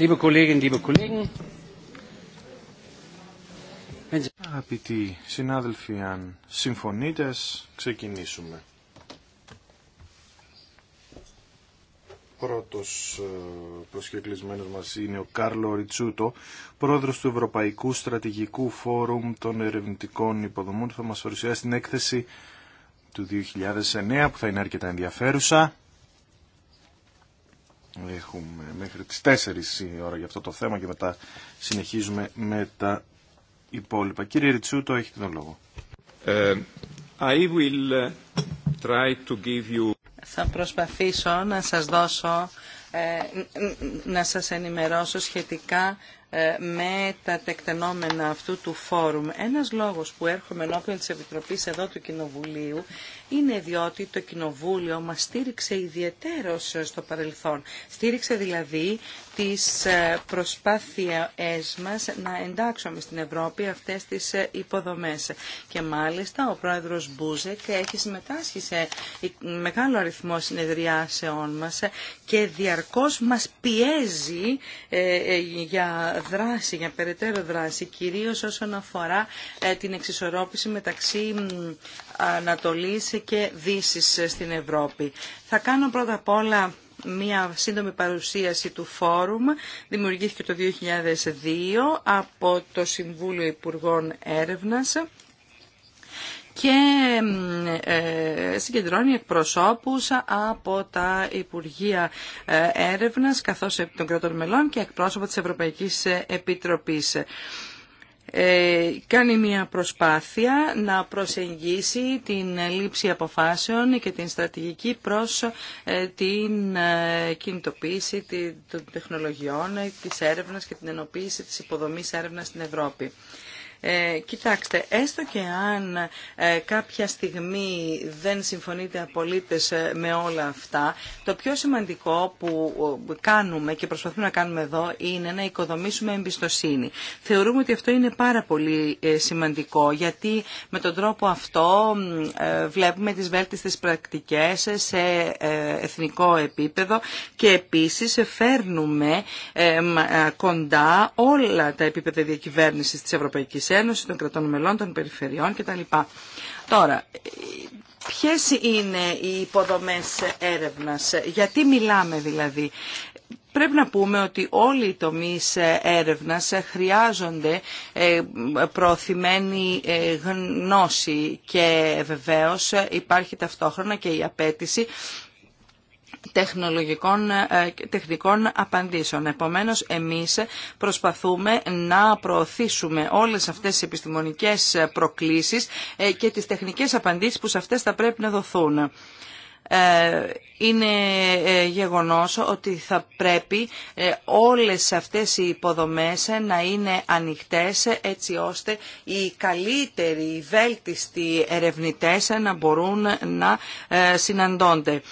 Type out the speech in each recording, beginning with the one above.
Liebe Kolleginnen, liebe Kollegen. Αγαπητοί συνάδελφοι, αν συμφωνείτε, ξεκινήσουμε. Πρώτος ε, προσκεκλισμένος μας είναι ο Κάρλο Ριτσούτο, πρόεδρος του Ευρωπαϊκού Στρατηγικού Φόρουμ των Ερευνητικών Υποδομών, θα μας παρουσιάσει την έκθεση του 2009, που θα είναι αρκετά ενδιαφέρουσα. Έχουμε μέχρι τις 4 η ώρα για αυτό το θέμα και μετά συνεχίζουμε με τα υπόλοιπα. Κύριε Ριτσούτο, έχετε τον λόγο. Ε, I ε, Θα προσπαθήσω να σας δώσω, ε, να σας ενημερώσω σχετικά ε, με τα τεκτενόμενα αυτού του φόρουμ. Ένας λόγος που έρχομαι ενώπιον της Επιτροπής εδώ του Κοινοβουλίου είναι διότι το Κοινοβούλιο μας στήριξε ιδιαιτέρως ε, στο παρελθόν. Στήριξε δηλαδή τις ε, προσπάθειές μας να εντάξουμε στην Ευρώπη αυτές τις υποδομές. Και μάλιστα ο πρόεδρος Μπούζεκ έχει συμμετάσχει σε μεγάλο αριθμό συνεδριάσεών μας και διαρκώς μας πιέζει για δράση, για περαιτέρω δράση, κυρίως όσον αφορά ε, την εξισορρόπηση μεταξύ Ανατολής και Δύσης ε, στην Ευρώπη. Θα κάνω πρώτα απ' όλα μια σύντομη παρουσίαση του Φόρουμ. Δημιουργήθηκε το 2002 από το Συμβούλιο Υπουργών Έρευνας και ε, συγκεντρώνει εκπροσώπους από τα Υπουργεία ε, Έρευνας καθώς των κρατών μελών και εκπρόσωπο της Ευρωπαϊκής ε, Επιτροπής. Κάνει μια προσπάθεια να προσεγγίσει την λήψη αποφάσεων και την στρατηγική προς την κινητοποίηση των τεχνολογιών, της έρευνας και την ενοποίηση της υποδομής έρευνας στην Ευρώπη. Ε, κοιτάξτε, έστω και αν ε, κάποια στιγμή δεν συμφωνείτε απολύτες ε, με όλα αυτά, το πιο σημαντικό που ε, κάνουμε και προσπαθούμε να κάνουμε εδώ είναι να οικοδομήσουμε εμπιστοσύνη. Θεωρούμε ότι αυτό είναι πάρα πολύ σημαντικό, γιατί με τον τρόπο αυτό βλέπουμε τις βέλτιστες πρακτικές σε εθνικό επίπεδο και επίσης φέρνουμε κοντά όλα τα επίπεδα διακυβέρνησης της Ευρωπαϊκής Ένωση των κρατών μελών, των περιφερειών κτλ. Τώρα, ποιες είναι οι υποδομές έρευνας, γιατί μιλάμε δηλαδή. Πρέπει να πούμε ότι όλοι οι τομείς έρευνας χρειάζονται ε, προωθημένη ε, γνώση και βεβαίως υπάρχει ταυτόχρονα και η απέτηση τεχνολογικών, ε, τεχνικών απαντήσεων. Επομένως, εμείς προσπαθούμε να προωθήσουμε όλες αυτές τις επιστημονικές προκλήσεις ε, και τις τεχνικές απαντήσεις που σε αυτές θα πρέπει να δοθούν ε, είναι γεγονός ότι θα πρέπει όλες αυτές οι υποδομές να είναι ανοιχτές έτσι ώστε οι καλύτεροι, οι βέλτιστοι ερευνητές να μπορούν να συναντώνται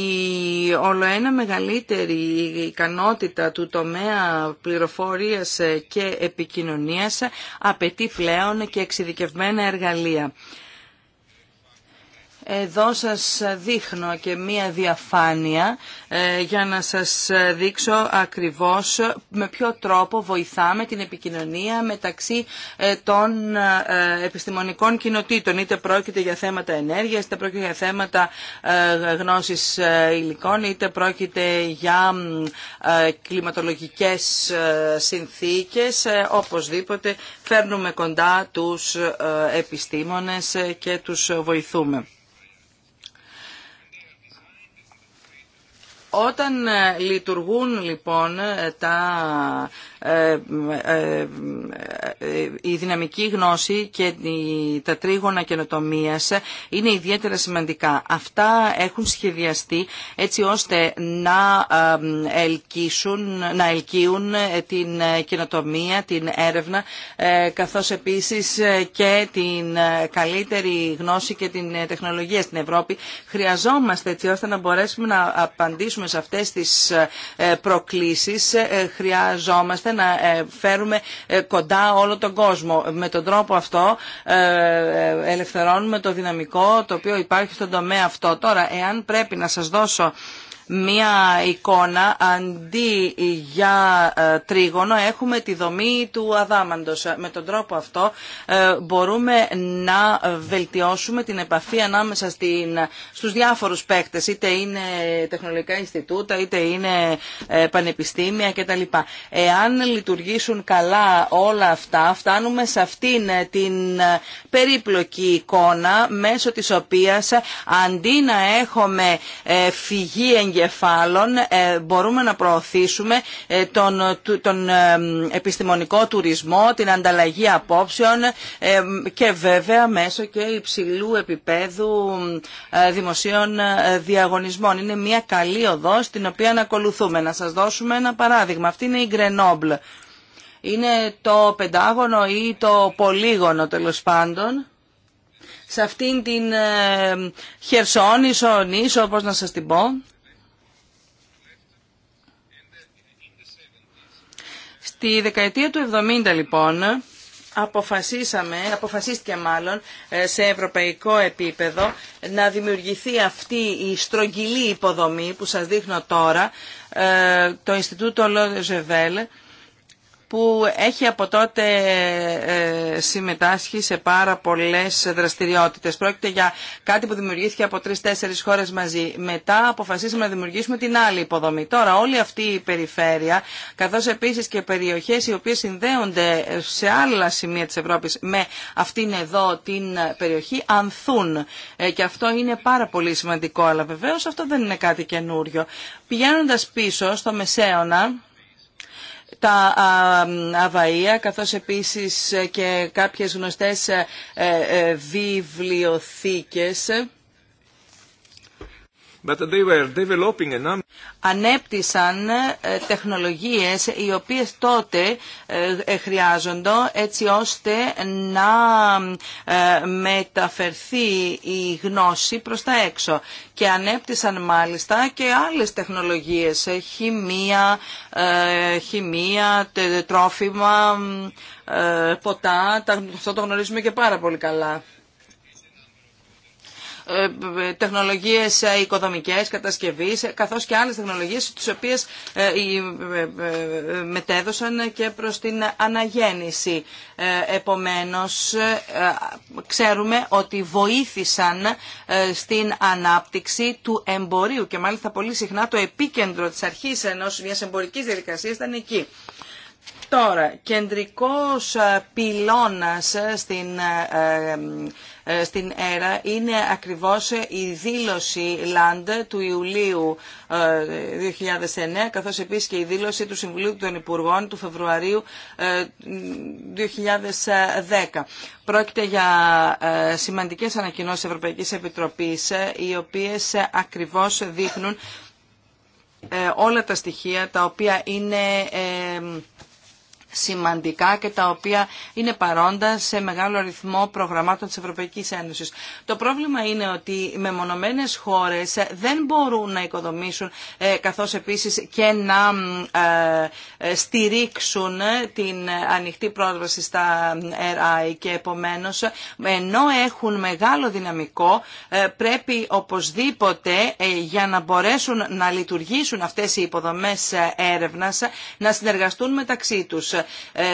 η ολοένα μεγαλύτερη ικανότητα του τομέα πληροφορίας και επικοινωνίας απαιτεί πλέον και εξειδικευμένα εργαλεία. Εδώ σας δείχνω και μία διαφάνεια ε, για να σας δείξω ακριβώς με ποιο τρόπο βοηθάμε την επικοινωνία μεταξύ ε, των ε, επιστημονικών κοινοτήτων. Είτε πρόκειται για θέματα ενέργειας, είτε πρόκειται για θέματα γνώσης υλικών, είτε πρόκειται για κλιματολογικές συνθήκες. Οπωσδήποτε φέρνουμε κοντά τους επιστήμονες και τους βοηθούμε. Όταν ε, λειτουργούν λοιπόν ε, τα, ε, η δυναμική γνώση και τα τρίγωνα καινοτομία είναι ιδιαίτερα σημαντικά. Αυτά έχουν σχεδιαστεί έτσι ώστε να, ελκύσουν, να ελκύουν την καινοτομία, την έρευνα καθώς επίσης και την καλύτερη γνώση και την τεχνολογία στην Ευρώπη. Χρειαζόμαστε έτσι ώστε να μπορέσουμε να απαντήσουμε με σε αυτές τις ε, προκλήσεις ε, χρειάζομαστε να ε, φέρουμε κοντά όλο τον κόσμο. Με τον τρόπο αυτό ελευθερώνουμε το δυναμικό το οποίο υπάρχει στον τομέα αυτό. Τώρα, εάν πρέπει να σας δώσω μία εικόνα αντί για ε, τρίγωνο έχουμε τη δομή του αδάμαντος. Ε, με τον τρόπο αυτό ε, μπορούμε να βελτιώσουμε την επαφή ανάμεσα στην, στους διάφορους παίκτες, είτε είναι τεχνολογικά Ινστιτούτα, είτε είναι πανεπιστήμια κτλ. Εάν λειτουργήσουν καλά όλα αυτά, φτάνουμε σε αυτήν την περίπλοκη εικόνα μέσω της οποίας αντί να έχουμε φυγή εγκεφάλων ε, μπορούμε να προωθήσουμε ε, τον, τον ε, επιστημονικό τουρισμό, την ανταλλαγή απόψεων και βέβαια μέσω και υψηλού επίπεδου δημοσίων διαγωνισμών. Είναι μια καλή οδός την οποία να ακολουθούμε. Να σας δώσουμε ένα παράδειγμα. Αυτή είναι η Γκρενόμπλ. Είναι το πεντάγωνο ή το πολύγωνο τέλο πάντων. Σε αυτήν την Χερσόνησο, νήσο, όπως να σας την πω. Τη δεκαετία του 70 λοιπόν αποφασίσαμε, αποφασίστηκε μάλλον ε, σε ευρωπαϊκό επίπεδο να δημιουργηθεί αυτή η στρογγυλή υποδομή που σας δείχνω τώρα, ε, το Ινστιτούτο Λόζεβέλ, που έχει από τότε ε, συμμετάσχει σε πάρα πολλές δραστηριότητες. Πρόκειται για κάτι που δημιουργήθηκε από τρεις-τέσσερις χώρες μαζί. Μετά αποφασίσαμε να δημιουργήσουμε την άλλη υποδομή. Τώρα όλη αυτή η περιφέρεια, καθώς επίσης και περιοχές οι οποίες συνδέονται σε άλλα σημεία της Ευρώπης με αυτήν εδώ την περιοχή, ανθούν. Ε, και αυτό είναι πάρα πολύ σημαντικό, αλλά βεβαίως αυτό δεν είναι κάτι καινούριο. Πηγαίνοντας πίσω στο Μεσαίωνα, τα αβαία καθώς επίσης και κάποιες γνωστές ε, ε, βιβλιοθήκες But they Ανέπτυσαν ε, τεχνολογίες οι οποίες τότε ε, χρειάζονται έτσι ώστε να ε, μεταφερθεί η γνώση προς τα έξω. Και ανέπτυσαν μάλιστα και άλλες τεχνολογίες, χημεία, χημεία τρόφιμα, ποτά, αυτό το γνωρίζουμε και πάρα πολύ καλά τεχνολογίες οικοδομικές, κατασκευής, καθώς και άλλες τεχνολογίες τις οποίες ε, ε, ε, μετέδωσαν και προς την αναγέννηση. Επομένως, ξέρουμε ότι βοήθησαν στην ανάπτυξη του εμπορίου και μάλιστα πολύ συχνά το επίκεντρο της αρχής ενός μιας εμπορικής διαδικασίας ήταν εκεί. Τώρα, κεντρικός πυλώνας στην ε, στην ΕΡΑ είναι ακριβώς η δήλωση ΛΑΝΤ του Ιουλίου 2009 ε, καθώς επίσης και η δήλωση του Συμβουλίου των Υπουργών του Φεβρουαρίου 2010. Ε, Πρόκειται για σημαντικές ανακοινώσεις Ευρωπαϊκής Επιτροπής οι οποίες ακριβώς δείχνουν όλα τα στοιχεία τα οποία είναι σημαντικά και τα οποία είναι παρόντα σε μεγάλο αριθμό προγραμμάτων της Ευρωπαϊκής Ένωσης. Το πρόβλημα είναι ότι οι μεμονωμένες χώρες δεν μπορούν να οικοδομήσουν ε, καθώς επίσης και να ε, ε, στηρίξουν την ανοιχτή πρόσβαση στα RI και επομένως ενώ έχουν μεγάλο δυναμικό πρέπει οπωσδήποτε για να μπορέσουν να λειτουργήσουν αυτές οι υποδομές έρευνας να συνεργαστούν μεταξύ τους. Ε,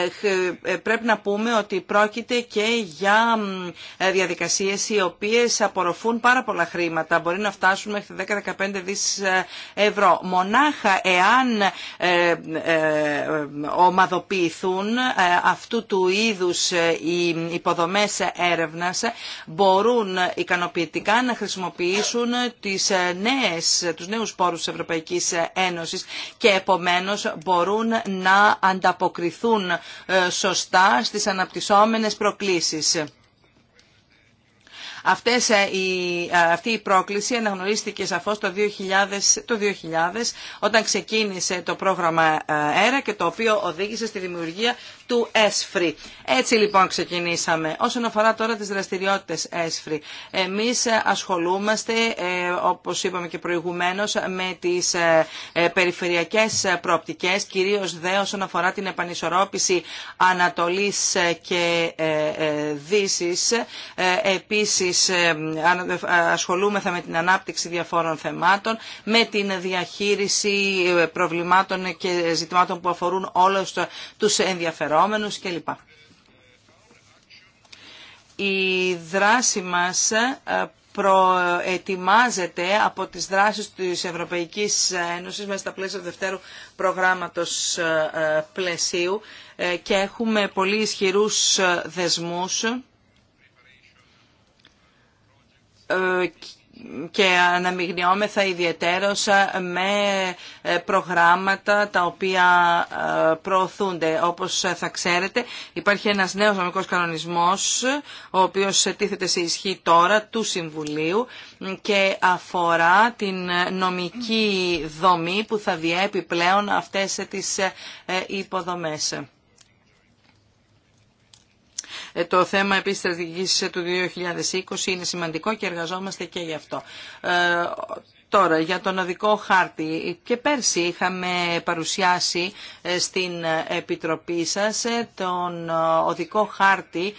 ε, πρέπει να πούμε ότι πρόκειται και για ε, διαδικασίες οι οποίες απορροφούν πάρα πολλά χρήματα. Μπορεί να φτάσουν μέχρι 10-15 δις ευρώ. Μονάχα εάν ομαδοποιηθούν αυτού του είδους οι υποδομές έρευνας μπορούν ικανοποιητικά να χρησιμοποιήσουν τις νέες, τους νέους πόρους της Ευρωπαϊκής Ένωσης και επομένως μπορούν να ανταποκριθούν ε, σωστά στις αναπτυσσόμενες προκλήσεις. Αυτές, η, ε, ε, αυτή η πρόκληση αναγνωρίστηκε σαφώς το 2000, το 2000 όταν ξεκίνησε το πρόγραμμα ΕΡΑ και το οποίο οδήγησε στη δημιουργία του ΕΣΦΡΙ. Έτσι λοιπόν ξεκινήσαμε. Όσον αφορά τώρα τις δραστηριότητες ΕΣΦΡΙ, εμείς ασχολούμαστε, ε, όπως είπαμε και προηγουμένως, με τις ε, ε, περιφερειακές προοπτικές, κυρίως δε όσον αφορά την επανισορρόπηση Ανατολής και Δύσης. Επίσης ασχολούμεθα με την ανάπτυξη διαφόρων θεμάτων, με την διαχείριση προβλημάτων και ζητημάτων που αφορούν όλους τους ενδιαφερόμενους κλπ. Η δράση μας ε, προετοιμάζεται από τις δράσεις της Ευρωπαϊκής Ένωσης μέσα στα πλαίσια του δευτέρου προγράμματος ε, πλαισίου ε, και έχουμε πολύ ισχυρούς δεσμούς και αναμειγνιόμεθα ιδιαιτέρως με ε, προγράμματα τα οποία ε, προωθούνται. Όπως ε, θα ξέρετε υπάρχει ένας νέος νομικός κανονισμός ο οποίος τίθεται σε ισχύ τώρα του Συμβουλίου και αφορά την νομική δομή που θα διέπει πλέον αυτές τις υποδομές. Ε, το θέμα επίσης στρατηγικής του 2020 είναι σημαντικό και εργαζόμαστε και γι' αυτό. Ε, τώρα, για τον οδικό χάρτη. Και πέρσι είχαμε παρουσιάσει ε, στην Επιτροπή σας τον οδικό χάρτη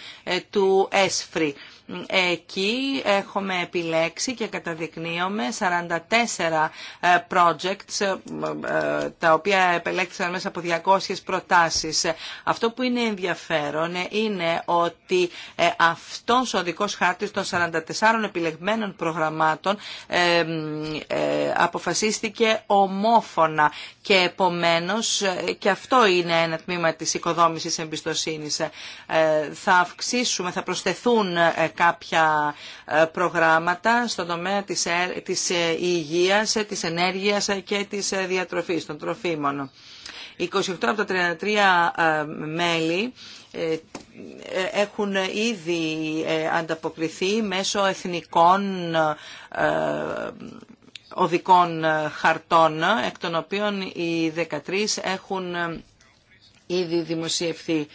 του ΕΣΦΡΙ. Εκεί έχουμε επιλέξει και καταδεικνύουμε 44 projects ε, ε, τα οποία επελέξαν μέσα από 200 προτάσεις. Αυτό που είναι ενδιαφέρον είναι ότι ε, αυτός ο δικός χάρτης των 44 επιλεγμένων προγραμμάτων αποφασίστηκε ομόφωνα και επομένως και αυτό είναι ένα τμήμα της οικοδόμησης εμπιστοσύνης. Θα αυξήσουμε, θα προσθεθούν κάποια ε, προγράμματα στον τομέα της, ε, της ε, υγείας, της ενέργειας και της διατροφής, των τροφίμων. 28 από τα 33 μέλη έχουν ήδη ανταποκριθεί μέσω εθνικών οδικών χαρτών, εκ των οποίων οι 13 έχουν ήδη δημοσιευθεί.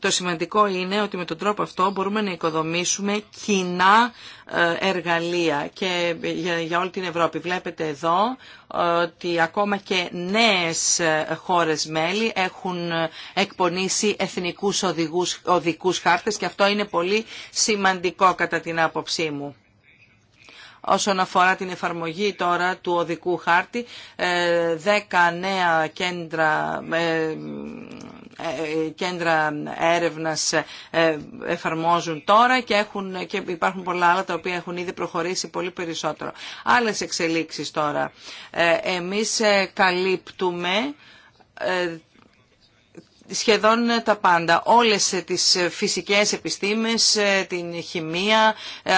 Το σημαντικό είναι ότι με τον τρόπο αυτό μπορούμε να οικοδομήσουμε κοινά ε, εργαλεία και για όλη την Ευρώπη. Βλέπετε εδώ ε, ότι ακόμα και νέες ε, χώρες μέλη έχουν εκπονήσει εθνικούς οδηγούς, οδικούς χάρτες και αυτό είναι πολύ σημαντικό κατά την άποψή μου. Όσον αφορά την εφαρμογή τώρα του οδικού χάρτη, 10 νέα κέντρα ε, κέντρα έρευνας ε, εφαρμόζουν τώρα και, έχουν, και υπάρχουν πολλά άλλα τα οποία έχουν ήδη προχωρήσει πολύ περισσότερο. Άλλες εξελίξεις τώρα. Ε, εμείς καλύπτουμε σχεδόν τα πάντα. Όλες τις φυσικές επιστήμες, την χημεία, ε,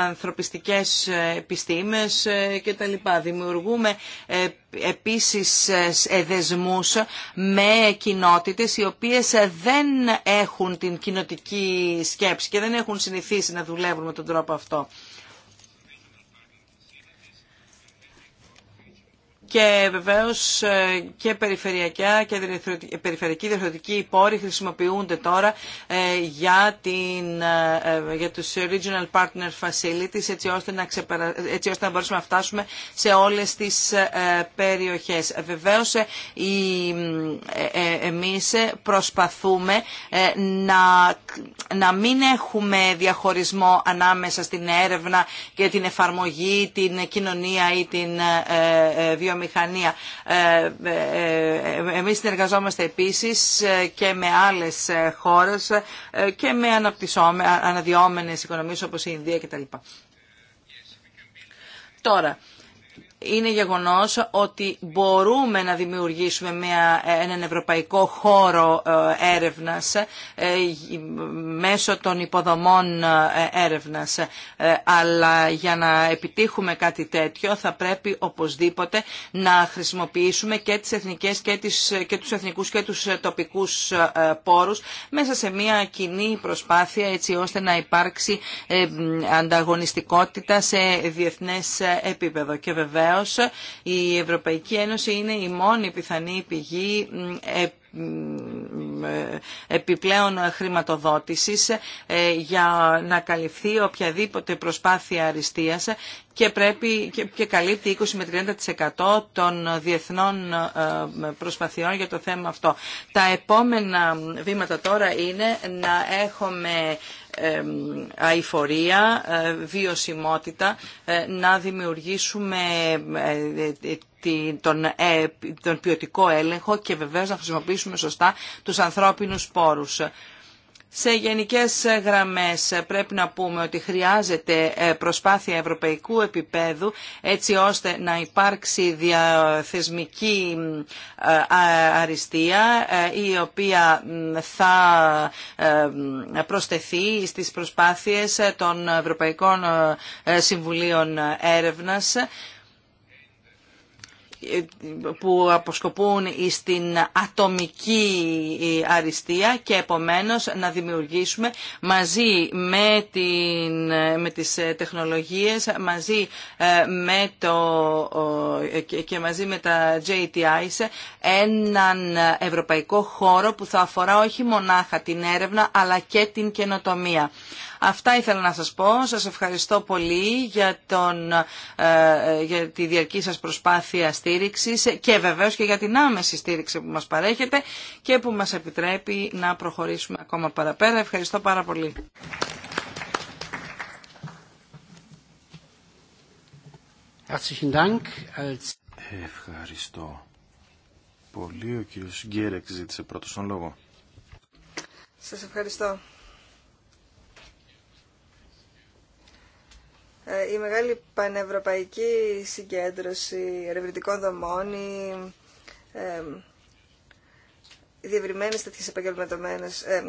ανθρωπιστικές επιστήμες ε, λοιπά Δημιουργούμε ε, επίσης εδεσμούς με κοινότητες οι οποίες δεν έχουν την κοινοτική σκέψη και δεν έχουν συνηθίσει να δουλεύουν με τον τρόπο αυτό. και βεβαίως ε, και περιφερειακά και περιφερειακοί διορθωτική πόροι χρησιμοποιούνται τώρα ε, για, την, ε, για τους Regional Partner Facilities έτσι ώστε, να ώστε να μπορέσουμε να φτάσουμε σε όλες τις περιοχές. Βεβαίως η... εμείς προσπαθούμε να... να μην έχουμε διαχωρισμό ανάμεσα στην έρευνα και την εφαρμογή, την κοινωνία ή την βιομηχανία βιομηχανία. Ε, ε, εμείς συνεργαζόμαστε επίσης ε, και με άλλες χώρες και με αναδυόμενες οικονομίες όπως η Ινδία κτλ. Τώρα, είναι γεγονός ότι μπορούμε να δημιουργήσουμε μια, ε, έναν ευρωπαϊκό χώρο ε, έρευνας ε, μέσω των υποδομών έρευνας. Αλλά για να επιτύχουμε κάτι τέτοιο θα πρέπει οπωσδήποτε να χρησιμοποιήσουμε και τις εθνικές και, τις, και τους εθνικούς και τους τοπικούς πόρους μέσα σε μια κοινή προσπάθεια έτσι ώστε να υπάρξει ανταγωνιστικότητα σε διεθνές επίπεδο. Και βέβαια βεβαίως η Ευρωπαϊκή Ένωση είναι η μόνη πιθανή πηγή ε, ε, επιπλέον χρηματοδότησης ε, για να καλυφθεί οποιαδήποτε προσπάθεια αριστείας και, πρέπει, και, καλύπτει 20 με 30% των διεθνών προσπαθειών για το θέμα αυτό. Τα επόμενα βήματα τώρα είναι να έχουμε αηφορία, ε, βιωσιμότητα, ε, να δημιουργήσουμε ε, τον, τον ποιοτικό έλεγχο και βεβαίως να χρησιμοποιήσουμε σωστά τους ανθρώπινους πόρους. Σε γενικές γραμμές πρέπει να πούμε ότι χρειάζεται ε, προσπάθεια ευρωπαϊκού επίπεδου έτσι ώστε να υπάρξει διαθεσμική ε, αριστεία ε, η οποία θα προσθεθεί στις προσπάθειες των Ευρωπαϊκών Συμβουλίων Έρευνας που αποσκοπούν στην ατομική ε, αριστεία και επομένως να δημιουργήσουμε μαζί με, την, με τις ε, τεχνολογίες μαζί ε, με το, και μαζί με τα JTIs έναν ευρωπαϊκό χώρο που θα αφορά όχι μονάχα την έρευνα αλλά και την καινοτομία. Αυτά ήθελα να σας πω. Σας ευχαριστώ πολύ για, τον, ε, για τη διαρκή σας προσπάθεια στήριξης και βεβαίως και για την άμεση στήριξη που μας παρέχετε και που μας επιτρέπει να προχωρήσουμε ακόμα παραπέρα. Ευχαριστώ πάρα πολύ. Ευχαριστώ πολύ. Ο κύριος Γκέρεξ ζήτησε πρώτος τον λόγο. Σας ευχαριστώ. Ε, η μεγάλη πανευρωπαϊκή συγκέντρωση ερευνητικών δομών, οι, ε, διευρυμένε τέτοιε επαγγελματωμένε ε,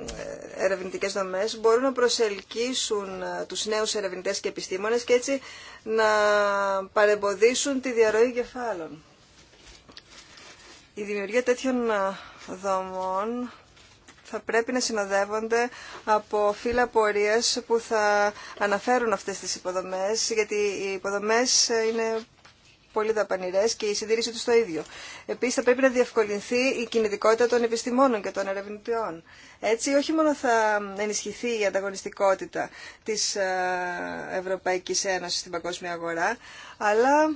ερευνητικέ δομέ μπορούν να προσελκύσουν ε, του νέου ερευνητέ και επιστήμονε και έτσι να παρεμποδίσουν τη διαρροή κεφάλων. Η δημιουργία τέτοιων ε, δομών θα πρέπει να συνοδεύονται από φύλλα πορεία που θα αναφέρουν αυτές τις υποδομές, γιατί οι υποδομές είναι πολύ δαπανηρές και η συντήρησή του το ίδιο. Επίσης, θα πρέπει να διευκολυνθεί η κινητικότητα των επιστημόνων και των ερευνητών. Έτσι, όχι μόνο θα ενισχυθεί η ανταγωνιστικότητα της ε, Ευρωπαϊκή Ένωση στην παγκόσμια αγορά, αλλά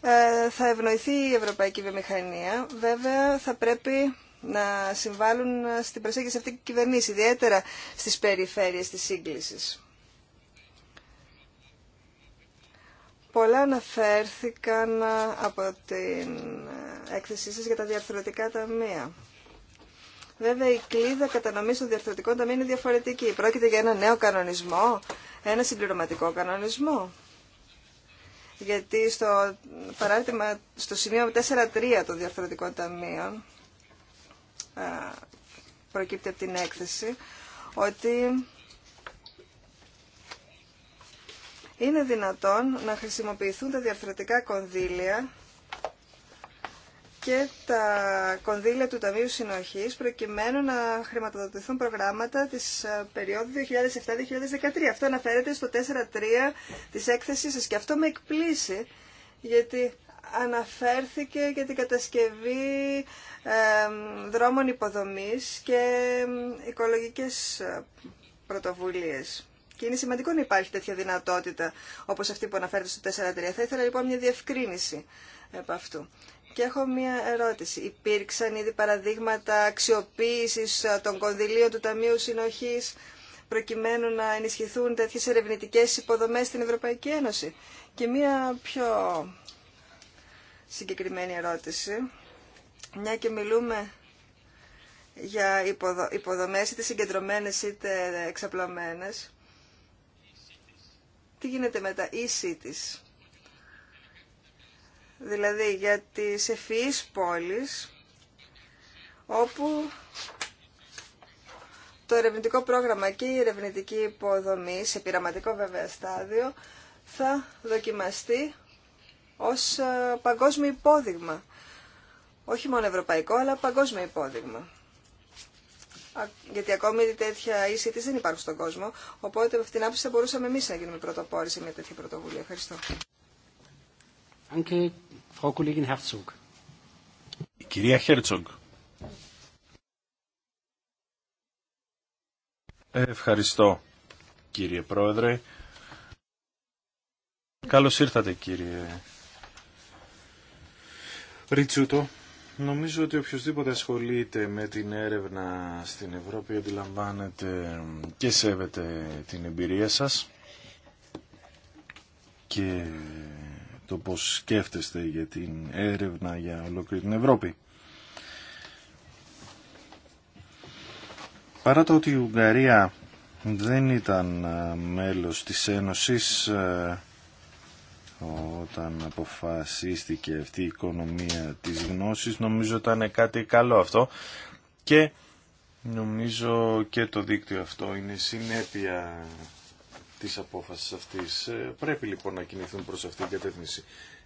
ε, θα ευνοηθεί η ευρωπαϊκή βιομηχανία. Βέβαια, θα πρέπει να συμβάλλουν στην προσέγγιση αυτή κυβερνήση, ιδιαίτερα στις περιφέρειες της σύγκλησης. Πολλά αναφέρθηκαν από την έκθεσή σας για τα διαρθρωτικά ταμεία. Βέβαια, η κλίδα κατανομής των διαρθρωτικών ταμείων είναι διαφορετική. Πρόκειται για ένα νέο κανονισμό, ένα συμπληρωματικό κανονισμό. Γιατί στο, παράδειγμα, στο σημείο 4.3 των διαρθρωτικών ταμείων ε, προκύπτει από την έκθεση, ότι είναι δυνατόν να χρησιμοποιηθούν τα διαρθρωτικά κονδύλια και τα κονδύλια του Ταμείου Συνοχής προκειμένου να χρηματοδοτηθούν προγράμματα της ε, περίοδου 2007-2013. Αυτό αναφέρεται στο 4-3 της έκθεσής σας και αυτό με εκπλήσει γιατί αναφέρθηκε για την κατασκευή δρόμων υποδομής και οικολογικές ε, πρωτοβουλίες. Και είναι σημαντικό να υπάρχει τέτοια δυνατότητα όπως αυτή που αναφέρεται στο 4.3. Θα ήθελα λοιπόν μια διευκρίνηση από αυτού. Και έχω μια ερώτηση. Υπήρξαν ήδη παραδείγματα αξιοποίησης ε, των κονδυλίων του Ταμείου Συνοχής προκειμένου να ενισχυθούν τέτοιες ερευνητικές υποδομές στην Ευρωπαϊκή Ένωση. Και μια πιο συγκεκριμένη ερώτηση. Μια και μιλούμε για υποδο, υποδομές είτε συγκεντρωμένες είτε εξαπλωμένες. Τι γίνεται με τα e-cities. Δηλαδή για τις ευφυείς πόλεις όπου το ερευνητικό πρόγραμμα και η ερευνητική υποδομή σε πειραματικό βέβαια στάδιο θα δοκιμαστεί ως ε, παγκόσμιο υπόδειγμα. Όχι μόνο ευρωπαϊκό, αλλά παγκόσμιο υπόδειγμα. Γιατί ακόμη τέτοια ίση της δεν υπάρχουν στον κόσμο, οπότε με αυτήν την άποψη θα μπορούσαμε εμείς να γίνουμε πρωτοπόροι σε μια τέτοια πρωτοβουλία. Ευχαριστώ. κυρία Χέρτσογκ. Ευχαριστώ κύριε Πρόεδρε. Καλώς ήρθατε κύριε Ριτσούτο. Νομίζω ότι οποιοδήποτε ασχολείται με την έρευνα στην Ευρώπη αντιλαμβάνεται και σέβεται την εμπειρία σας και το πώς σκέφτεστε για την έρευνα για ολόκληρη την Ευρώπη. Παρά το ότι η Ουγγαρία δεν ήταν ε, μέλος της Ένωσης, ε, όταν αποφασίστηκε αυτή η οικονομία της γνώσης νομίζω ήταν κάτι καλό αυτό και νομίζω και το δίκτυο αυτό είναι συνέπεια της απόφασης αυτής. Ε, πρέπει λοιπόν να κινηθούν προς αυτήν την κατεύθυνση.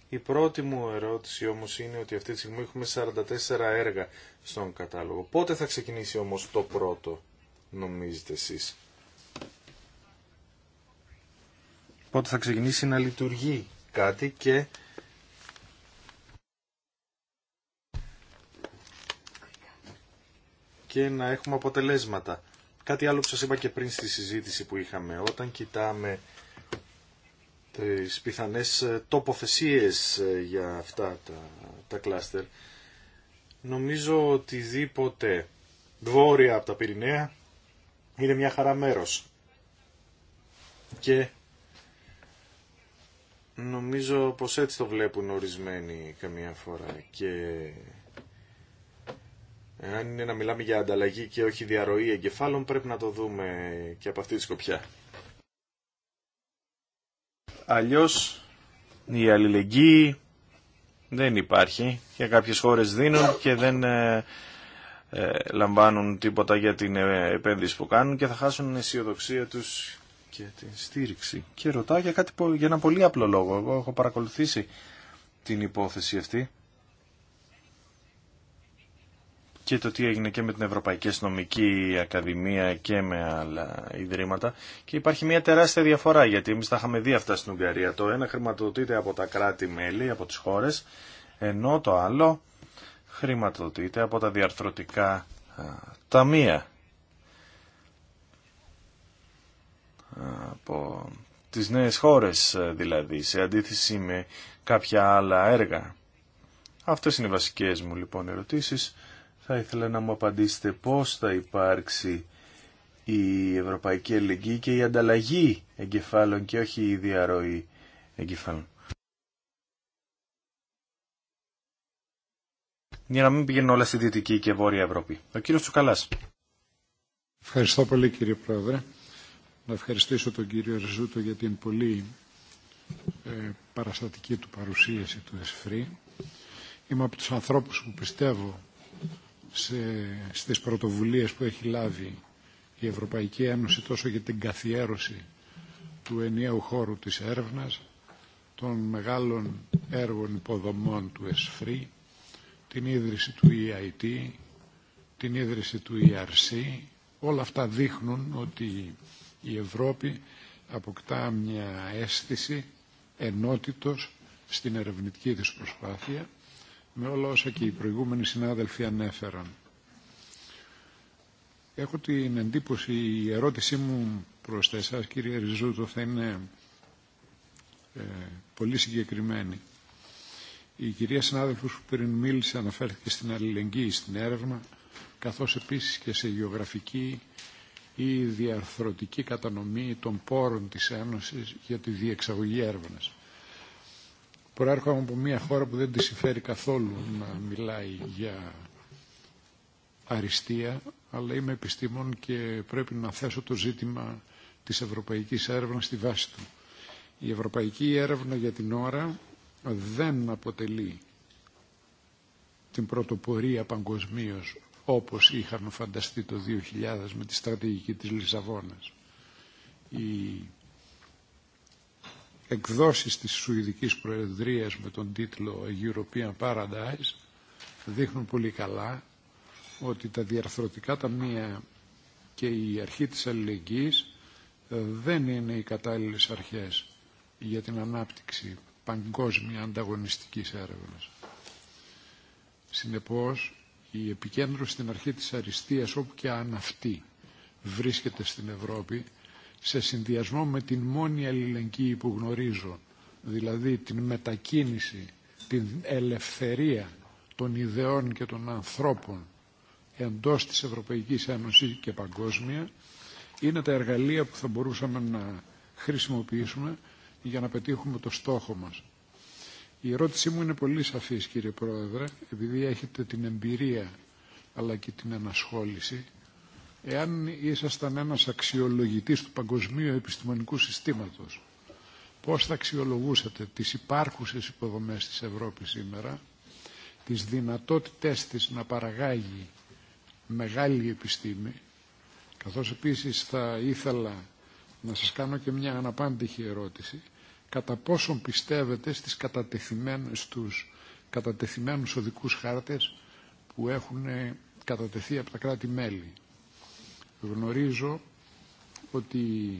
Η πρώτη μου ερώτηση όμως είναι ότι αυτή τη στιγμή έχουμε 44 έργα στον κατάλογο. Πότε θα ξεκινήσει όμως το πρώτο, νομίζετε εσείς. Πότε θα ξεκινήσει να λειτουργεί κάτι και και να έχουμε αποτελέσματα. Κάτι άλλο που σας είπα και πριν στη συζήτηση που είχαμε, όταν κοιτάμε τις πιθανές τοποθεσίες ε, για αυτά τα, τα κλάστερ, νομίζω οτιδήποτε βόρεια από τα Πυρηναία είναι μια χαρά μέρος. Και Νομίζω πως έτσι το βλέπουν ορισμένοι καμιά φορά και αν είναι να μιλάμε για ανταλλαγή και όχι διαρροή εγκεφάλων πρέπει να το δούμε και από αυτή τη σκοπιά. Αλλιώς η αλληλεγγύη δεν υπάρχει και κάποιες χώρες δίνουν και δεν ε, ε λαμβάνουν τίποτα για την ε, επένδυση που κάνουν και θα χάσουν αισιοδοξία τους και την στήριξη. Και ρωτάω για, κάτι, για ένα πολύ απλό λόγο. Εγώ έχω παρακολουθήσει την υπόθεση αυτή και το τι έγινε και με την Ευρωπαϊκή Αστυνομική Ακαδημία και με άλλα ιδρύματα. Και υπάρχει μια τεράστια διαφορά γιατί εμείς τα είχαμε δει αυτά στην Ουγγαρία. Το ένα χρηματοδοτείται από τα κράτη-μέλη, από τις χώρες ενώ το άλλο χρηματοδοτείται από τα διαρθρωτικά ταμεία. από τις νέες χώρες ε, δηλαδή, σε αντίθεση με κάποια άλλα έργα. Αυτές είναι οι βασικές μου λοιπόν ερωτήσεις. Θα ήθελα να μου απαντήσετε πώς θα υπάρξει η ευρωπαϊκή Ελληνική και η ανταλλαγή εγκεφάλων και όχι η διαρροή εγκεφάλων. Για να μην πηγαίνουν όλα στη Δυτική και Βόρεια Ευρώπη. Ο κύριος Τσουκαλάς. Ευχαριστώ πολύ κύριε Πρόεδρε να ευχαριστήσω τον κύριο Ρεζούτο για την πολύ ε, παραστατική του παρουσίαση του ΕΣΦΡΙ. Είμαι από τους ανθρώπους που πιστεύω σε, στις πρωτοβουλίες που έχει λάβει η Ευρωπαϊκή Ένωση τόσο για την καθιέρωση του ενιαίου χώρου της έρευνας, των μεγάλων έργων υποδομών του ΕΣΦΡΙ, την ίδρυση του EIT, την ίδρυση του ERC. Όλα αυτά δείχνουν ότι η Ευρώπη αποκτά μια αίσθηση ενότητος στην ερευνητική της προσπάθεια με όλα όσα και οι προηγούμενοι συνάδελφοι ανέφεραν. Έχω την εντύπωση, η ερώτησή μου προς εσάς κύριε Ριζούτο θα είναι ε, πολύ συγκεκριμένη. Η κυρία συνάδελφος που πριν μίλησε αναφέρθηκε στην αλληλεγγύη στην έρευνα καθώς επίσης και σε γεωγραφική η διαρθρωτική κατανομή των πόρων της Ένωσης για τη διεξαγωγή έρευνας. Προέρχομαι από μια χώρα που δεν τη συμφέρει καθόλου να μιλάει για αριστεία, αλλά είμαι επιστήμων και πρέπει να θέσω το ζήτημα της ευρωπαϊκής έρευνας στη βάση του. Η ευρωπαϊκή έρευνα για την ώρα δεν αποτελεί την πρωτοπορία παγκοσμίω όπως είχαν φανταστεί το 2000 με τη στρατηγική της Λισαβόνας. Οι εκδόσεις της Σουηδικής Προεδρίας με τον τίτλο European Paradise δείχνουν πολύ καλά ότι τα διαρθρωτικά ταμεία και η αρχή της αλληλεγγύης ε, δεν είναι οι κατάλληλες αρχές για την ανάπτυξη παγκόσμια ανταγωνιστικής έρευνας. Συνεπώς, η επικέντρωση στην αρχή της αριστείας όπου και αν αυτή βρίσκεται στην Ευρώπη σε συνδυασμό με την μόνη αλληλεγγύη που γνωρίζω δηλαδή την μετακίνηση, την ελευθερία των ιδεών και των ανθρώπων εντός της Ευρωπαϊκής Ένωσης και παγκόσμια είναι τα εργαλεία που θα μπορούσαμε να χρησιμοποιήσουμε για να πετύχουμε το στόχο μας. Η ερώτησή μου είναι πολύ σαφής κύριε Πρόεδρε, επειδή έχετε την εμπειρία αλλά και την ανασχόληση. Εάν ήσασταν ένας αξιολογητής του παγκοσμίου επιστημονικού συστήματος, πώς θα αξιολογούσατε τις υπάρχουσες υποδομές της Ευρώπης σήμερα, τις δυνατότητές της να παραγάγει μεγάλη επιστήμη, καθώς επίσης θα ήθελα να σας κάνω και μια αναπάντηχη ερώτηση, κατά πόσον πιστεύετε στις κατατεθειμένες, στους κατατεθειμένους οδικούς χάρτες που έχουν ε, κατατεθεί από τα κράτη-μέλη. Γνωρίζω ότι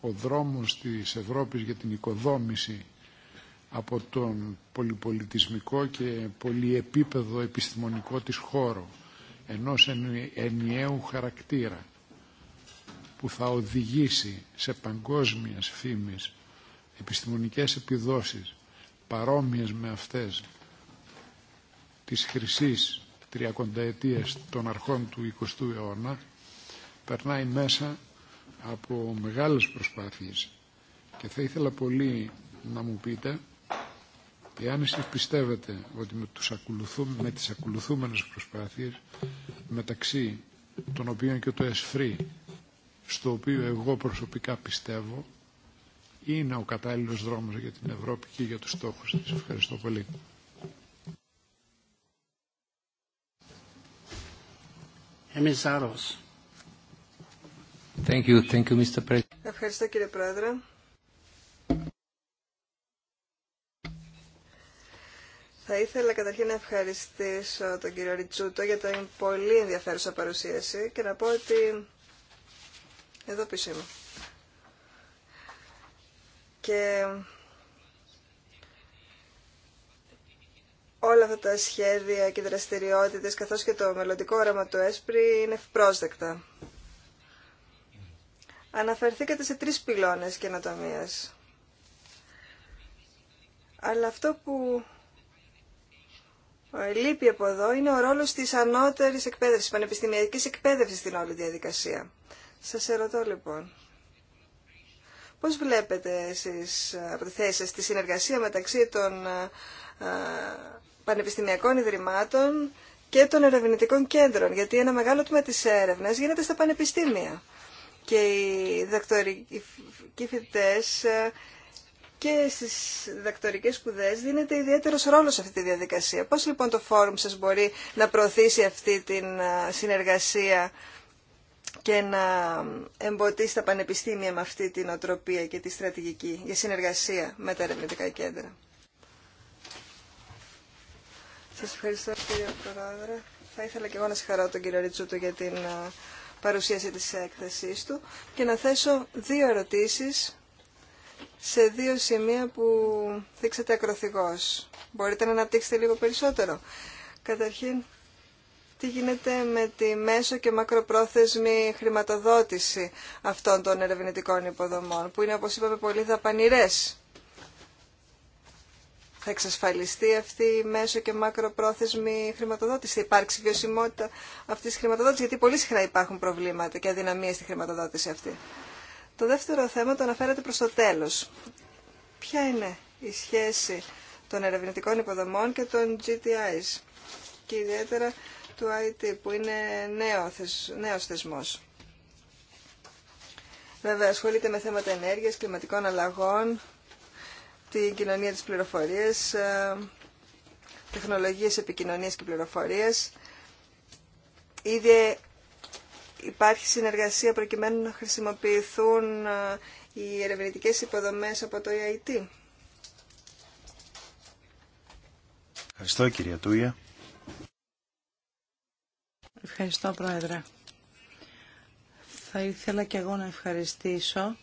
ο δρόμος της Ευρώπης για την οικοδόμηση από τον πολυπολιτισμικό και πολυεπίπεδο επιστημονικό της χώρο ενός ενιαίου χαρακτήρα που θα οδηγήσει σε παγκόσμιας φήμης επιστημονικές επιδόσεις παρόμοιες με αυτές της χρυσή τριακονταετίας των αρχών του 20ου αιώνα περνάει μέσα από μεγάλες προσπάθειες και θα ήθελα πολύ να μου πείτε εάν εσείς πιστεύετε ότι με, τους ακολουθούμε, με τις ακολουθούμενες προσπάθειες μεταξύ των οποίων και το ΕΣΦΡΙ στο οποίο εγώ προσωπικά πιστεύω είναι ο κατάλληλος δρόμος για την Ευρώπη και για τους στόχους της. Ευχαριστώ πολύ. Thank Ευχαριστώ κύριε Πρόεδρε. Θα ήθελα καταρχήν να ευχαριστήσω τον κύριο Ριτσούτο για την πολύ ενδιαφέρουσα παρουσίαση και να πω ότι εδώ πίσω είμαι και όλα αυτά τα σχέδια και δραστηριότητες καθώς και το μελλοντικό όραμα του ΕΣΠΡΙ είναι ευπρόσδεκτα. Αναφερθήκατε σε τρεις πυλώνες καινοτομία. Αλλά αυτό που λείπει από εδώ είναι ο ρόλος της ανώτερης εκπαίδευσης, πανεπιστημιακής εκπαίδευσης στην όλη διαδικασία. Σας ερωτώ λοιπόν, Πώς βλέπετε εσείς από τη θέση σας τη συνεργασία μεταξύ των ε, ε, πανεπιστημιακών ιδρυμάτων και των ερευνητικών κέντρων, γιατί ένα μεγάλο τμήμα της έρευνας γίνεται στα πανεπιστήμια και οι διδακτορικοί φοιτητέ ε, και στις διδακτορικές σπουδέ δίνεται ιδιαίτερος ρόλος σε αυτή τη διαδικασία. Πώς λοιπόν το φόρουμ σας μπορεί να προωθήσει αυτή τη συνεργασία και να εμποτίσει τα πανεπιστήμια με αυτή την οτροπία και τη στρατηγική για συνεργασία με τα ερευνητικά κέντρα. Σας ευχαριστώ κύριε Πρόεδρε. Θα ήθελα και εγώ να συγχαρώ τον κύριο Ριτσούτο για την παρουσίαση της έκθεσής του και να θέσω δύο ερωτήσεις σε δύο σημεία που δείξατε ακροθυγώς. Μπορείτε να αναπτύξετε λίγο περισσότερο. Καταρχήν, τι γίνεται με τη μέσο και μακροπρόθεσμη χρηματοδότηση αυτών των ερευνητικών υποδομών, που είναι, όπως είπαμε, πολύ δαπανηρές. Θα εξασφαλιστεί αυτή η μέσο και μακροπρόθεσμη χρηματοδότηση, θα υπάρξει βιωσιμότητα αυτής της χρηματοδότησης, γιατί πολύ συχνά υπάρχουν προβλήματα και αδυναμίες στη χρηματοδότηση αυτή. Το δεύτερο θέμα το αναφέρατε προς το τέλος. Ποια είναι η σχέση των ερευνητικών υποδομών και των GTIs και ιδιαίτερα του IT που είναι νέο, νέος θεσμός. Βέβαια ασχολείται με θέματα ενέργειας, κλιματικών αλλαγών, την κοινωνία της πληροφορίας, ε, τεχνολογίες επικοινωνίας και πληροφορίας. Ήδη υπάρχει συνεργασία προκειμένου να χρησιμοποιηθούν ε, οι ερευνητικές υποδομές από το IT. Ευχαριστώ κυρία Τούια. Ευχαριστώ, Πρόεδρε. Θα ήθελα και εγώ να ευχαριστήσω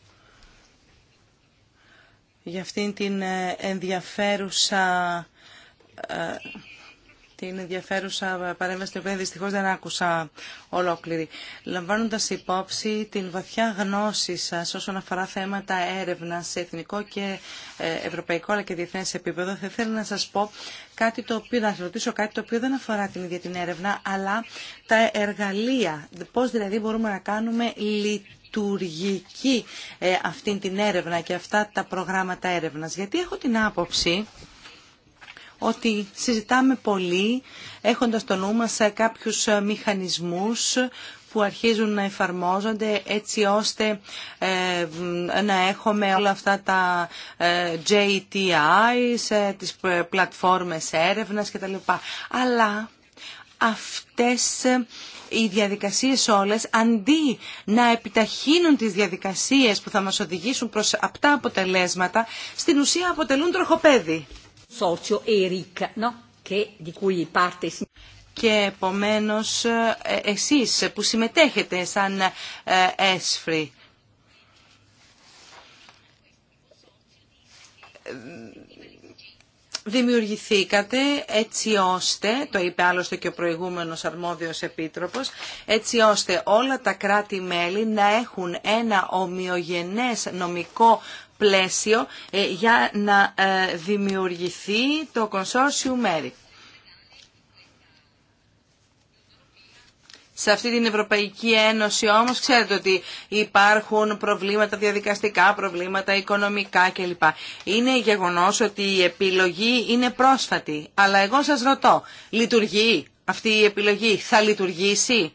για αυτήν την ε, ενδιαφέρουσα ε, την ενδιαφέρουσα παρέμβαση, την οποία δυστυχώ δεν άκουσα ολόκληρη. λαμβάνοντα υπόψη την βαθιά γνώση σα όσον αφορά θέματα έρευνα σε εθνικό και ε, ευρωπαϊκό αλλά και διεθνές επίπεδο, θα ήθελα να σα πω κάτι το οποίο, να ρωτήσω κάτι το οποίο δεν αφορά την ίδια την έρευνα, αλλά τα εργαλεία. Πώ δηλαδή μπορούμε να κάνουμε λειτουργική ε, αυτή την έρευνα και αυτά τα προγράμματα έρευνας. Γιατί έχω την άποψη ότι συζητάμε πολύ έχοντας στο νου μας κάποιους ε, μηχανισμούς που αρχίζουν να εφαρμόζονται έτσι ώστε ε, να έχουμε όλα αυτά τα ε, JTI, τις πλατφόρμες έρευνας κτλ. Αλλά αυτές οι διαδικασίες όλες, αντί να επιταχύνουν τις διαδικασίες που θα μας οδηγήσουν προς αυτά αποτελέσματα, στην ουσία αποτελούν τροχοπέδι. Και επομένω ε, εσεί που συμμετέχετε σαν ΕΣΦΡΙ, δημιουργηθήκατε έτσι ώστε, το είπε άλλωστε και ο προηγούμενος αρμόδιος επίτροπος, έτσι ώστε όλα τα κράτη-μέλη να έχουν ένα ομοιογενές νομικό πλαίσιο ε, για να ε, δημιουργηθεί το κονσόρσιου μέρη. Σε αυτή την Ευρωπαϊκή Ένωση όμως ξέρετε ότι υπάρχουν προβλήματα διαδικαστικά, προβλήματα οικονομικά κλπ. Είναι γεγονός ότι η επιλογή είναι πρόσφατη. Αλλά εγώ σας ρωτώ, λειτουργεί αυτή η επιλογή, θα λειτουργήσει.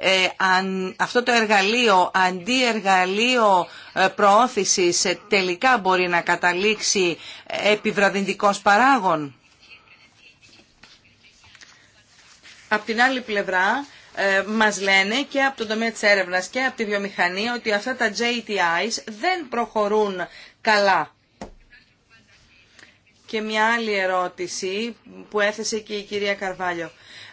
Ε, αν αυτό το εργαλείο, αντί εργαλείο ε, προώθησης, ε, τελικά μπορεί να καταλήξει επιβραδυντικός παράγων. Απ' την άλλη πλευρά, μας λένε και από τον τομέα της έρευνας και από τη βιομηχανία ότι αυτά τα JTIs δεν προχωρούν καλά. Και μια άλλη ερώτηση που έθεσε και η κυρία Καρβάλιο.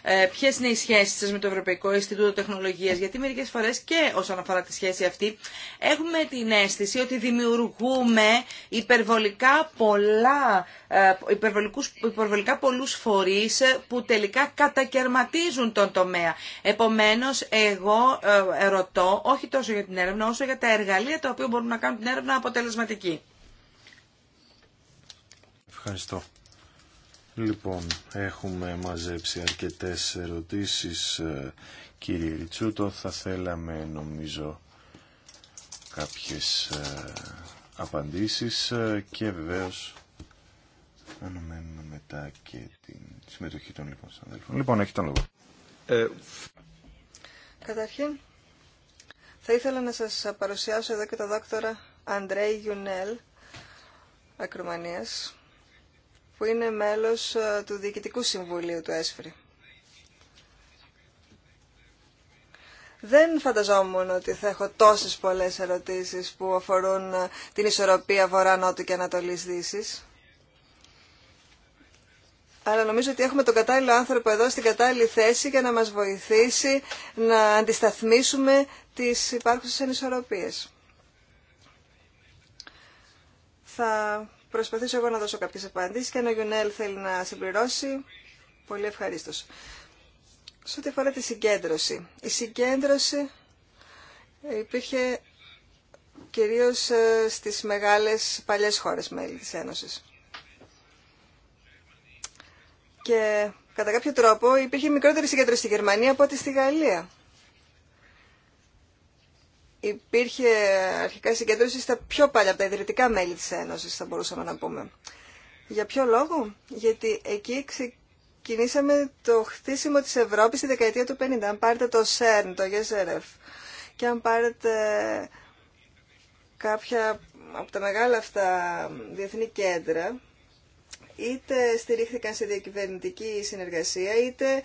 Ε, ποιε είναι οι σχέσει σα με το Ευρωπαϊκό Ινστιτούτο Τεχνολογία, γιατί μερικέ φορέ και όσον αφορά τη σχέση αυτή έχουμε την αίσθηση ότι δημιουργούμε υπερβολικά πολλά, ε, υπερβολικούς, υπερβολικά πολλούς φορείς που τελικά κατακαιρματίζουν τον τομέα. Επομένως, εγώ ε, ρωτώ, όχι τόσο για την έρευνα, όσο για τα εργαλεία τα οποία μπορούν να κάνουν την έρευνα αποτελεσματική. Ευχαριστώ. Λοιπόν, έχουμε μαζέψει αρκετές ερωτήσεις ε, κύριε Ριτσούτο. Θα θέλαμε νομίζω κάποιες ε, απαντήσεις ε, και βεβαίως αναμένουμε μετά και την συμμετοχή των λοιπόν συναδέλφων. Λοιπόν, έχει τον λόγο. Ε... Καταρχήν, θα ήθελα να σας παρουσιάσω εδώ και τον δόκτωρα Αντρέι Γιουνέλ, Ακρομανίας που είναι μέλος ε, του Διοικητικού Συμβουλίου του ΕΣΦΡΙ. Δεν φανταζόμουν ότι θα έχω τόσες πολλές ερωτήσεις που αφορούν ε, την ισορροπία Βορρά-Νότου και Ανατολής-Δύσης. Αλλά νομίζω ότι έχουμε τον κατάλληλο άνθρωπο εδώ στην κατάλληλη θέση για να μας βοηθήσει να αντισταθμίσουμε τις υπάρχουσες ανισορροπίες. Θα προσπαθήσω εγώ να δώσω κάποιες απαντήσεις και αν ο Γιουνέλ θέλει να συμπληρώσει, πολύ ευχαρίστω. Σε ό,τι αφορά τη συγκέντρωση. Η συγκέντρωση υπήρχε κυρίως ε, στις μεγάλες παλιές χώρες μέλη της Ένωσης. Και κατά κάποιο τρόπο υπήρχε μικρότερη συγκέντρωση στη Γερμανία από ό,τι στη Γαλλία υπήρχε αρχικά συγκέντρωση στα πιο παλιά, από τα ιδρυτικά μέλη της Ένωσης, θα μπορούσαμε να πούμε. Για ποιο λόγο? Γιατί εκεί ξεκινήσαμε το χτίσιμο της Ευρώπης στη δεκαετία του 50. Αν πάρετε το ΣΕΡΝ, το ΓΕΣΕΡΕΦ και αν πάρετε κάποια από τα μεγάλα αυτά διεθνή κέντρα, είτε στηρίχθηκαν σε διακυβερνητική συνεργασία, είτε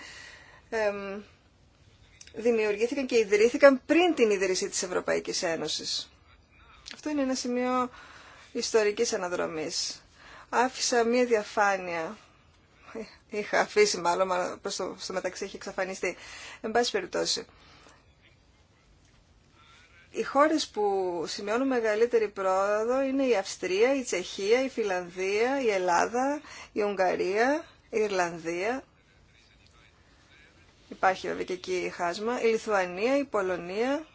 δημιουργήθηκαν και ιδρύθηκαν πριν την ίδρυση της Ευρωπαϊκής Ένωσης. Αυτό είναι ένα σημείο ιστορικής αναδρομής. Άφησα μία διαφάνεια, είχα αφήσει μάλλον, αλλά προς το, στο μεταξύ έχει εξαφανιστεί. Εν πάση περιπτώσει, οι χώρες που σημειώνουν μεγαλύτερη πρόοδο είναι η Αυστρία, η Τσεχία, η Φιλανδία, η Ελλάδα, η Ουγγαρία, η Ιρλανδία, Υπάρχει βέβαια και εκεί χάσμα. Η Λιθουανία, η Πολωνία.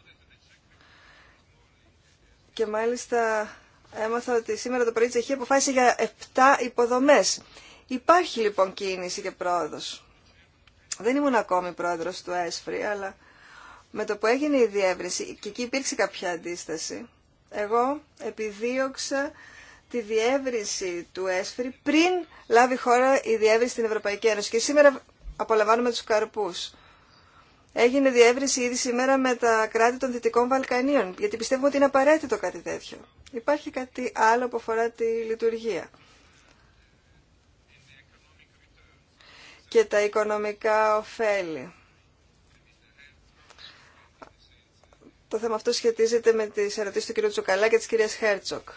Και μάλιστα έμαθα ότι σήμερα το πρωί η Τσεχία αποφάσισε για 7 υποδομές. Υπάρχει λοιπόν κίνηση και πρόοδος. Δεν ήμουν ακόμη πρόεδρος του ΕΣΦΡΙ, αλλά με το που έγινε η διεύρυνση και εκεί υπήρξε κάποια αντίσταση, εγώ επιδίωξα τη διεύρυνση του ΕΣΦΡΙ πριν λάβει χώρα η διεύρυνση στην Ευρωπαϊκή Ένωση. Και σήμερα απολαμβάνουμε τους καρπούς. Έγινε διεύρυνση ήδη σήμερα με τα κράτη των Δυτικών Βαλκανίων, γιατί πιστεύουμε ότι είναι απαραίτητο κάτι τέτοιο. Υπάρχει κάτι άλλο που αφορά τη λειτουργία. Και τα οικονομικά ωφέλη. Το θέμα αυτό σχετίζεται με τις ερωτήσεις του κ. Τσουκαλά και της κυρίας Χέρτσοκ.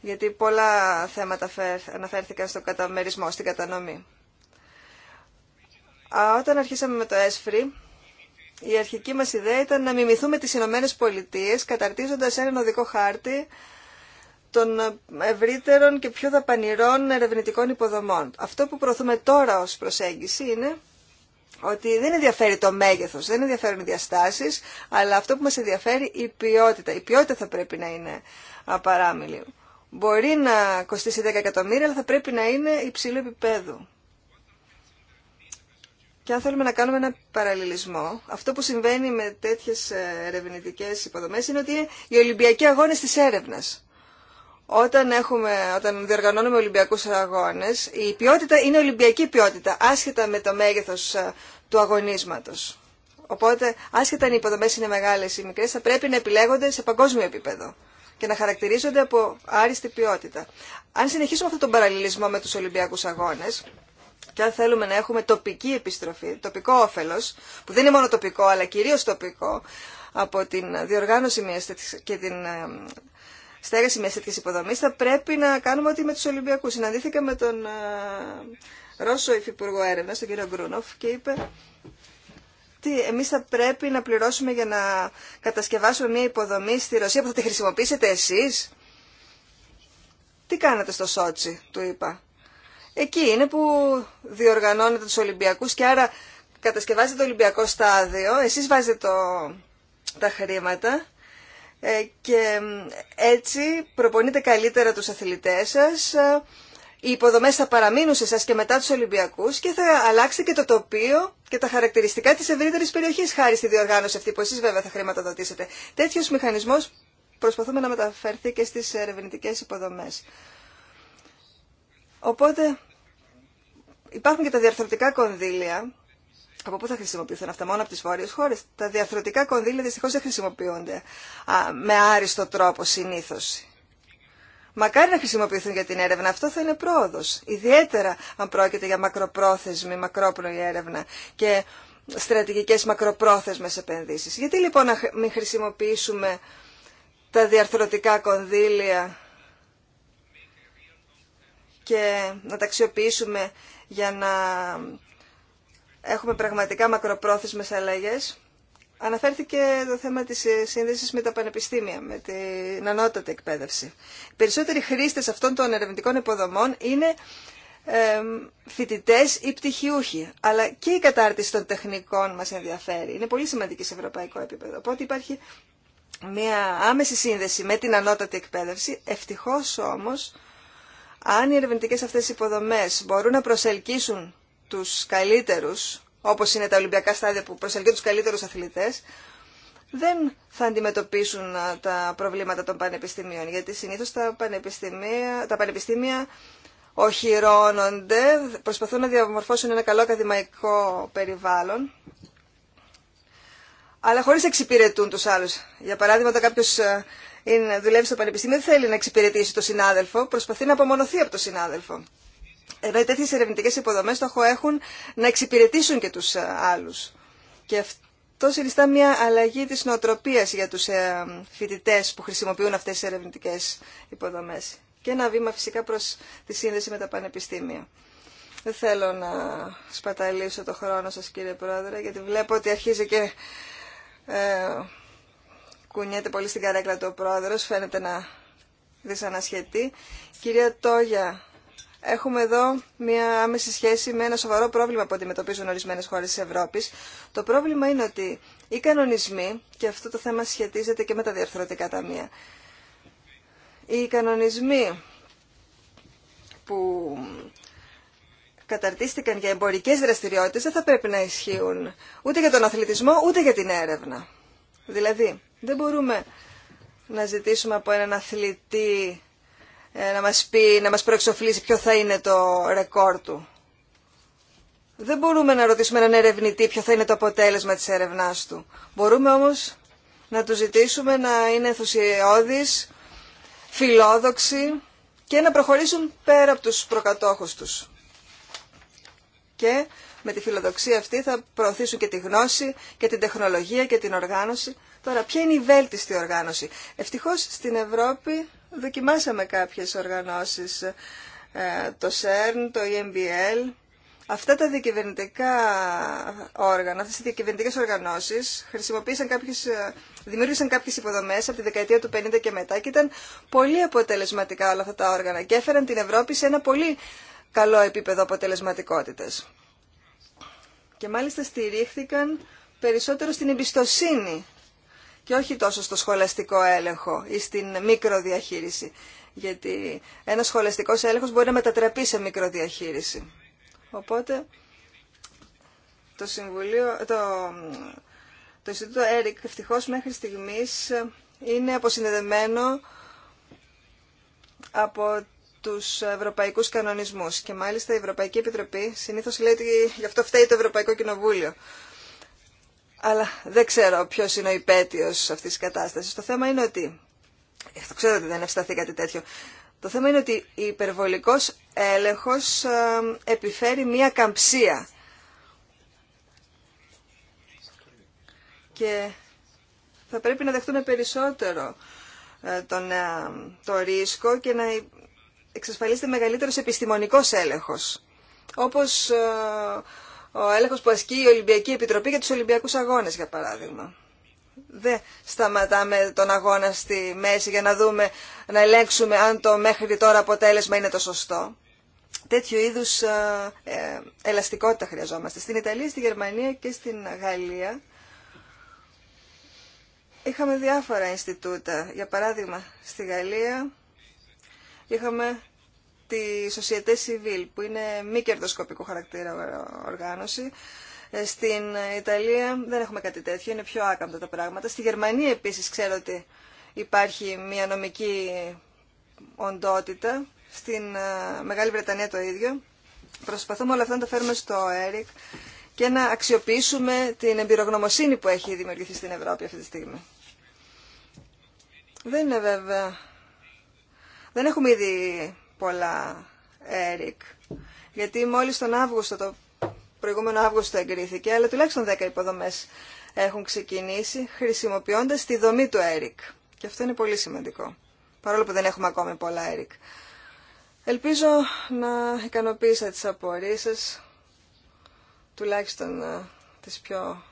Γιατί πολλά θέματα αναφέρθηκαν στο καταμερισμό, στην κατανομή όταν αρχίσαμε με το ΕΣΦΡΙ, η αρχική μας ιδέα ήταν να μιμηθούμε τις Ηνωμένε Πολιτείε καταρτίζοντας έναν οδικό χάρτη των ευρύτερων και πιο δαπανηρών ερευνητικών υποδομών. Αυτό που προωθούμε τώρα ως προσέγγιση είναι ότι δεν ενδιαφέρει το μέγεθος, δεν ενδιαφέρουν οι διαστάσεις, αλλά αυτό που μας ενδιαφέρει η ποιότητα. Η ποιότητα θα πρέπει να είναι απαράμιλη. Μπορεί να κοστίσει 10 εκατομμύρια, αλλά θα πρέπει να είναι υψηλού επίπεδου. Και αν θέλουμε να κάνουμε ένα παραλληλισμό, αυτό που συμβαίνει με τέτοιε ερευνητικέ υποδομέ είναι ότι είναι οι Ολυμπιακοί αγώνε τη έρευνα. Όταν, όταν διοργανώνουμε Ολυμπιακού αγώνε, η ποιότητα είναι Ολυμπιακή ποιότητα, άσχετα με το μέγεθο ε, του αγωνίσματο. Οπότε, άσχετα αν οι υποδομέ είναι μεγάλε ή μικρέ, θα πρέπει να επιλέγονται σε παγκόσμιο επίπεδο και να χαρακτηρίζονται από άριστη ποιότητα. Αν συνεχίσουμε αυτόν τον παραλληλισμό με του Ολυμπιακού αγώνε, και αν θέλουμε να έχουμε τοπική επιστροφή, τοπικό όφελος, που δεν είναι μόνο τοπικό αλλά κυρίως τοπικό, από την διοργάνωση μιας και την ε, στέγαση μιας τέτοιας υποδομής, θα πρέπει να κάνουμε ότι με τους Ολυμπιακούς. Συναντήθηκα με τον ε, Ρώσο Υφυπουργό Έρευνα, τον κύριο Γκρούνοφ, και είπε τι εμείς θα πρέπει να πληρώσουμε για να κατασκευάσουμε μια υποδομή στη Ρωσία που θα τη χρησιμοποιήσετε εσείς. Τι κάνατε στο Σότσι, του είπα. Εκεί είναι που διοργανώνετε τους Ολυμπιακούς και άρα κατασκευάζετε το Ολυμπιακό στάδιο, εσείς βάζετε τα χρήματα ε, και έτσι προπονείτε καλύτερα τους αθλητές σας, ε, οι υποδομές θα παραμείνουν σε εσάς και μετά τους Ολυμπιακούς και θα αλλάξετε και το τοπίο και τα χαρακτηριστικά της ευρύτερης περιοχής χάρη στη διοργάνωση αυτή που εσείς βέβαια θα χρηματοδοτήσετε. Τέτοιος μηχανισμός προσπαθούμε να μεταφέρθει και στις ερευνητικές υποδομές. Οπότε υπάρχουν και τα διαρθρωτικά κονδύλια. Από πού θα χρησιμοποιηθούν αυτά, μόνο από τι βόρειε χώρε. Τα διαρθρωτικά κονδύλια δυστυχώ δεν χρησιμοποιούνται με άριστο τρόπο συνήθω. Μακάρι να χρησιμοποιηθούν για την έρευνα, αυτό θα είναι πρόοδο. Ιδιαίτερα αν πρόκειται για μακροπρόθεσμη, μακρόπνοη έρευνα και στρατηγικέ μακροπρόθεσμε επενδύσει. Γιατί λοιπόν να μην χρησιμοποιήσουμε τα διαρθρωτικά κονδύλια και να τα αξιοποιήσουμε για να έχουμε πραγματικά μακροπρόθεσμες αλλαγές. Αναφέρθηκε το θέμα της σύνδεσης με τα πανεπιστήμια, με την ανώτατη εκπαίδευση. Οι περισσότεροι χρήστες αυτών των ερευνητικών υποδομών είναι φοιτητέ ή πτυχιούχοι. Αλλά και η κατάρτιση των τεχνικών μας ενδιαφέρει. Είναι πολύ σημαντική σε ευρωπαϊκό επίπεδο. Οπότε υπάρχει μια άμεση σύνδεση με την ανώτατη εκπαίδευση. Ευτυχώς όμως αν οι ερευνητικέ αυτές οι υποδομές μπορούν να προσελκύσουν τους καλύτερου, όπως είναι τα Ολυμπιακά στάδια που προσελκύουν τους καλύτερου αθλητές, δεν θα αντιμετωπίσουν τα προβλήματα των πανεπιστημίων, γιατί συνήθως τα πανεπιστημία, τα πανεπιστήμια οχυρώνονται, προσπαθούν να διαμορφώσουν ένα καλό ακαδημαϊκό περιβάλλον, αλλά χωρίς εξυπηρετούν τους άλλους. Για παράδειγμα, όταν κάποιος να δουλεύει στο πανεπιστήμιο δεν θέλει να εξυπηρετήσει τον συνάδελφο, προσπαθεί να απομονωθεί από το συνάδελφο. Ενώ τέτοιε ερευνητικέ υποδομέ στόχο έχουν να εξυπηρετήσουν και του ε, άλλου. Και αυτό συνιστά μια αλλαγή τη νοοτροπία για του ε, φοιτητέ που χρησιμοποιούν αυτέ τι ερευνητικέ υποδομέ. Και ένα βήμα φυσικά προ τη σύνδεση με τα πανεπιστήμια. Δεν θέλω να σπαταλήσω το χρόνο σας κύριε Πρόεδρε, γιατί βλέπω ότι αρχίζει και ε, κουνιέται πολύ στην καρέκλα του ο πρόεδρος, φαίνεται να δυσανασχετεί. Κυρία Τόγια, έχουμε εδώ μια άμεση σχέση με ένα σοβαρό πρόβλημα που αντιμετωπίζουν ορισμένες χώρες της Ευρώπης. Το πρόβλημα είναι ότι οι κανονισμοί, και αυτό το θέμα σχετίζεται και με τα διαρθρωτικά ταμεία, οι κανονισμοί που καταρτίστηκαν για εμπορικές δραστηριότητες δεν θα πρέπει να ισχύουν ούτε για τον αθλητισμό ούτε για την έρευνα. Δηλαδή, δεν μπορούμε να ζητήσουμε από έναν αθλητή ε, να μας πει, να μας προεξοφλήσει ποιο θα είναι το ρεκόρ του. Δεν μπορούμε να ρωτήσουμε έναν ερευνητή ποιο θα είναι το αποτέλεσμα της έρευνάς του. Μπορούμε όμως να του ζητήσουμε να είναι ενθουσιώδης, φιλόδοξοι και να προχωρήσουν πέρα από τους προκατόχους τους. Και με τη φιλοδοξία αυτή θα προωθήσουν και τη γνώση και την τεχνολογία και την οργάνωση. Τώρα, ποια είναι η βέλτιστη οργάνωση. Ευτυχώς στην Ευρώπη δοκιμάσαμε κάποιες οργανώσεις, ε, το CERN, το EMBL. Αυτά τα διακυβερνητικά όργανα, αυτές οι διακυβερνητικές οργανώσεις χρησιμοποίησαν κάποιες, ε, δημιούργησαν κάποιες υποδομές από τη δεκαετία του 50 και μετά και ήταν πολύ αποτελεσματικά όλα αυτά τα όργανα και έφεραν την Ευρώπη σε ένα πολύ καλό επίπεδο αποτελεσματικότητας και μάλιστα στηρίχθηκαν περισσότερο στην εμπιστοσύνη και όχι τόσο στο σχολαστικό έλεγχο ή στην μικροδιαχείριση. Γιατί ένας σχολαστικός έλεγχος μπορεί να μετατραπεί σε μικροδιαχείριση. Οπότε το, συμβουλίο, το, το Ινστιτούτο ΕΡΙΚ ευτυχώς μέχρι στιγμής είναι αποσυνδεδεμένο από του Ευρωπαϊκού Κανονισμού. Και μάλιστα η Ευρωπαϊκή Επιτροπή συνήθω λέει ότι γι' αυτό φταίει το Ευρωπαϊκό Κοινοβούλιο. Αλλά δεν ξέρω ποιο είναι ο υπέτειο αυτή τη κατάσταση. Το θέμα είναι ότι. Το ξέρω ότι δεν ευσταθεί κάτι τέτοιο. Το θέμα είναι ότι η υπερβολικό έλεγχο επιφέρει μία καμψία. Και θα πρέπει να δεχτούν περισσότερο ε, ε, το ρίσκο και να εξασφαλίζεται μεγαλύτερος επιστημονικός έλεγχος. Όπως ε, ο έλεγχος που ασκεί η Ολυμπιακή Επιτροπή για τους Ολυμπιακούς Αγώνες, για παράδειγμα. Δεν σταματάμε τον αγώνα στη μέση για να δούμε, να ελέγξουμε αν το μέχρι τώρα αποτέλεσμα είναι το σωστό. Τέτοιου είδους ε, ε, ελαστικότητα χρειαζόμαστε. Στην Ιταλία, στη Γερμανία και στην Γαλλία είχαμε διάφορα Ινστιτούτα. Για παράδειγμα, στη Γαλλία Είχαμε τη Société Civile, που είναι μη κερδοσκοπικό χαρακτήρα οργάνωση. Ε, στην Ιταλία δεν έχουμε κάτι τέτοιο, είναι πιο άκαμπτα τα πράγματα. Στη Γερμανία επίσης ξέρω ότι υπάρχει μια νομική οντότητα. Στην ε, Μεγάλη Βρετανία το ίδιο. Προσπαθούμε όλα αυτά να τα φέρουμε στο ΕΡΙΚ και να αξιοποιήσουμε την εμπειρογνωμοσύνη που έχει δημιουργηθεί στην Ευρώπη αυτή τη στιγμή. Δεν είναι βέβαια δεν έχουμε ήδη πολλά ΕΡΙΚ, γιατί μόλις τον Αύγουστο, το προηγούμενο Αύγουστο εγκρίθηκε, αλλά τουλάχιστον 10 υποδομές έχουν ξεκινήσει χρησιμοποιώντας τη δομή του ΕΡΙΚ. Και αυτό είναι πολύ σημαντικό, παρόλο που δεν έχουμε ακόμη πολλά ΕΡΙΚ. Ελπίζω να ικανοποίησα τις απορίες σας, τουλάχιστον ε, τις πιο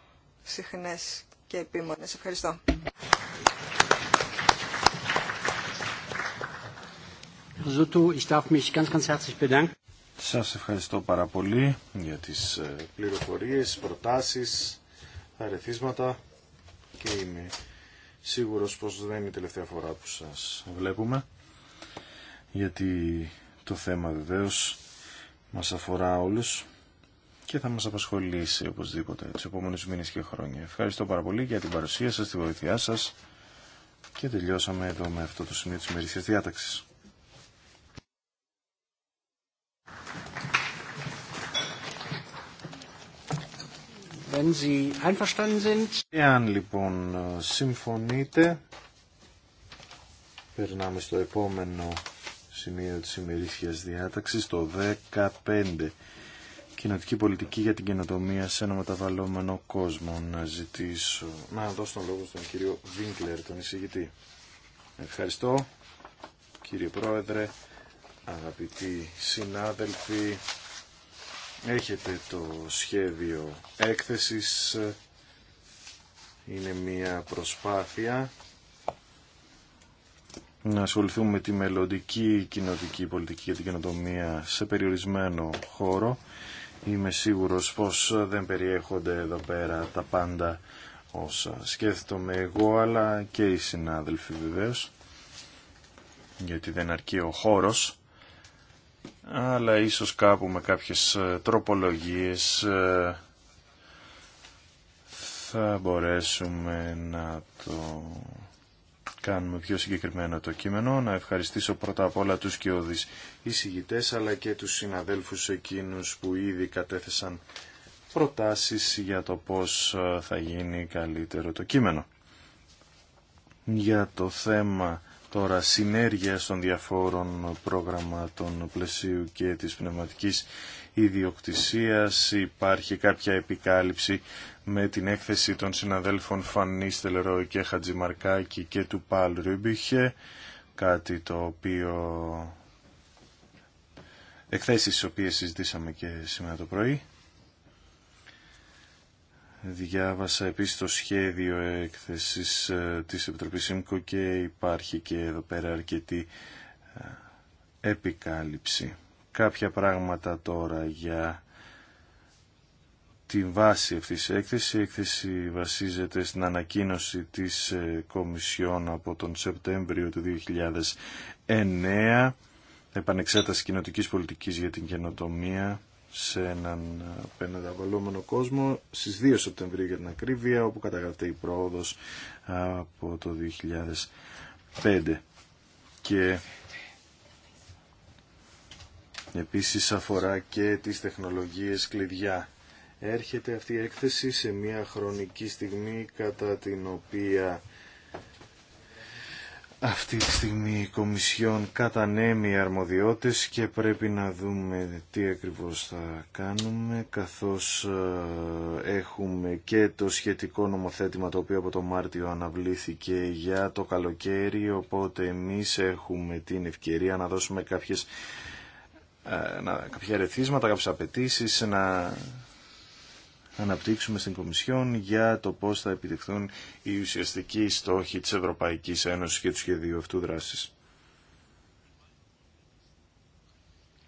συχνές και επίμονες. Ευχαριστώ. Σας ευχαριστώ πάρα πολύ για τις ε, πληροφορίες, προτάσεις, αρεθίσματα και είμαι σίγουρος πως δεν είναι η τελευταία φορά που σας βλέπουμε γιατί το θέμα βεβαίως μας αφορά όλους και θα μας απασχολήσει οπωσδήποτε τους επόμενους μήνες και χρόνια. Ευχαριστώ πάρα πολύ για την παρουσία σας, τη βοήθειά σας και τελειώσαμε εδώ με αυτό το σημείο της ημερησίας διάταξης. Εάν λοιπόν συμφωνείτε, περνάμε στο επόμενο σημείο της ημερήσιας διάταξης, το 15. Κοινοτική πολιτική για την καινοτομία σε ένα μεταβαλλόμενο κόσμο. Να ζητήσω, να δώσω τον λόγο στον κύριο Βίνκλερ, τον εισηγητή. Ευχαριστώ, κύριε Πρόεδρε, αγαπητοί συνάδελφοι, Έχετε το σχέδιο έκθεσης. Είναι μια προσπάθεια να ασχοληθούμε με τη μελλοντική κοινοτική πολιτική για την καινοτομία σε περιορισμένο χώρο. Είμαι σίγουρος πως δεν περιέχονται εδώ πέρα τα πάντα όσα σκέφτομαι εγώ αλλά και οι συνάδελφοι βεβαίως γιατί δεν αρκεί ο χώρος αλλά ίσως κάπου με κάποιες ε, τροπολογίες ε, θα μπορέσουμε να το κάνουμε πιο συγκεκριμένο το κείμενο. Να ευχαριστήσω πρώτα απ' όλα τους και οδης εισηγητές, αλλά και τους συναδέλφους εκείνους που ήδη κατέθεσαν προτάσεις για το πώς ε, θα γίνει καλύτερο το κείμενο. Για το θέμα τώρα συνέργεια των διαφόρων προγραμμάτων πλαισίου και της πνευματικής ιδιοκτησίας. Υπάρχει κάποια επικάλυψη με την έκθεση των συναδέλφων Ρόι και Χατζημαρκάκη και του Παλ Ρούμπιχε, κάτι το οποίο εκθέσεις τις οποίες συζητήσαμε και σήμερα το πρωί. Διάβασα επίσης το σχέδιο έκθεσης ε, της Επιτροπής ΣΥΜΚΟ και υπάρχει και εδώ πέρα αρκετή ε, επικάλυψη. Κάποια πράγματα τώρα για τη βάση αυτής της έκθεσης. Η έκθεση βασίζεται στην ανακοίνωση της ε, Κομισιόν από τον Σεπτέμβριο του 2009, επανεξέταση κοινοτικής πολιτικής για την καινοτομία σε έναν απέναντι κόσμο στις 2 Σεπτεμβρίου για την ακρίβεια όπου καταγραφεί η πρόοδος από το 2005 και επίσης αφορά και τις τεχνολογίες κλειδιά έρχεται αυτή η έκθεση σε μια χρονική στιγμή κατά την οποία αυτή τη στιγμή η Κομισιόν κατανέμει αρμοδιότητες και πρέπει να δούμε τι ακριβώς θα κάνουμε καθώς ε, έχουμε και το σχετικό νομοθέτημα το οποίο από το Μάρτιο αναβλήθηκε για το καλοκαίρι οπότε εμείς έχουμε την ευκαιρία να δώσουμε κάποιες, ε, κάποια ρεθίσματα, κάποιες απαιτήσει να αναπτύξουμε στην Κομισιόν για το πώς θα επιτευχθούν οι ουσιαστικοί στόχοι της Ευρωπαϊκής Ένωσης και του σχεδίου αυτού δράσης.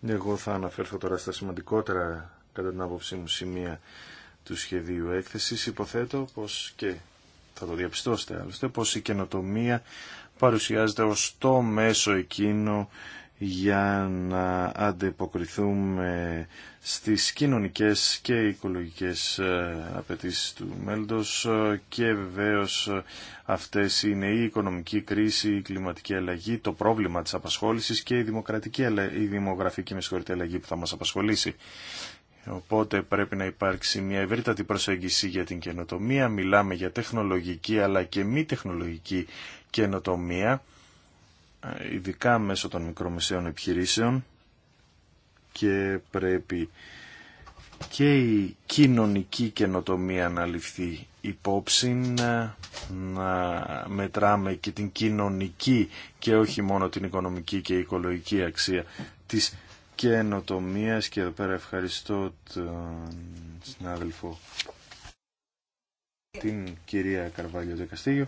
Εγώ θα αναφέρθω τώρα στα σημαντικότερα κατά την άποψή μου σημεία του σχεδίου έκθεσης. Υποθέτω πως και θα το διαπιστώσετε άλλωστε πως η καινοτομία παρουσιάζεται ως το μέσο εκείνο για να αντεποκριθούμε στις κοινωνικές και οικολογικές ε, απαιτήσεις του μέλλοντος ε, και βεβαίως ε, αυτές είναι η οικονομική κρίση, η κλιματική αλλαγή, το πρόβλημα της απασχόλησης και η, δημοκρατική, η δημογραφική με αλλαγή που θα μας απασχολήσει. Οπότε πρέπει να υπάρξει μια ευρύτατη προσέγγιση για την καινοτομία. Μιλάμε για τεχνολογική αλλά και μη τεχνολογική καινοτομία ειδικά μέσω των μικρομεσαίων επιχειρήσεων και πρέπει και η κοινωνική καινοτομία να ληφθεί υπόψη, να μετράμε και την κοινωνική και όχι μόνο την οικονομική και οικολογική αξία της καινοτομίας και εδώ πέρα ευχαριστώ τον συνάδελφο την κυρία Καρβάλιο Δεκαστήγιο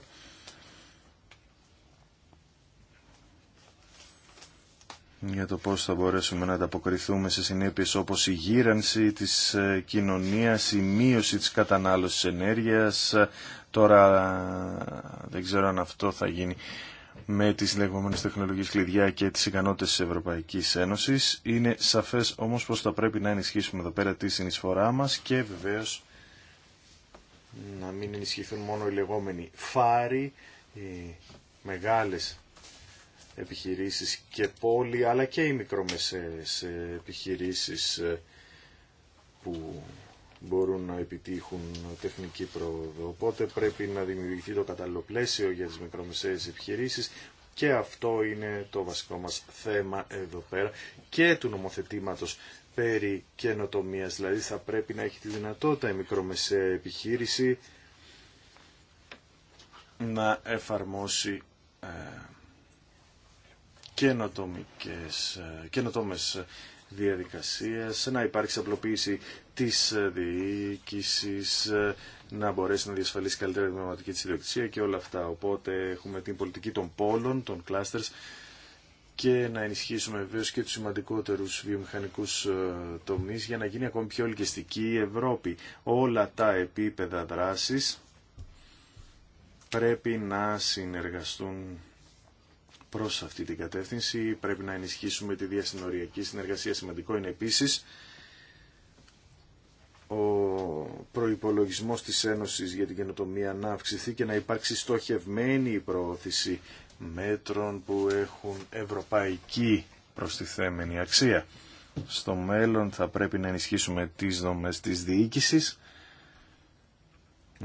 για το πώς θα μπορέσουμε να ανταποκριθούμε σε συνέπειες όπως η γύρανση της ε, κοινωνίας, η μείωση της κατανάλωσης ενέργειας. Τώρα δεν ξέρω αν αυτό θα γίνει με τις λεγόμενες τεχνολογίες κλειδιά και τις ικανότητες της Ευρωπαϊκής Ένωσης. Είναι σαφές όμως πως θα πρέπει να ενισχύσουμε εδώ πέρα τη συνεισφορά μας και βεβαίως να μην ενισχυθούν μόνο οι λεγόμενοι φάροι, οι μεγάλες επιχειρήσεις και πόλη, αλλά και οι μικρομεσαίες επιχειρήσεις ε, που μπορούν να επιτύχουν τεχνική πρόοδο. Οπότε πρέπει να δημιουργηθεί το κατάλληλο για τις μικρομεσαίες επιχειρήσεις και αυτό είναι το βασικό μας θέμα εδώ πέρα και του νομοθετήματος περί καινοτομίας. Δηλαδή θα πρέπει να έχει τη δυνατότητα η μικρομεσαία επιχείρηση να εφαρμόσει ε, ε, καινοτόμες διαδικασίες, να υπάρξει απλοποίηση της διοίκησης, ε, να μπορέσει να διασφαλίσει καλύτερα την πνευματική της ιδιοκτησία και όλα αυτά. Οπότε έχουμε την πολιτική των πόλων, των clusters και να ενισχύσουμε βέβαια και τους σημαντικότερους βιομηχανικούς ε, τομείς για να γίνει ακόμη πιο ελκυστική η Ευρώπη. Όλα τα επίπεδα δράσης πρέπει να συνεργαστούν προς αυτή την κατεύθυνση. Πρέπει να ενισχύσουμε τη διασυνοριακή συνεργασία. Σημαντικό είναι επίσης ο προϋπολογισμός της Ένωσης για την καινοτομία να αυξηθεί και να υπάρξει στοχευμένη η προώθηση μέτρων που έχουν ευρωπαϊκή προστιθέμενη αξία. Στο μέλλον θα πρέπει να ενισχύσουμε τις δομές της διοίκησης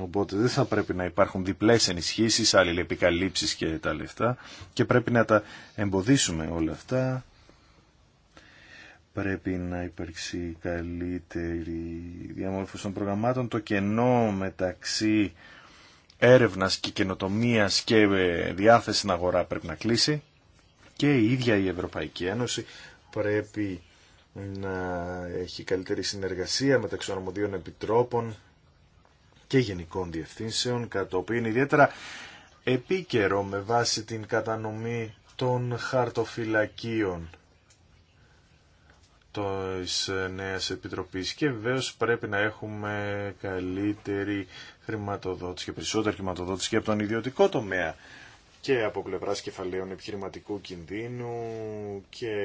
Οπότε δεν θα πρέπει να υπάρχουν διπλές ενισχύσεις, αλληλεπικαλύψεις και τα λεφτά και πρέπει να τα εμποδίσουμε όλα αυτά. Πρέπει να υπάρξει καλύτερη διαμόρφωση των προγραμμάτων. Το κενό μεταξύ έρευνας και καινοτομίας και ε, διάθεση στην αγορά πρέπει να κλείσει και η ίδια η Ευρωπαϊκή Ένωση πρέπει να έχει καλύτερη συνεργασία μεταξύ των επιτρόπων και γενικών διευθύνσεων, κατά το οποίο είναι ιδιαίτερα επίκαιρο με βάση την κατανομή των χαρτοφυλακίων της νέας επιτροπής και βεβαίως πρέπει να έχουμε καλύτερη χρηματοδότηση και περισσότερη χρηματοδότηση και από τον ιδιωτικό τομέα και από πλευράς κεφαλαίων επιχειρηματικού κινδύνου και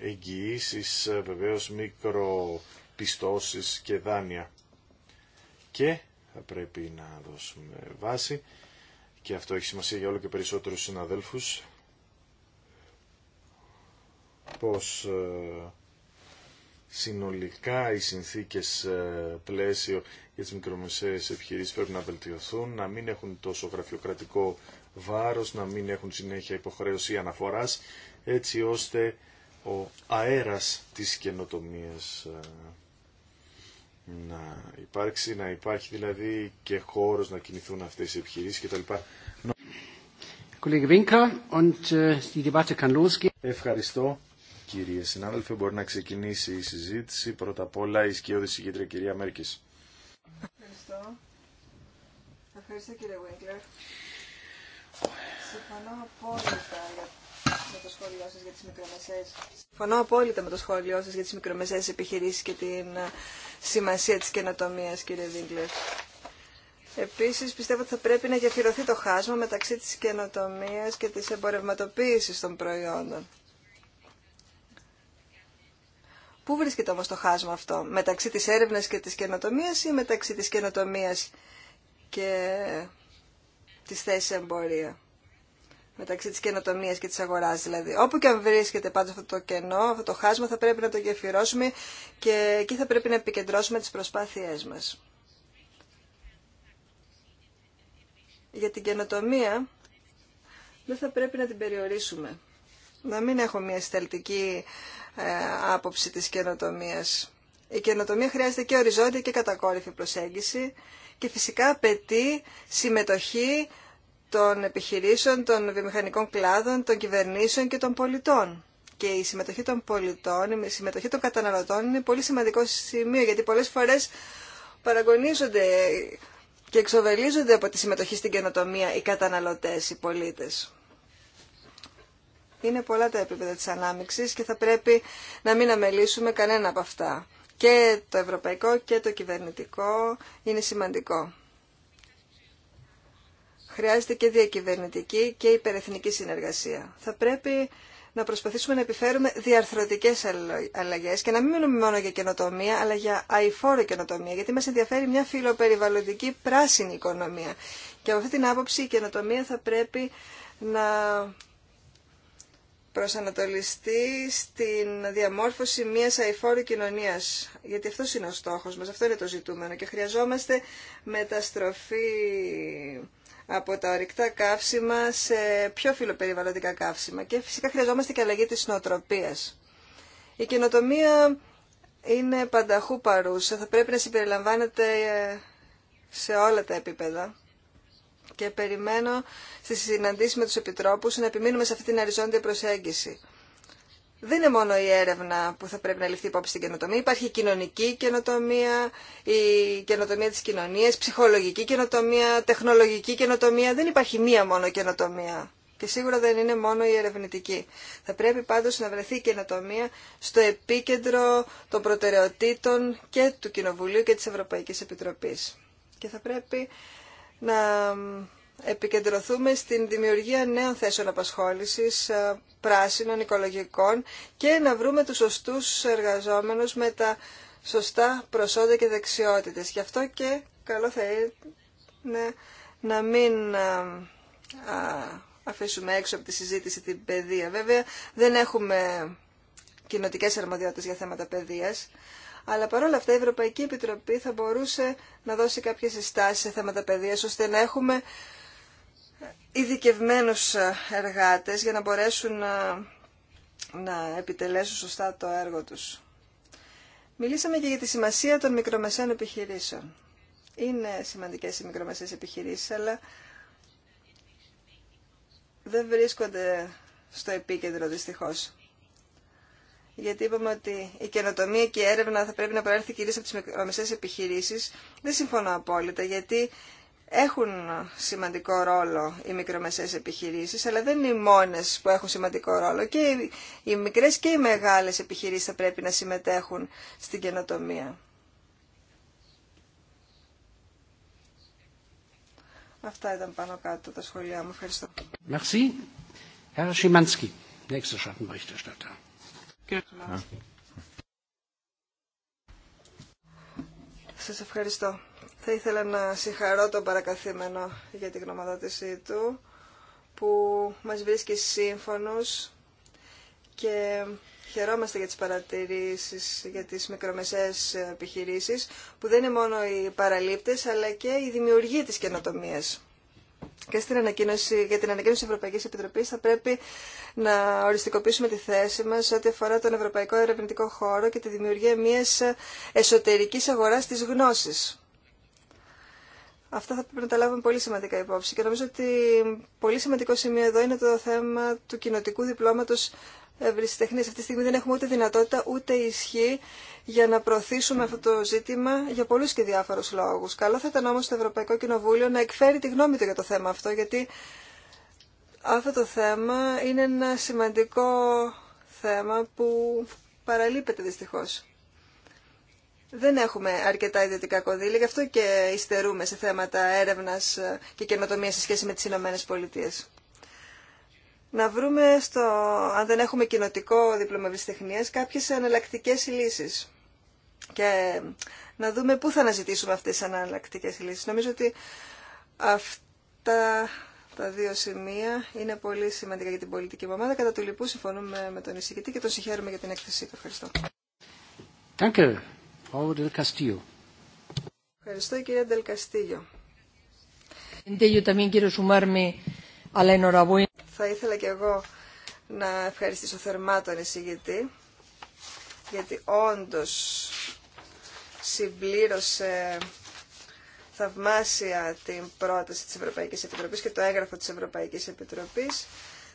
εγγυήσεις βεβαίω μικροπιστώσεις και δάνεια και θα πρέπει να δώσουμε βάση και αυτό έχει σημασία για όλο και περισσότερους συναδέλφους πως ε, συνολικά οι συνθήκες ε, πλαίσιο για τις μικρομεσαίες επιχειρήσεις πρέπει να βελτιωθούν, να μην έχουν τόσο γραφειοκρατικό βάρος, να μην έχουν συνέχεια υποχρέωση αναφοράς, έτσι ώστε ο αέρας της καινοτομίας ε, να υπάρξει, να υπάρχει δηλαδή και χώρος να κινηθούν αυτές οι επιχειρήσεις κτλ. Äh, Ευχαριστώ κύριε συνάδελφε. Μπορεί να ξεκινήσει η συζήτηση. Πρώτα απ' όλα η σκιώδη συγκέντρια κυρία Μέρκης. Ευχαριστώ. Ευχαριστώ κύριε Βίγκλερ. Συμφωνώ απόλυτα για με το σχόλιο σα για τις μικρομεσαίες. Συμφωνώ απόλυτα με το σχόλιο σα για τι μικρομεσαίε επιχειρήσει και την ε, σημασία τη καινοτομία, κύριε Δίγκλερ. Επίσης, πιστεύω ότι θα πρέπει να γεφυρωθεί το χάσμα μεταξύ της καινοτομία και της εμπορευματοποίηση των προϊόντων. Πού βρίσκεται όμως το χάσμα αυτό, μεταξύ της έρευνας και της καινοτομίας ή μεταξύ της καινοτομίας και της θέσης εμπορία μεταξύ της καινοτομίας και της αγοράς δηλαδή. Όπου και αν βρίσκεται πάντως αυτό το κενό, αυτό το χάσμα θα πρέπει να το γεφυρώσουμε και εκεί θα πρέπει να επικεντρώσουμε τις προσπάθειές μας. Για την καινοτομία δεν θα πρέπει να την περιορίσουμε. Να μην έχω μια συσταλτική ε, άποψη της καινοτομίας. Η καινοτομία χρειάζεται και οριζόντια και κατακόρυφη προσέγγιση και φυσικά απαιτεί συμμετοχή των επιχειρήσεων, των βιομηχανικών κλάδων, των κυβερνήσεων και των πολιτών. Και η συμμετοχή των πολιτών, η συμμετοχή των καταναλωτών είναι πολύ σημαντικό σημείο, γιατί πολλές φορές παραγωνίζονται και εξοβελίζονται από τη συμμετοχή στην καινοτομία οι καταναλωτές, οι πολίτες. Είναι πολλά τα επίπεδα της ανάμειξης και θα πρέπει να μην αμελήσουμε κανένα από αυτά. Και το ευρωπαϊκό και το κυβερνητικό είναι σημαντικό χρειάζεται και διακυβερνητική και υπερεθνική συνεργασία. Θα πρέπει να προσπαθήσουμε να επιφέρουμε διαρθρωτικές αλλαγέ και να μην μιλούμε μόνο για καινοτομία, αλλά για αηφόρο καινοτομία, γιατί μας ενδιαφέρει μια φιλοπεριβαλλοντική πράσινη οικονομία. Και από αυτή την άποψη η καινοτομία θα πρέπει να προσανατολιστεί στην διαμόρφωση μιας αηφόρου κοινωνίας. Γιατί αυτό είναι ο στόχος μας, αυτό είναι το ζητούμενο και χρειαζόμαστε μεταστροφή από τα ορυκτά καύσιμα σε πιο φιλοπεριβαλλοντικά καύσιμα και φυσικά χρειαζόμαστε και αλλαγή της νοοτροπίας. Η καινοτομία είναι πανταχού παρούσα, θα πρέπει να συμπεριλαμβάνεται ε, σε όλα τα επίπεδα και περιμένω στις συναντήσεις με τους επιτρόπους να επιμείνουμε σε αυτή την αριζόντια προσέγγιση δεν είναι μόνο η έρευνα που θα πρέπει να ληφθεί υπόψη στην καινοτομία. Υπάρχει η κοινωνική καινοτομία, η καινοτομία της κοινωνίας, ψυχολογική καινοτομία, τεχνολογική καινοτομία. Δεν υπάρχει μία μόνο καινοτομία. Και σίγουρα δεν είναι μόνο η ερευνητική. Θα πρέπει πάντως να βρεθεί η καινοτομία στο επίκεντρο των προτεραιοτήτων και του Κοινοβουλίου και της Ευρωπαϊκής Επιτροπής. Και θα πρέπει να επικεντρωθούμε στην δημιουργία νέων θέσεων απασχόλησης, ε, πράσινων, οικολογικών και να βρούμε τους σωστούς εργαζόμενους με τα σωστά προσόντα και δεξιότητες. Γι' αυτό και καλό θα είναι να μην ε, αφήσουμε έξω από τη συζήτηση την παιδεία. Βέβαια δεν έχουμε κοινοτικέ αρμοδιότητες για θέματα παιδείας, αλλά παρόλα αυτά η Ευρωπαϊκή Επιτροπή θα μπορούσε να δώσει κάποιες συστάσεις σε θέματα παιδείας, ώστε να έχουμε ειδικευμένου ε, εργάτες για να μπορέσουν να, ε, να επιτελέσουν σωστά το έργο τους. Μιλήσαμε και για τη σημασία των μικρομεσαίων επιχειρήσεων. Είναι σημαντικές οι μικρομεσαίες επιχειρήσεις, αλλά δεν βρίσκονται στο επίκεντρο δυστυχώς. Γιατί είπαμε ότι η καινοτομία και η έρευνα θα πρέπει να προέρχεται κυρίως από τις μικρομεσαίες επιχειρήσεις. Δεν συμφωνώ απόλυτα, γιατί έχουν σημαντικό ρόλο οι μικρομεσαίες επιχειρήσεις, αλλά δεν είναι οι μόνες που έχουν σημαντικό ρόλο. Και οι μικρές και οι μεγάλες επιχειρήσεις θα πρέπει να συμμετέχουν στην καινοτομία. Αυτά ήταν πάνω κάτω τα σχολιά μου. Ευχαριστώ. Merci. Σας ευχαριστώ. Θα ήθελα να συγχαρώ τον παρακαθήμενο για την γνωμοδότησή του που μας βρίσκει σύμφωνος και χαιρόμαστε για τις παρατηρήσεις για τις μικρομεσαίες επιχειρήσεις που δεν είναι μόνο οι παραλήπτες αλλά και οι δημιουργοί της καινοτομίας. Και στην ανακοίνωση, για την ανακοίνωση της Ευρωπαϊκής Επιτροπής θα πρέπει να οριστικοποιήσουμε τη θέση μας ό,τι αφορά τον Ευρωπαϊκό Ερευνητικό Χώρο και τη δημιουργία μιας εσωτερικής αγοράς της γνώσης. Αυτά θα πρέπει να τα λάβουμε πολύ σημαντικά υπόψη. Και νομίζω ότι πολύ σημαντικό σημείο εδώ είναι το θέμα του κοινοτικού διπλώματος Σε Αυτή τη στιγμή δεν έχουμε ούτε δυνατότητα ούτε ισχύ για να προωθήσουμε αυτό το ζήτημα για πολλού και διάφορου λόγους. Καλό θα ήταν όμως το Ευρωπαϊκό Κοινοβούλιο να εκφέρει τη γνώμη του για το θέμα αυτό, γιατί αυτό το θέμα είναι ένα σημαντικό θέμα που παραλείπεται δυστυχώς δεν έχουμε αρκετά ιδιωτικά κονδύλια, γι' αυτό και υστερούμε σε θέματα έρευνας ε, και καινοτομία σε σχέση με τις Ηνωμένε Πολιτείες. Να βρούμε, στο, αν δεν έχουμε κοινοτικό δίπλωμα ευρυστεχνίας, κάποιες εναλλακτικέ λύσεις. Και να δούμε πού θα αναζητήσουμε αυτές τις αναλλακτικέ λύσεις. Νομίζω ότι αυτά τα δύο σημεία είναι πολύ σημαντικά για την πολιτική ομάδα. Κατά του λοιπού συμφωνούμε με τον εισηγητή και τον συγχαίρουμε για την έκθεσή του. Ευχαριστώ. Ευχαριστώ κυρία Ντελκαστίγιο. Θα ήθελα και εγώ να ευχαριστήσω θερμά τον εισηγητή, γιατί όντως συμπλήρωσε θαυμάσια την πρόταση της Ευρωπαϊκής Επιτροπής και το έγγραφο της Ευρωπαϊκής Επιτροπής.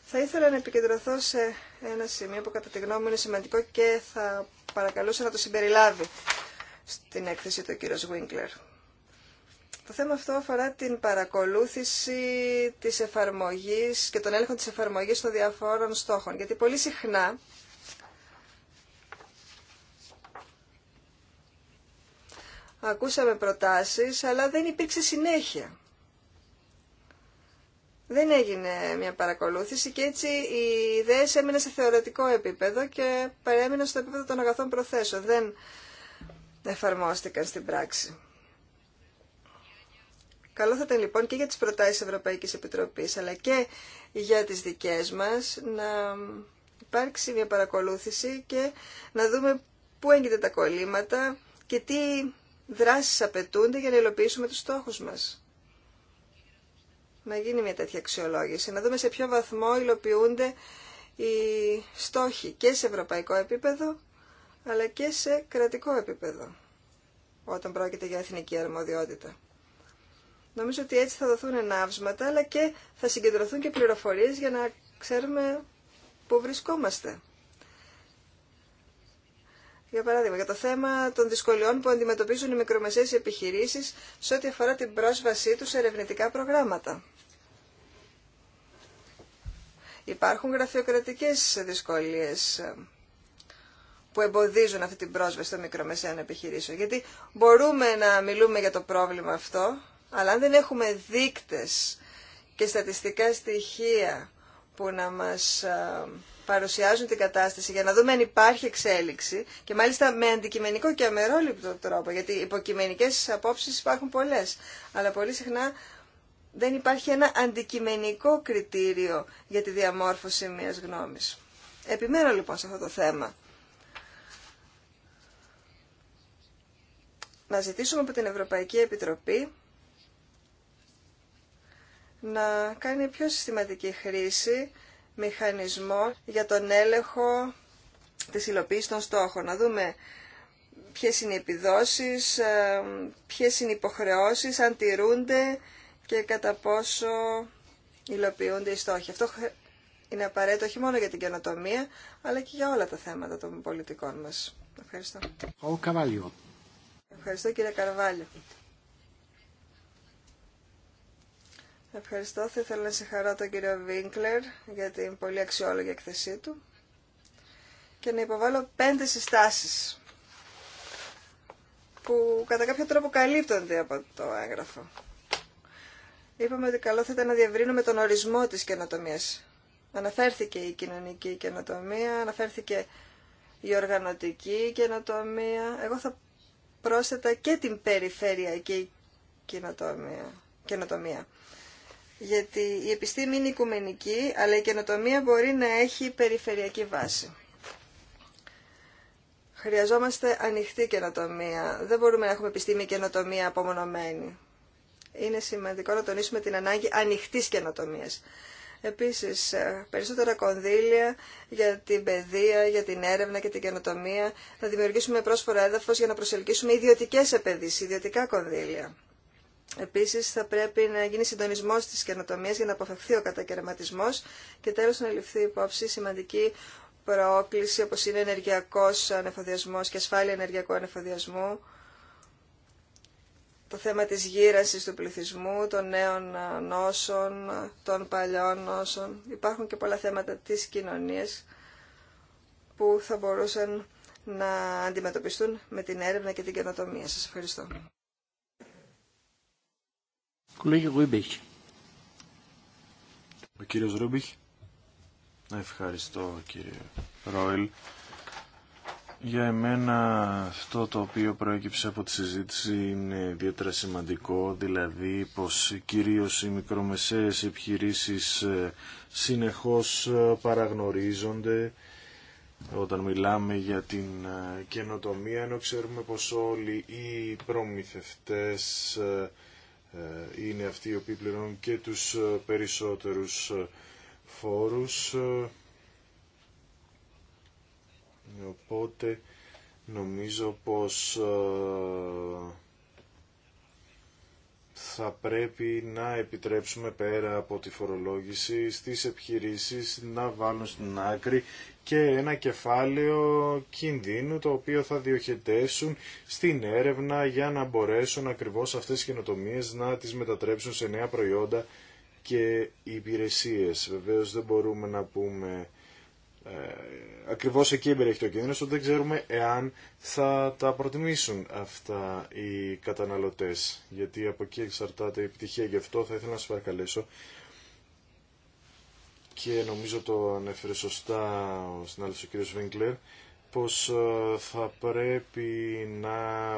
Θα ήθελα να επικεντρωθώ σε ένα σημείο που κατά τη γνώμη μου είναι σημαντικό και θα παρακαλούσα να το συμπεριλάβει στην έκθεση του κύριου Βίγκλερ. Το θέμα αυτό αφορά την παρακολούθηση της εφαρμογής και τον έλεγχο της εφαρμογής των διαφόρων στόχων. Γιατί πολύ συχνά ακούσαμε προτάσεις, αλλά δεν υπήρξε συνέχεια. Δεν έγινε μια παρακολούθηση και έτσι οι ιδέες έμειναν σε θεωρητικό επίπεδο και παρέμειναν στο επίπεδο των αγαθών προθέσεων. Δεν εφαρμόστηκαν στην πράξη. Καλό θα ήταν λοιπόν και για τις προτάσεις Ευρωπαϊκής Επιτροπής, αλλά και για τις δικές μας, να υπάρξει μια παρακολούθηση και να δούμε πού έγκυται τα κολλήματα και τι δράσεις απαιτούνται για να υλοποιήσουμε τους στόχους μας. Να γίνει μια τέτοια αξιολόγηση, να δούμε σε ποιο βαθμό υλοποιούνται οι στόχοι και σε ευρωπαϊκό επίπεδο αλλά και σε κρατικό επίπεδο, όταν πρόκειται για εθνική αρμοδιότητα. Νομίζω ότι έτσι θα δοθούν ενάυσματα, αλλά και θα συγκεντρωθούν και πληροφορίες για να ξέρουμε πού βρισκόμαστε. Για παράδειγμα, για το θέμα των δυσκολιών που αντιμετωπίζουν οι μικρομεσαίες επιχειρήσεις σε ό,τι αφορά την πρόσβασή τους σε ερευνητικά προγράμματα. Υπάρχουν γραφειοκρατικές δυσκολίες που εμποδίζουν αυτή την πρόσβαση των μικρομεσαίων επιχειρήσεων. Γιατί μπορούμε να μιλούμε για το πρόβλημα αυτό, αλλά αν δεν έχουμε δείκτες και στατιστικά στοιχεία που να μας παρουσιάζουν την κατάσταση για να δούμε αν υπάρχει εξέλιξη και μάλιστα με αντικειμενικό και αμερόληπτο τρόπο, γιατί υποκειμενικές απόψεις υπάρχουν πολλές, αλλά πολύ συχνά δεν υπάρχει ένα αντικειμενικό κριτήριο για τη διαμόρφωση μιας γνώμης. Επιμένω λοιπόν σε αυτό το θέμα. να ζητήσουμε από την Ευρωπαϊκή Επιτροπή να κάνει πιο συστηματική χρήση μηχανισμό για τον έλεγχο της υλοποίησης των στόχων. Να δούμε ποιες είναι οι επιδόσεις, ε, ποιες είναι οι υποχρεώσεις, αν τηρούνται και κατά πόσο υλοποιούνται οι στόχοι. Αυτό είναι απαραίτητο όχι μόνο για την καινοτομία, αλλά και για όλα τα θέματα των πολιτικών μας. Ευχαριστώ. Ο Ευχαριστώ κύριε Καρβάλιο. Ευχαριστώ. Θα ήθελα να συγχαρώ τον κύριο Βίνκλερ για την πολύ αξιόλογη εκθεσή του και να υποβάλω πέντε συστάσεις που κατά κάποιο τρόπο καλύπτονται από το έγγραφο. Είπαμε ότι καλό θα ήταν να διευρύνουμε τον ορισμό της καινοτομία. Αναφέρθηκε η κοινωνική καινοτομία, αναφέρθηκε η οργανωτική καινοτομία. Εγώ θα πρόσθετα και την περιφερειακή καινοτομία. Γιατί η επιστήμη είναι οικουμενική, αλλά η καινοτομία μπορεί να έχει περιφερειακή βάση. Χρειαζόμαστε ανοιχτή καινοτομία. Δεν μπορούμε να έχουμε επιστήμη καινοτομία απομονωμένη. Είναι σημαντικό να τονίσουμε την ανάγκη ανοιχτή καινοτομία. Επίσης, ε, περισσότερα κονδύλια για την παιδεία, για την έρευνα και την καινοτομία. Να δημιουργήσουμε πρόσφορα έδαφος για να προσελκύσουμε ιδιωτικές επενδύσεις, ιδιωτικά κονδύλια. Επίσης, θα πρέπει να γίνει συντονισμός της καινοτομίας για να αποφευθεί ο κατακαιρματισμός και τέλος να ληφθεί υπόψη σημαντική πρόκληση όπως είναι ενεργειακός ανεφοδιασμός και ασφάλεια ενεργειακού ανεφοδιασμού το θέμα της γύρασης του πληθυσμού, των νέων ε, νόσων, ε, των παλιών νόσων. Υπάρχουν και πολλά θέματα της κοινωνίας που θα μπορούσαν να αντιμετωπιστούν με την έρευνα και την καινοτομία. Σας ευχαριστώ. Ο κύριος Ρούμπιχ. Ευχαριστώ κύριε Ρόιλ. Για εμένα αυτό το οποίο προέκυψε από τη συζήτηση είναι ιδιαίτερα σημαντικό, δηλαδή πως κυρίως οι μικρομεσαίες επιχειρήσεις ε, συνεχώς ε, παραγνωρίζονται όταν μιλάμε για την ε, καινοτομία, ενώ ξέρουμε πως όλοι οι προμηθευτές είναι αυτοί οι οποίοι πληρώνουν και τους περισσότερους φόρους Οπότε νομίζω πως ε, θα πρέπει να επιτρέψουμε πέρα από τη φορολόγηση στις επιχειρήσεις να βάλουν στην άκρη και ένα κεφάλαιο κινδύνου το οποίο θα διοχετεύσουν στην έρευνα για να μπορέσουν ακριβώς αυτές τις καινοτομίες να τις μετατρέψουν σε νέα προϊόντα και υπηρεσίες. Βεβαίως δεν μπορούμε να πούμε ε, ακριβώς εκεί εμπεριέχει το κίνδυνο, ότι δεν ξέρουμε εάν θα τα προτιμήσουν αυτά οι καταναλωτές, γιατί από εκεί εξαρτάται η επιτυχία. Γι' αυτό θα ήθελα να σας παρακαλέσω και νομίζω το ανέφερε σωστά ο συνάδελφος ο κ. Βίγκλερ, πως ε, θα πρέπει να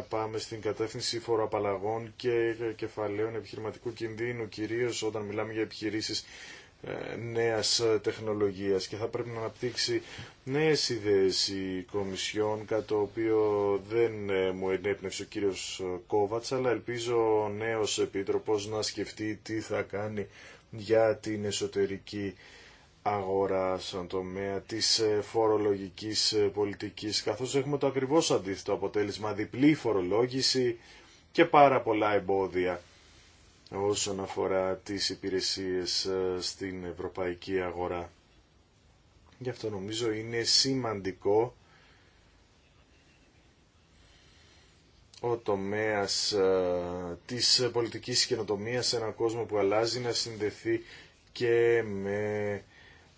πάμε στην κατεύθυνση φοροαπαλλαγών και κεφαλαίων επιχειρηματικού κινδύνου, κυρίως όταν μιλάμε για επιχειρήσεις ε, νέας ε, τεχνολογίας και θα πρέπει να αναπτύξει νέες ιδέες η Κομισιόν κατά το οποίο δεν ε, μου ενέπνευσε ο κύριος Κόβατς αλλά ελπίζω ο νέος Επίτροπος να σκεφτεί τι θα κάνει για την εσωτερική αγορά στον τομέα της φορολογικής πολιτικής καθώς έχουμε το ακριβώς αντίθετο αποτέλεσμα διπλή φορολόγηση και πάρα πολλά εμπόδια όσον αφορά τις υπηρεσίες ε, στην ευρωπαϊκή αγορά. Γι' αυτό νομίζω είναι σημαντικό ο τομέας ε, της πολιτικής καινοτομίας σε έναν κόσμο που αλλάζει να συνδεθεί και με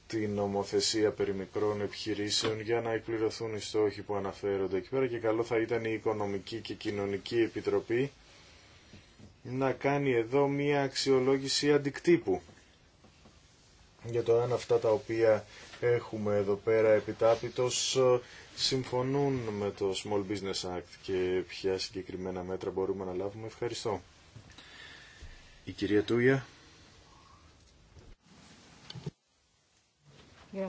την νομοθεσία περί μικρών επιχειρήσεων για να εκπληρωθούν οι στόχοι που αναφέρονται εκεί πέρα και καλό θα ήταν η Οικονομική και Κοινωνική Επιτροπή να κάνει εδώ μία αξιολόγηση αντικτύπου για το αν αυτά τα οποία έχουμε εδώ πέρα επιτάπητος ε, συμφωνούν με το Small Business Act και ποια συγκεκριμένα μέτρα μπορούμε να λάβουμε. Ευχαριστώ. Η κυρία Τούια. Ε,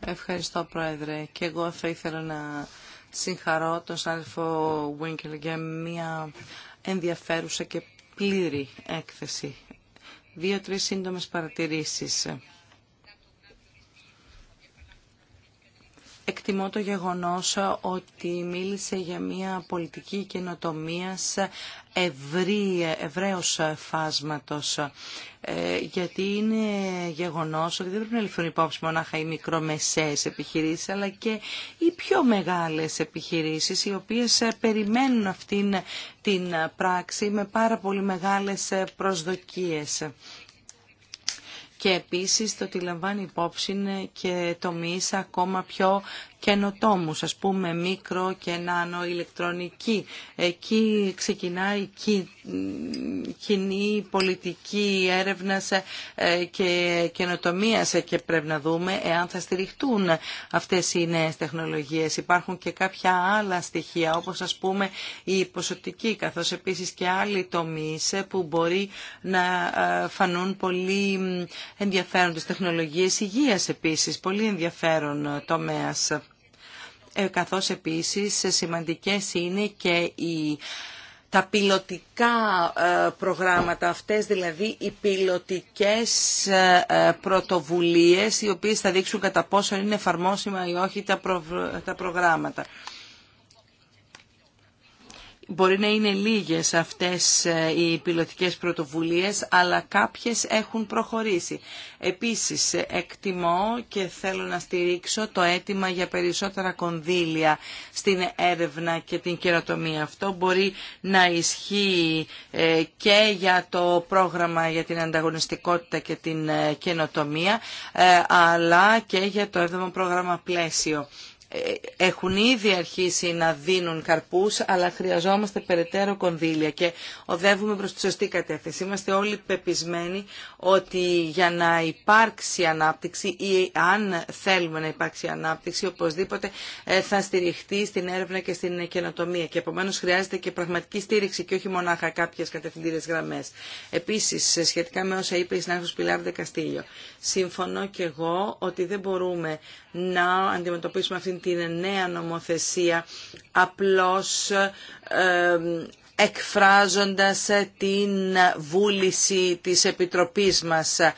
Ευχαριστώ Πρόεδρε και εγώ θα ήθελα να συγχαρώ τον Σάλφο Βίνκελ για μια ενδιαφέρουσα και πλήρη έκθεση. Δύο-τρεις σύντομες παρατηρήσεις. Εκτιμώ το γεγονός ότι μίλησε για μια πολιτική καινοτομία ευρύ, ευρέως φάσματος ε, γιατί είναι γεγονός ότι δεν πρέπει να ληφθούν υπόψη μονάχα οι μικρομεσαίες επιχειρήσεις αλλά και οι πιο μεγάλες επιχειρήσεις οι οποίες περιμένουν αυτήν την πράξη με πάρα πολύ μεγάλες προσδοκίες και επίσης το ότι λαμβάνει υπόψη και τομείς ακόμα πιο καινοτόμου, α πούμε μικρο και νάνο ηλεκτρονική. Εκεί ξεκινάει κοινή πολιτική έρευνας ε, και καινοτομίας ε, και πρέπει να δούμε εάν θα στηριχτούν αυτές οι νέε τεχνολογίε. Υπάρχουν και κάποια άλλα στοιχεία όπω α πούμε η ποσοτική καθώς επίση και άλλοι τομείς ε, που μπορεί να φανούν πολύ ενδιαφέροντε τεχνολογίε υγεία επίση, πολύ ενδιαφέρον τομέας. Ε, καθώς επίσης σημαντικές είναι και οι τα πιλωτικά ε, προγράμματα αυτές, δηλαδή οι πιλωτικές ε, πρωτοβουλίες οι οποίες θα δείξουν κατά πόσο είναι εφαρμόσιμα ή όχι τα, τα προγράμματα. Μπορεί να είναι λίγες αυτές ε, οι πιλωτικές πρωτοβουλίες, αλλά κάποιες έχουν προχωρήσει. Επίσης, ε, εκτιμώ και θέλω να στηρίξω το αίτημα για περισσότερα κονδύλια στην έρευνα και την καινοτομία. Αυτό μπορεί να ισχύει ε, και για το πρόγραμμα για την ανταγωνιστικότητα και την καινοτομία, αλλά και για το 7ο πρόγραμμα πλαίσιο έχουν ήδη αρχίσει να δίνουν καρπούς, αλλά χρειαζόμαστε περαιτέρω κονδύλια και οδεύουμε προς τη σωστή κατεύθυνση. Είμαστε όλοι πεπισμένοι ότι για να υπάρξει ανάπτυξη ή αν θέλουμε να υπάρξει ανάπτυξη, οπωσδήποτε ε, θα στηριχτεί στην έρευνα και στην καινοτομία και επομένως χρειάζεται και πραγματική στήριξη και όχι μονάχα κάποιες κατευθυντήρες γραμμές. Επίσης, σχετικά με όσα είπε η Συνάχος Πιλάρντε Καστήλιο, συμφωνώ και εγώ ότι δεν μπορούμε να αντιμετωπίσουμε αυτήν την νέα νομοθεσία απλώς εκφράζοντας την βούληση της Επιτροπής μας. Ε,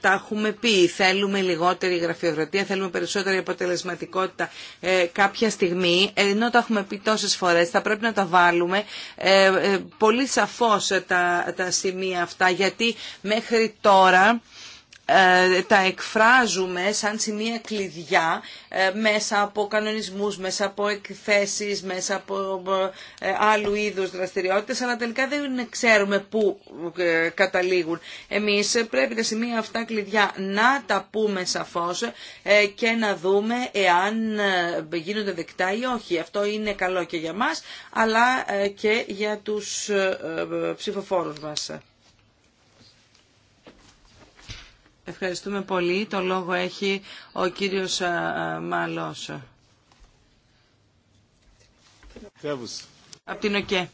τα έχουμε πει, θέλουμε λιγότερη γραφειοκρατία, θέλουμε περισσότερη αποτελεσματικότητα ε, κάποια στιγμή, ενώ τα έχουμε πει τόσες φορές, θα πρέπει να τα βάλουμε ε, πολύ σαφώς τα, τα σημεία αυτά, γιατί μέχρι τώρα ε, τα εκφράζουμε σαν σημεία κλειδιά ε, μέσα από κανονισμούς, μέσα από εκθέσεις, μέσα από ε, άλλου είδους δραστηριότητες, αλλά τελικά δεν ξέρουμε πού καταλήγουν. Εμείς πρέπει τα σημεία αυτά κλειδιά να τα πούμε σαφώς και να δούμε εάν γίνονται δεκτά ή όχι. Αυτό είναι καλό και για μας, αλλά και για τους ψηφοφόρους μας. Ευχαριστούμε πολύ. Το λόγο έχει ο κύριος Μαλός. Από την ΟΚΕ.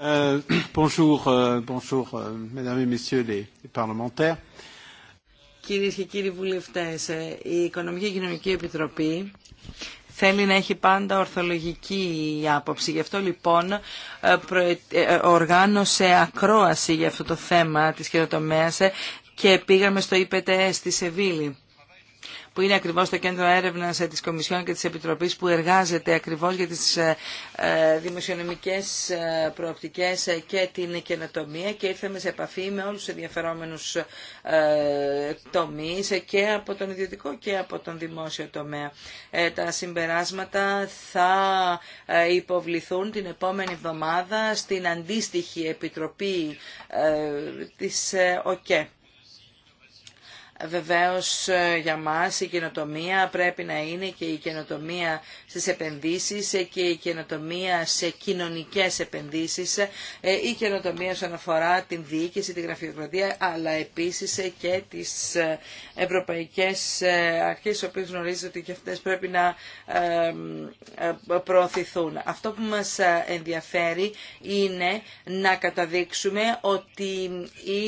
Ε, euh, euh, Κυρίες και κύριοι βουλευτές, ε, η Οικονομική και Κοινωνική Επιτροπή θέλει να έχει πάντα ορθολογική άποψη. Γι' αυτό λοιπόν ε, οργάνωσε ακρόαση για αυτό το θέμα της χειροτομίας και πήγαμε στο IPTS στη Σεβίλη που είναι ακριβώς το κέντρο έρευνας ε, της Κομισιόν και της Επιτροπής που εργάζεται ακριβώς για τις ε, ε, δημοσιονομικές προοπτικές και την καινοτομία και ήρθαμε σε επαφή με όλους τους ενδιαφερόμενους τομείς και από τον ιδιωτικό και από τον δημόσιο τομέα. Τα συμπεράσματα θα υποβληθούν την επόμενη εβδομάδα στην αντίστοιχη Επιτροπή της ΟΚΕ. Βεβαίως ε, για μας η καινοτομία πρέπει να είναι και η καινοτομία στις επενδύσεις ε, και η καινοτομία σε κοινωνικές επενδύσεις, ε, η καινοτομία όσον αφορά την διοίκηση, την γραφειοκρατία, αλλά επίσης και τις ευρωπαϊκές αρχές, οι οποίες γνωρίζετε ότι και αυτές πρέπει να προωθηθούν. Αυτό που μας ενδιαφέρει είναι να καταδείξουμε ότι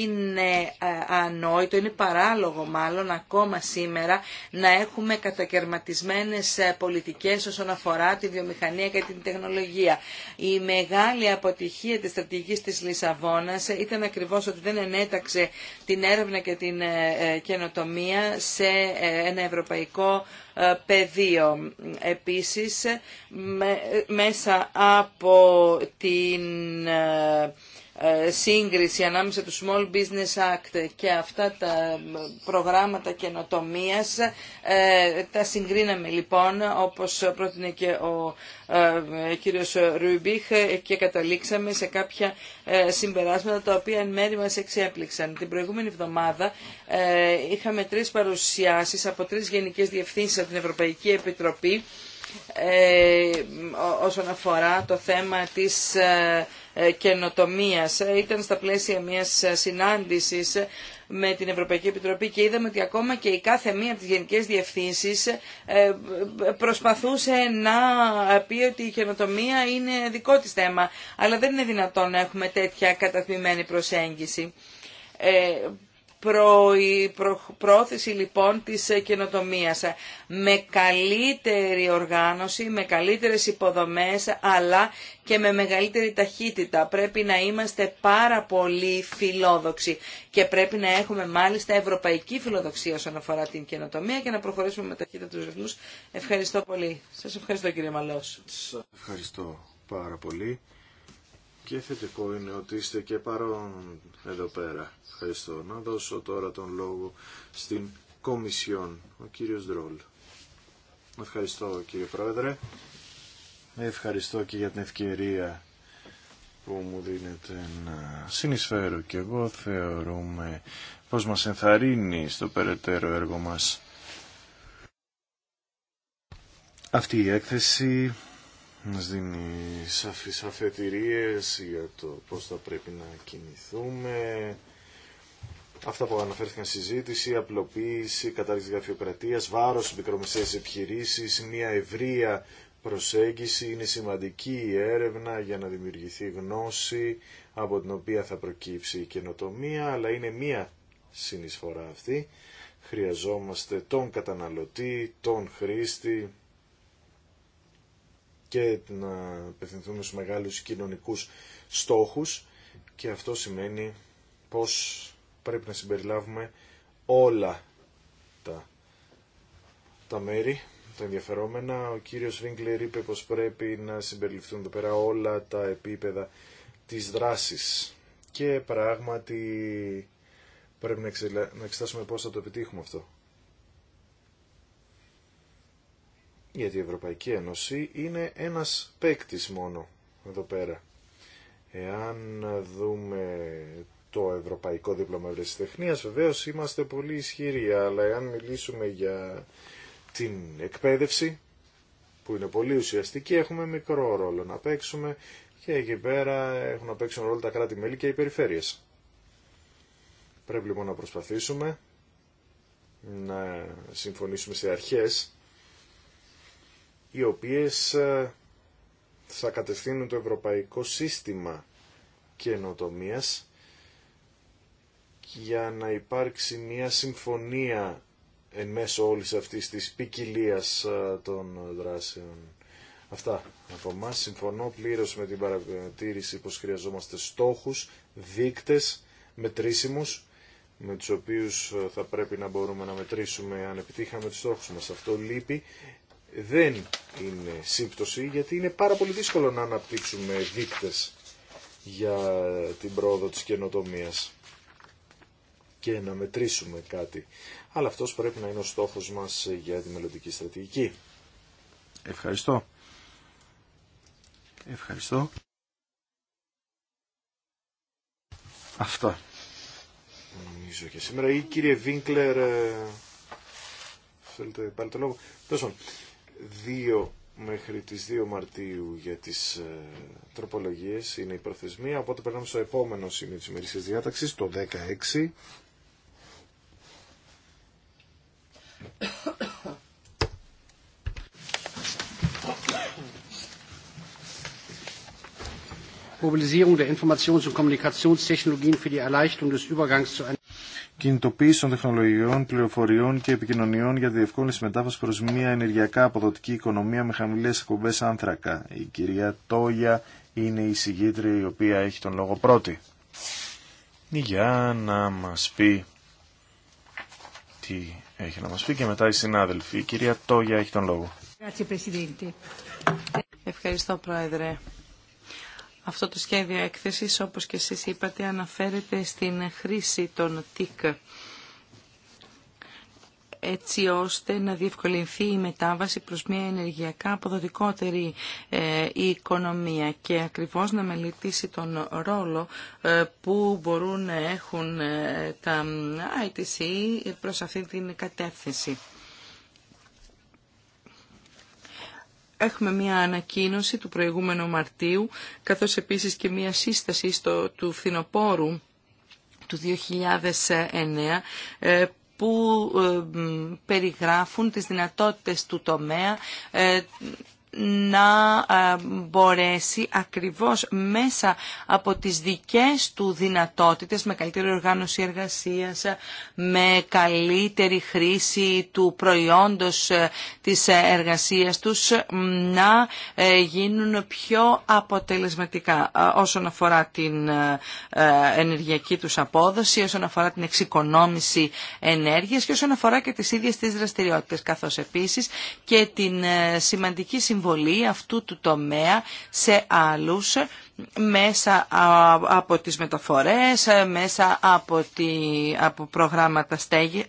είναι ανόητο, είναι παράλογο λόγο μάλλον ακόμα σήμερα να έχουμε κατακαιρματισμένες ε, πολιτικές όσον αφορά τη βιομηχανία και την τεχνολογία. Η μεγάλη αποτυχία της στρατηγικής της Λισαβόνας ήταν ακριβώς ότι δεν ενέταξε την έρευνα και την ε, ε, καινοτομία σε ένα ευρωπαϊκό πεδίο. Επίσης, μέσα από την ε, σύγκριση ανάμεσα του Small Business Act και αυτά τα προγράμματα καινοτομία ε, Τα συγκρίναμε λοιπόν όπως πρότεινε και ο ε, κύριος Ρουιμπίχ και καταλήξαμε σε κάποια συμπεράσματα τα οποία εν μέρη μας εξέπληξαν. Την προηγούμενη εβδομάδα είχαμε τρεις παρουσιάσεις από τρεις γενικές διευθύνσεις από την Ευρωπαϊκή Επιτροπή όσον αφορά το θέμα της ε, καινοτομία. Ε, ήταν στα πλαίσια μια ε, συνάντηση με την Ευρωπαϊκή Επιτροπή και είδαμε ότι ακόμα και η κάθε μία από τι γενικέ διευθύνσει προσπαθούσε να πει ότι η καινοτομία είναι δικό τη θέμα. Αλλά δεν είναι δυνατόν να έχουμε τέτοια καταθμημένη προσέγγιση προ, πρόθεση λοιπόν της ε, καινοτομίας με καλύτερη οργάνωση, με καλύτερες υποδομές αλλά και με μεγαλύτερη ταχύτητα. Πρέπει να είμαστε πάρα πολύ φιλόδοξοι και πρέπει να έχουμε μάλιστα ευρωπαϊκή φιλοδοξία όσον αφορά την καινοτομία και να προχωρήσουμε με ταχύτητα τους ρυθμούς. Ευχαριστώ πολύ. Σας ευχαριστώ κύριε Μαλός. ευχαριστώ πάρα πολύ και θετικό είναι ότι είστε και παρόν εδώ πέρα. Ευχαριστώ. Να δώσω τώρα τον λόγο στην Κομισιόν, ο κύριος Ντρόλ. Ευχαριστώ κύριε Πρόεδρε. Ευχαριστώ και για την ευκαιρία που μου δίνετε να συνεισφέρω και εγώ θεωρούμε πως μας ενθαρρύνει στο περαιτέρω έργο μας. Αυτή η έκθεση να δίνει σαφείς αφετηρίες για το πώς θα πρέπει να κινηθούμε. Αυτά που αναφέρθηκαν συζήτηση, απλοποίηση, κατάργηση γραφειοκρατίας, βάρος στις μικρομεσαίες επιχειρήσεις, μια ευρεία προσέγγιση, είναι σημαντική η έρευνα για να δημιουργηθεί γνώση από την οποία θα προκύψει η καινοτομία, αλλά είναι μία συνεισφορά αυτή. Χρειαζόμαστε τον καταναλωτή, τον χρήστη, και να απευθυνθούμε στους μεγάλους κοινωνικούς στόχους και αυτό σημαίνει πως πρέπει να συμπεριλάβουμε όλα τα, τα μέρη, τα ενδιαφερόμενα. Ο κύριος Βίγκλερ είπε πως πρέπει να συμπεριληφθούν εδώ πέρα όλα τα επίπεδα της δράσης και πράγματι πρέπει να, εξετάσουμε πώς θα το επιτύχουμε αυτό. γιατί η Ευρωπαϊκή Ένωση είναι ένας παίκτη μόνο εδώ πέρα. Εάν δούμε το Ευρωπαϊκό Δίπλωμα Ευρεσιτεχνίας, βεβαίως είμαστε πολύ ισχυροί, αλλά εάν μιλήσουμε για την εκπαίδευση, που είναι πολύ ουσιαστική, έχουμε μικρό ρόλο να παίξουμε και εκεί πέρα έχουν να παίξουν ρόλο τα κράτη-μέλη και οι περιφέρειες. Πρέπει λοιπόν να προσπαθήσουμε να συμφωνήσουμε σε αρχές οι οποίες ε, θα κατευθύνουν το ευρωπαϊκό σύστημα καινοτομία για να υπάρξει μια συμφωνία εν μέσω όλης αυτής της ποικιλία ε, των δράσεων. Αυτά από εμά. Συμφωνώ πλήρως με την παρατήρηση πως χρειαζόμαστε στόχους, δείκτες, μετρήσιμους, με τους οποίους ε, θα πρέπει να μπορούμε να μετρήσουμε αν επιτύχαμε τους στόχους μας. Αυτό λείπει δεν είναι σύμπτωση γιατί είναι πάρα πολύ δύσκολο να αναπτύξουμε δείκτες για την πρόοδο της καινοτομίας και να μετρήσουμε κάτι. Αλλά αυτός πρέπει να είναι ο στόχος μας για τη μελλοντική στρατηγική. Ευχαριστώ. Ευχαριστώ. Αυτά. Νομίζω και σήμερα. Ή κύριε Βίνκλερ, ε, θέλετε πάλι το λόγο. 2 μέχρι τις 2 Μαρτίου για τις ε, τροπολογίες είναι η προθεσμία, οπότε περνάμε στο επόμενο σημείο της ημερήσιας διάταξης, το 16. Mobilisierung der Informations- und Kommunikationstechnologien für die Erleichterung des Übergangs zu einer κινητοποίηση των τεχνολογιών, πληροφοριών και επικοινωνιών για τη διευκόλυνση μετάβαση προ μια ενεργειακά αποδοτική οικονομία με χαμηλέ εκπομπέ άνθρακα. Η κυρία Τόγια είναι η συγγήτρια η οποία έχει τον λόγο πρώτη. Για να μας πει τι έχει να μας πει και μετά οι συνάδελφοι. Η κυρία Τόγια έχει τον λόγο. Ευχαριστώ Πρόεδρε. Αυτό το σχέδιο έκθεσης, όπως και εσείς είπατε, αναφέρεται στην χρήση των TIC, έτσι ώστε να διευκολυνθεί η μετάβαση προς μια ενεργειακά αποδοτικότερη η ε, οικονομία και ακριβώς να μελετήσει τον ρόλο ε, που μπορούν να έχουν ε, τα ITC προς αυτή την κατεύθυνση. Έχουμε μία ανακοίνωση του προηγούμενου Μαρτίου, καθώς επίσης και μία σύσταση στο, του φθινοπόρου του 2009, ε, που ε, περιγράφουν τις δυνατότητες του τομέα ε, να ε, μπορέσει ακριβώς μέσα από τις δικές του δυνατότητες με καλύτερη οργάνωση εργασίας, με καλύτερη χρήση του προϊόντος ε, της εργασίας τους ε, να γίνουν πιο αποτελεσματικά όσον αφορά την ενεργειακή τους απόδοση, όσον αφορά την εξοικονόμηση ενέργειας και όσον αφορά και τις ίδιες τις δραστηριότητες καθώς επίσης και την σημαντική συμβολή αυτού του τομέα σε άλλους μέσα από τις μεταφορές, μέσα από, τη, από προγράμματα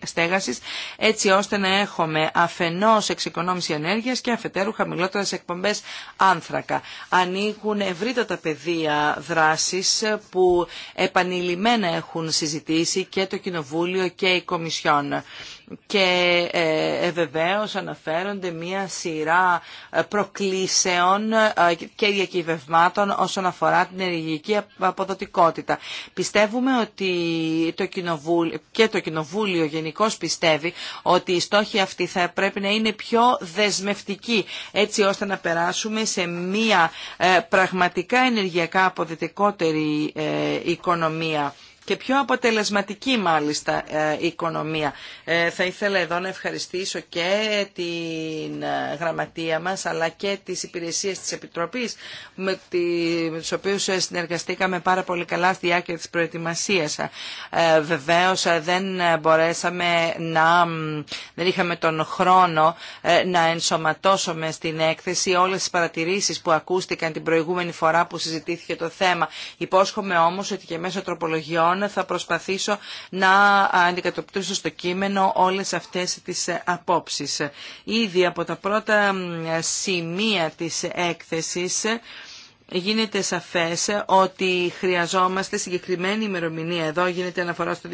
στέγασης, έτσι ώστε να έχουμε αφενός εξοικονόμηση ενέργειας και αφετέρου χαμηλότερες εκπομπές άνθρακα. Ανοίγουν ευρύτατα πεδία δράσης που επανειλημμένα έχουν συζητήσει και το Κοινοβούλιο και η Κομισιόν και ε, ε, βεβαίω αναφέρονται μία σειρά ε, προκλήσεων και διακυβευμάτων όσον αφορά την ενεργειακή αποδοτικότητα. Πιστεύουμε ότι το κοινοβούλιο, και το Κοινοβούλιο γενικώ πιστεύει ότι οι στόχοι αυτοί θα πρέπει να είναι πιο δεσμευτικοί έτσι ώστε να περάσουμε σε μία πραγματικά ενεργειακά αποδοτικότερη οικονομία και πιο αποτελεσματική μάλιστα ε, η οικονομία. Ε, θα ήθελα εδώ να ευχαριστήσω και την ε, γραμματεία μας αλλά και τις υπηρεσίες της Επιτροπής με τους οποίους συνεργαστήκαμε πάρα πολύ καλά στη διάρκεια της προετοιμασίας. Βεβαίως δεν μπορέσαμε να δεν είχαμε τον χρόνο να ενσωματώσουμε στην έκθεση όλες τις παρατηρήσεις που ακούστηκαν την προηγούμενη φορά που συζητήθηκε το θέμα. Υπόσχομαι όμως ότι και μέσω τροπολογιών Λοιπόν θα προσπαθήσω να αντικατοπτρίσω στο κείμενο όλες αυτές τις ε, απόψεις. Ήδη από τα πρώτα σημεία της έκθεσης ε, γίνεται σαφές ε, ότι χρειαζόμαστε συγκεκριμένη ημερομηνία. Εδώ γίνεται αναφορά στο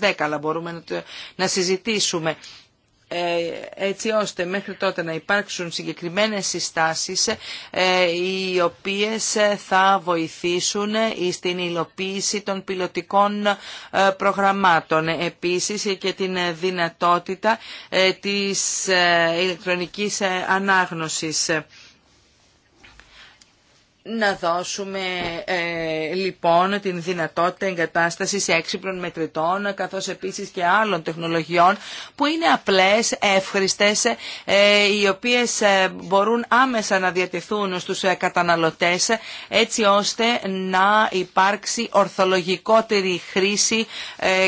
2010, αλλά μπορούμε να συζητήσουμε ε, έτσι ώστε μέχρι τότε να υπάρξουν συγκεκριμένες συστάσεις ε, οι οποίες θα βοηθήσουν στην υλοποίηση των πιλωτικών ε, προγραμμάτων. Επίσης και την δυνατότητα της ηλεκτρονικής ανάγνωσης. Να δώσουμε ε, λοιπόν την δυνατότητα εγκατάστασης έξυπνων μετρητών καθώς επίσης και άλλων τεχνολογιών που είναι απλές, εύχριστες, ε, οι οποίες ε, μπορούν άμεσα να διατεθούν στους καταναλωτές έτσι ώστε να υπάρξει ορθολογικότερη χρήση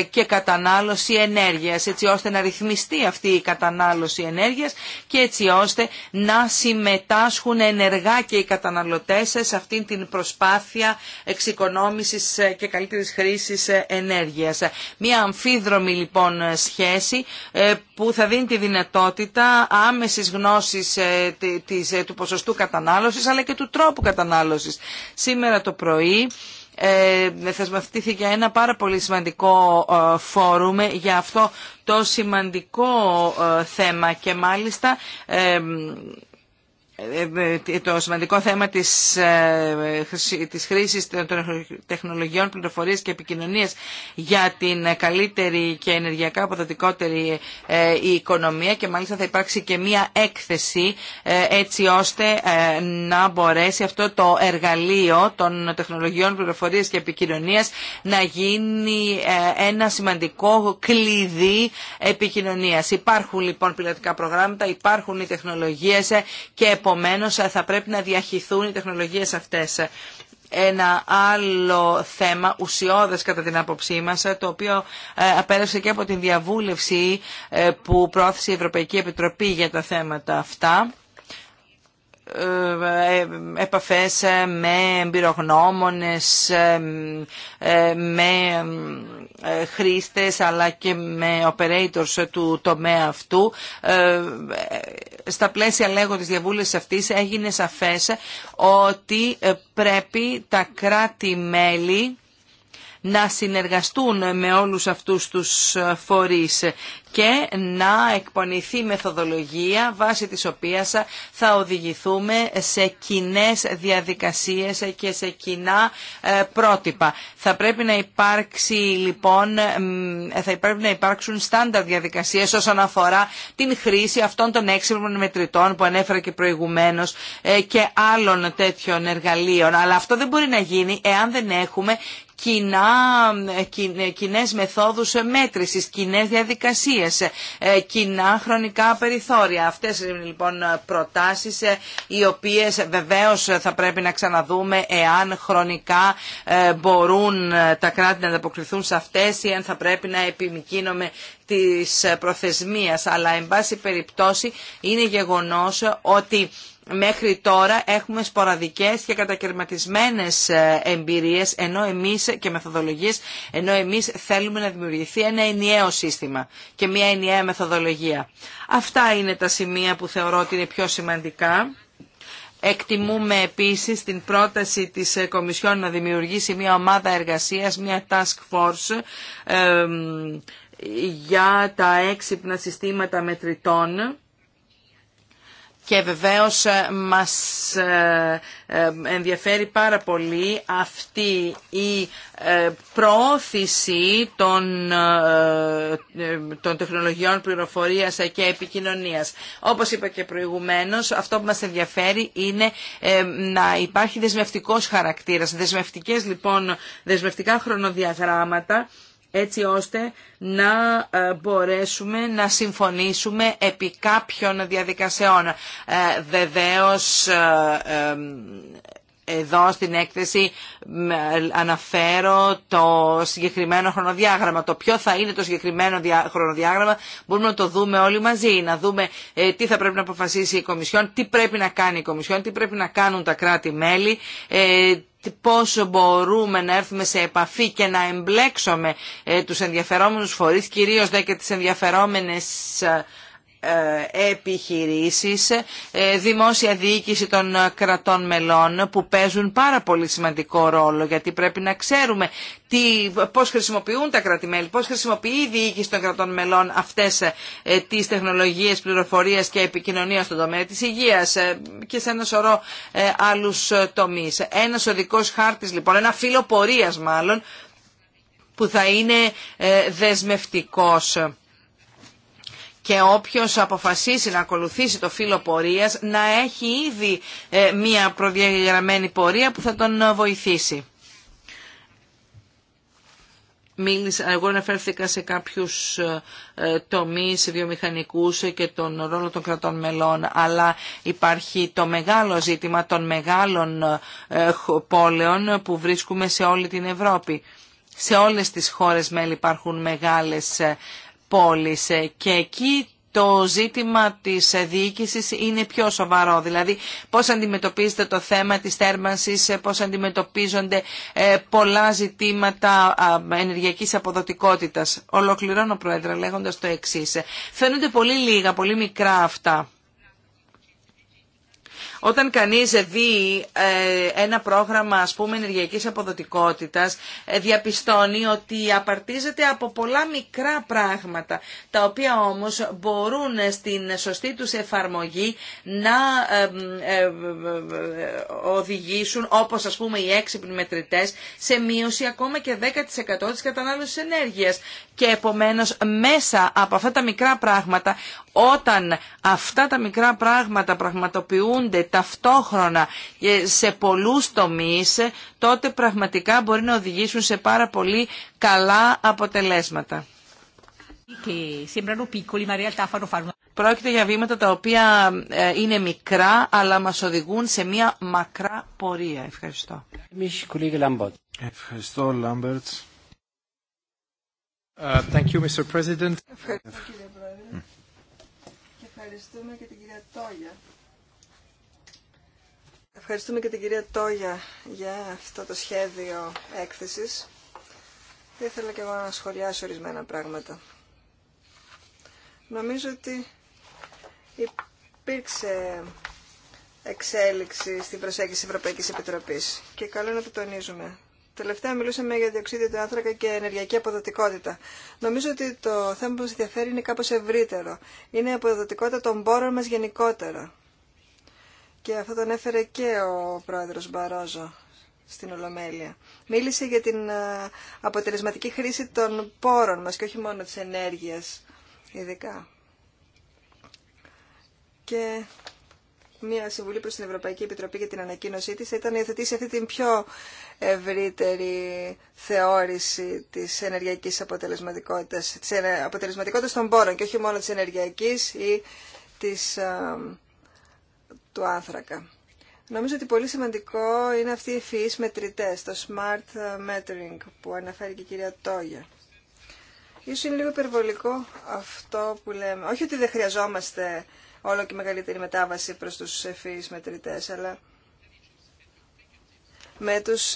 και κατανάλωση ενέργειας, έτσι ώστε να ρυθμιστεί αυτή η κατανάλωση ενέργειας και έτσι ώστε να συμμετάσχουν ενεργά και οι καταναλωτές σε αυτήν την προσπάθεια εξοικονόμησης ε, και καλύτερης χρήσης ε, ενέργειας. Μία αμφίδρομη λοιπόν ε, σχέση που θα δίνει τη δυνατότητα άμεσης γνώσης του ποσοστού κατανάλωσης αλλά και του τρόπου κατανάλωσης. Σήμερα το πρωί για ένα πάρα πολύ σημαντικό φόρουμ για αυτό το σημαντικό θέμα και μάλιστα ε, ε, το σημαντικό θέμα της, ε, της χρήσης των τεχνολογιών πληροφορίας και επικοινωνίας για την καλύτερη και ενεργειακά αποδοτικότερη η οικονομία και μάλιστα θα υπάρξει και μία έκθεση έτσι ώστε να μπορέσει αυτό το εργαλείο των τεχνολογιών πληροφορίας και επικοινωνίας να γίνει ένα σημαντικό κλειδί επικοινωνίας. Υπάρχουν λοιπόν πιλωτικά προγράμματα, υπάρχουν οι τεχνολογίες και επομένως ε, θα πρέπει να διαχυθούν οι τεχνολογίες αυτές. Ένα άλλο θέμα, ουσιώδες κατά την άποψή μας, ε, το οποίο ε, απέρασε και από την διαβούλευση που πρόθεσε η Ευρωπαϊκή Επιτροπή για τα θέματα αυτά, ε, επαφές ε, με εμπειρογνώμονες, ε, με χρήστες αλλά και με operators του τομέα αυτού. Στα πλαίσια λέγω της διαβούλευσης αυτής έγινε σαφές ότι πρέπει τα κράτη-μέλη να συνεργαστούν με όλους αυτούς τους φορείς και να εκπονηθεί μεθοδολογία βάσει της οποίας θα οδηγηθούμε σε κοινέ διαδικασίες και σε κοινά ε, πρότυπα. Θα πρέπει να υπάρξει λοιπόν, θα πρέπει να υπάρξουν στάνταρ διαδικασίες όσον αφορά την χρήση αυτών των έξυπνων μετρητών που ανέφερα και προηγουμένως ε, και άλλων τέτοιων εργαλείων. Αλλά αυτό δεν μπορεί να γίνει εάν δεν έχουμε κοινά, ε, ε, κοινές μεθόδους ε, μέτρησης, κοινές διαδικασίες, κοινά χρονικά περιθώρια. Αυτές είναι λοιπόν προτάσεις οι οποίες βεβαίως θα πρέπει να ξαναδούμε εάν χρονικά μπορούν τα κράτη να ανταποκριθούν σε αυτές ή αν θα πρέπει να επιμηκύνομαι της προθεσμίας. Αλλά εν πάση περιπτώσει είναι γεγονός ότι Μέχρι τώρα έχουμε σποραδικές και κατακαιρματισμένες ε, εμπειρίες ενώ εμείς και μεθοδολογίες ενώ εμείς θέλουμε να δημιουργηθεί ένα ενιαίο σύστημα και μια ενιαία μεθοδολογία. Αυτά είναι τα σημεία που θεωρώ ότι είναι πιο σημαντικά. Εκτιμούμε επίσης την πρόταση της Κομισιόν να δημιουργήσει μια ομάδα εργασίας, μια task force για τα έξυπνα συστήματα μετρητών και βεβαίως ε, μας ε, ε, ενδιαφέρει πάρα πολύ αυτή η προώθηση των, τεχνολογιών πληροφορίας και επικοινωνίας. Όπως είπα και προηγουμένως, αυτό που μας ενδιαφέρει είναι να υπάρχει δεσμευτικός χαρακτήρας, δεσμευτικές λοιπόν, δεσμευτικά χρονοδιαγράμματα έτσι ώστε να ε, μπορέσουμε να συμφωνήσουμε επί κάποιων διαδικασιών. Ε, βεβαίως ε, εδώ στην έκθεση ε, αναφέρω το συγκεκριμένο χρονοδιάγραμμα. Το ποιο θα είναι το συγκεκριμένο χρονοδιάγραμμα μπορούμε να το δούμε όλοι μαζί, να δούμε ε, τι θα πρέπει να αποφασίσει η Κομισιόν, τι πρέπει να κάνει η Κομισιόν, τι πρέπει να κάνουν τα κράτη-μέλη, ε, πόσο μπορούμε να έρθουμε σε επαφή και να εμπλέξουμε τους ενδιαφερόμενους φορείς, κυρίως και τις ενδιαφερόμενες ε, επιχειρήσεις, ε, δημόσια διοίκηση των ε, κρατών μελών που παίζουν πάρα πολύ σημαντικό ρόλο γιατί πρέπει να ξέρουμε τι, πώς χρησιμοποιούν τα κρατημέλη, πώς χρησιμοποιεί η διοίκηση των κρατών μελών αυτές τις τεχνολογίες πληροφορίας και επικοινωνίας στον τομέα της υγείας και σε ένα σωρό άλλους τομείς. Ένας οδικός χάρτης λοιπόν, ένα φύλλο μάλλον που θα είναι δεσμευτικός και όποιος αποφασίσει να ακολουθήσει το φύλλο πορείας να έχει ήδη ε, μία προδιαγραμμένη πορεία που θα τον ε, βοηθήσει. Μίλησα, εγώ αναφέρθηκα σε κάποιους ε, τομείς βιομηχανικούς και τον ρόλο των κρατών μελών, αλλά υπάρχει το μεγάλο ζήτημα των μεγάλων πόλεων που βρίσκουμε σε όλη την Ευρώπη. Σε όλες τις χώρες μέλη υπάρχουν μεγάλες και εκεί το ζήτημα της διοίκησης είναι πιο σοβαρό. Δηλαδή πώς αντιμετωπίζετε το θέμα της θέρμανσης, πώς αντιμετωπίζονται ε, πολλά ζητήματα ενεργειακής αποδοτικότητας. Ολοκληρώνω, Πρόεδρε, λέγοντας το εξής. Φαίνονται πολύ λίγα, πολύ μικρά αυτά. Όταν κανείς δει ε, ένα πρόγραμμα ας πούμε ενεργειακής αποδοτικότητας ε, διαπιστώνει ότι απαρτίζεται από πολλά μικρά πράγματα τα οποία όμως μπορούν στην σωστή τους εφαρμογή να ε, οδηγήσουν όπως ας πούμε οι έξυπνοι μετρητές σε μείωση ακόμα και 10% της κατανάλωσης ενέργειας και επομένως μέσα από αυτά τα μικρά πράγματα όταν αυτά τα μικρά πράγματα πραγματοποιούνται ταυτόχρονα σε πολλούς τομείς, τότε πραγματικά μπορεί να οδηγήσουν σε πάρα πολύ καλά αποτελέσματα. Πρόκειται για βήματα τα οποία ε, είναι μικρά, αλλά μας οδηγούν σε μια μακρά πορεία. Ευχαριστώ. Ευχαριστώ, Λάμπερτς. Uh, Ευχαριστώ, κύριε Ευχαριστούμε και την κυρία Τόγια. Ευχαριστούμε και την κυρία Τόγια για αυτό το σχέδιο έκθεσης. Θα ήθελα και εγώ να σχολιάσω ορισμένα πράγματα. Νομίζω ότι υπήρξε εξέλιξη στην προσέγγιση Ευρωπαϊκής Επιτροπής και καλό είναι να το τονίζουμε. Τελευταία μιλούσαμε για διοξίδιο του άνθρακα και ενεργειακή αποδοτικότητα. Νομίζω ότι το θέμα που μας ενδιαφέρει είναι κάπως ευρύτερο. Είναι η αποδοτικότητα των πόρων μας γενικότερα. Και αυτό τον έφερε και ο πρόεδρος Μπαρόζο στην Ολομέλεια. Μίλησε για την ε, αποτελεσματική χρήση των πόρων μας και όχι μόνο τη ενέργειας ειδικά. Και μια συμβουλή προς την Ευρωπαϊκή Επιτροπή για την ανακοίνωσή της ήταν να υιοθετήσει αυτή την πιο ευρύτερη θεώρηση της ενεργειακής αποτελεσματικότητας, της αποτελεσματικότητας των πόρων και όχι μόνο της ενεργειακής ή της, του άνθρακα. Νομίζω ότι πολύ σημαντικό είναι αυτοί οι ευφυείς μετρητές, το smart metering που αναφέρει και η κυρία Τόγια. Ίσως είναι λίγο υπερβολικό αυτό που λέμε. Όχι ότι δεν χρειαζόμαστε όλο και μεγαλύτερη μετάβαση προς τους ευφύς μετρητές, αλλά με τους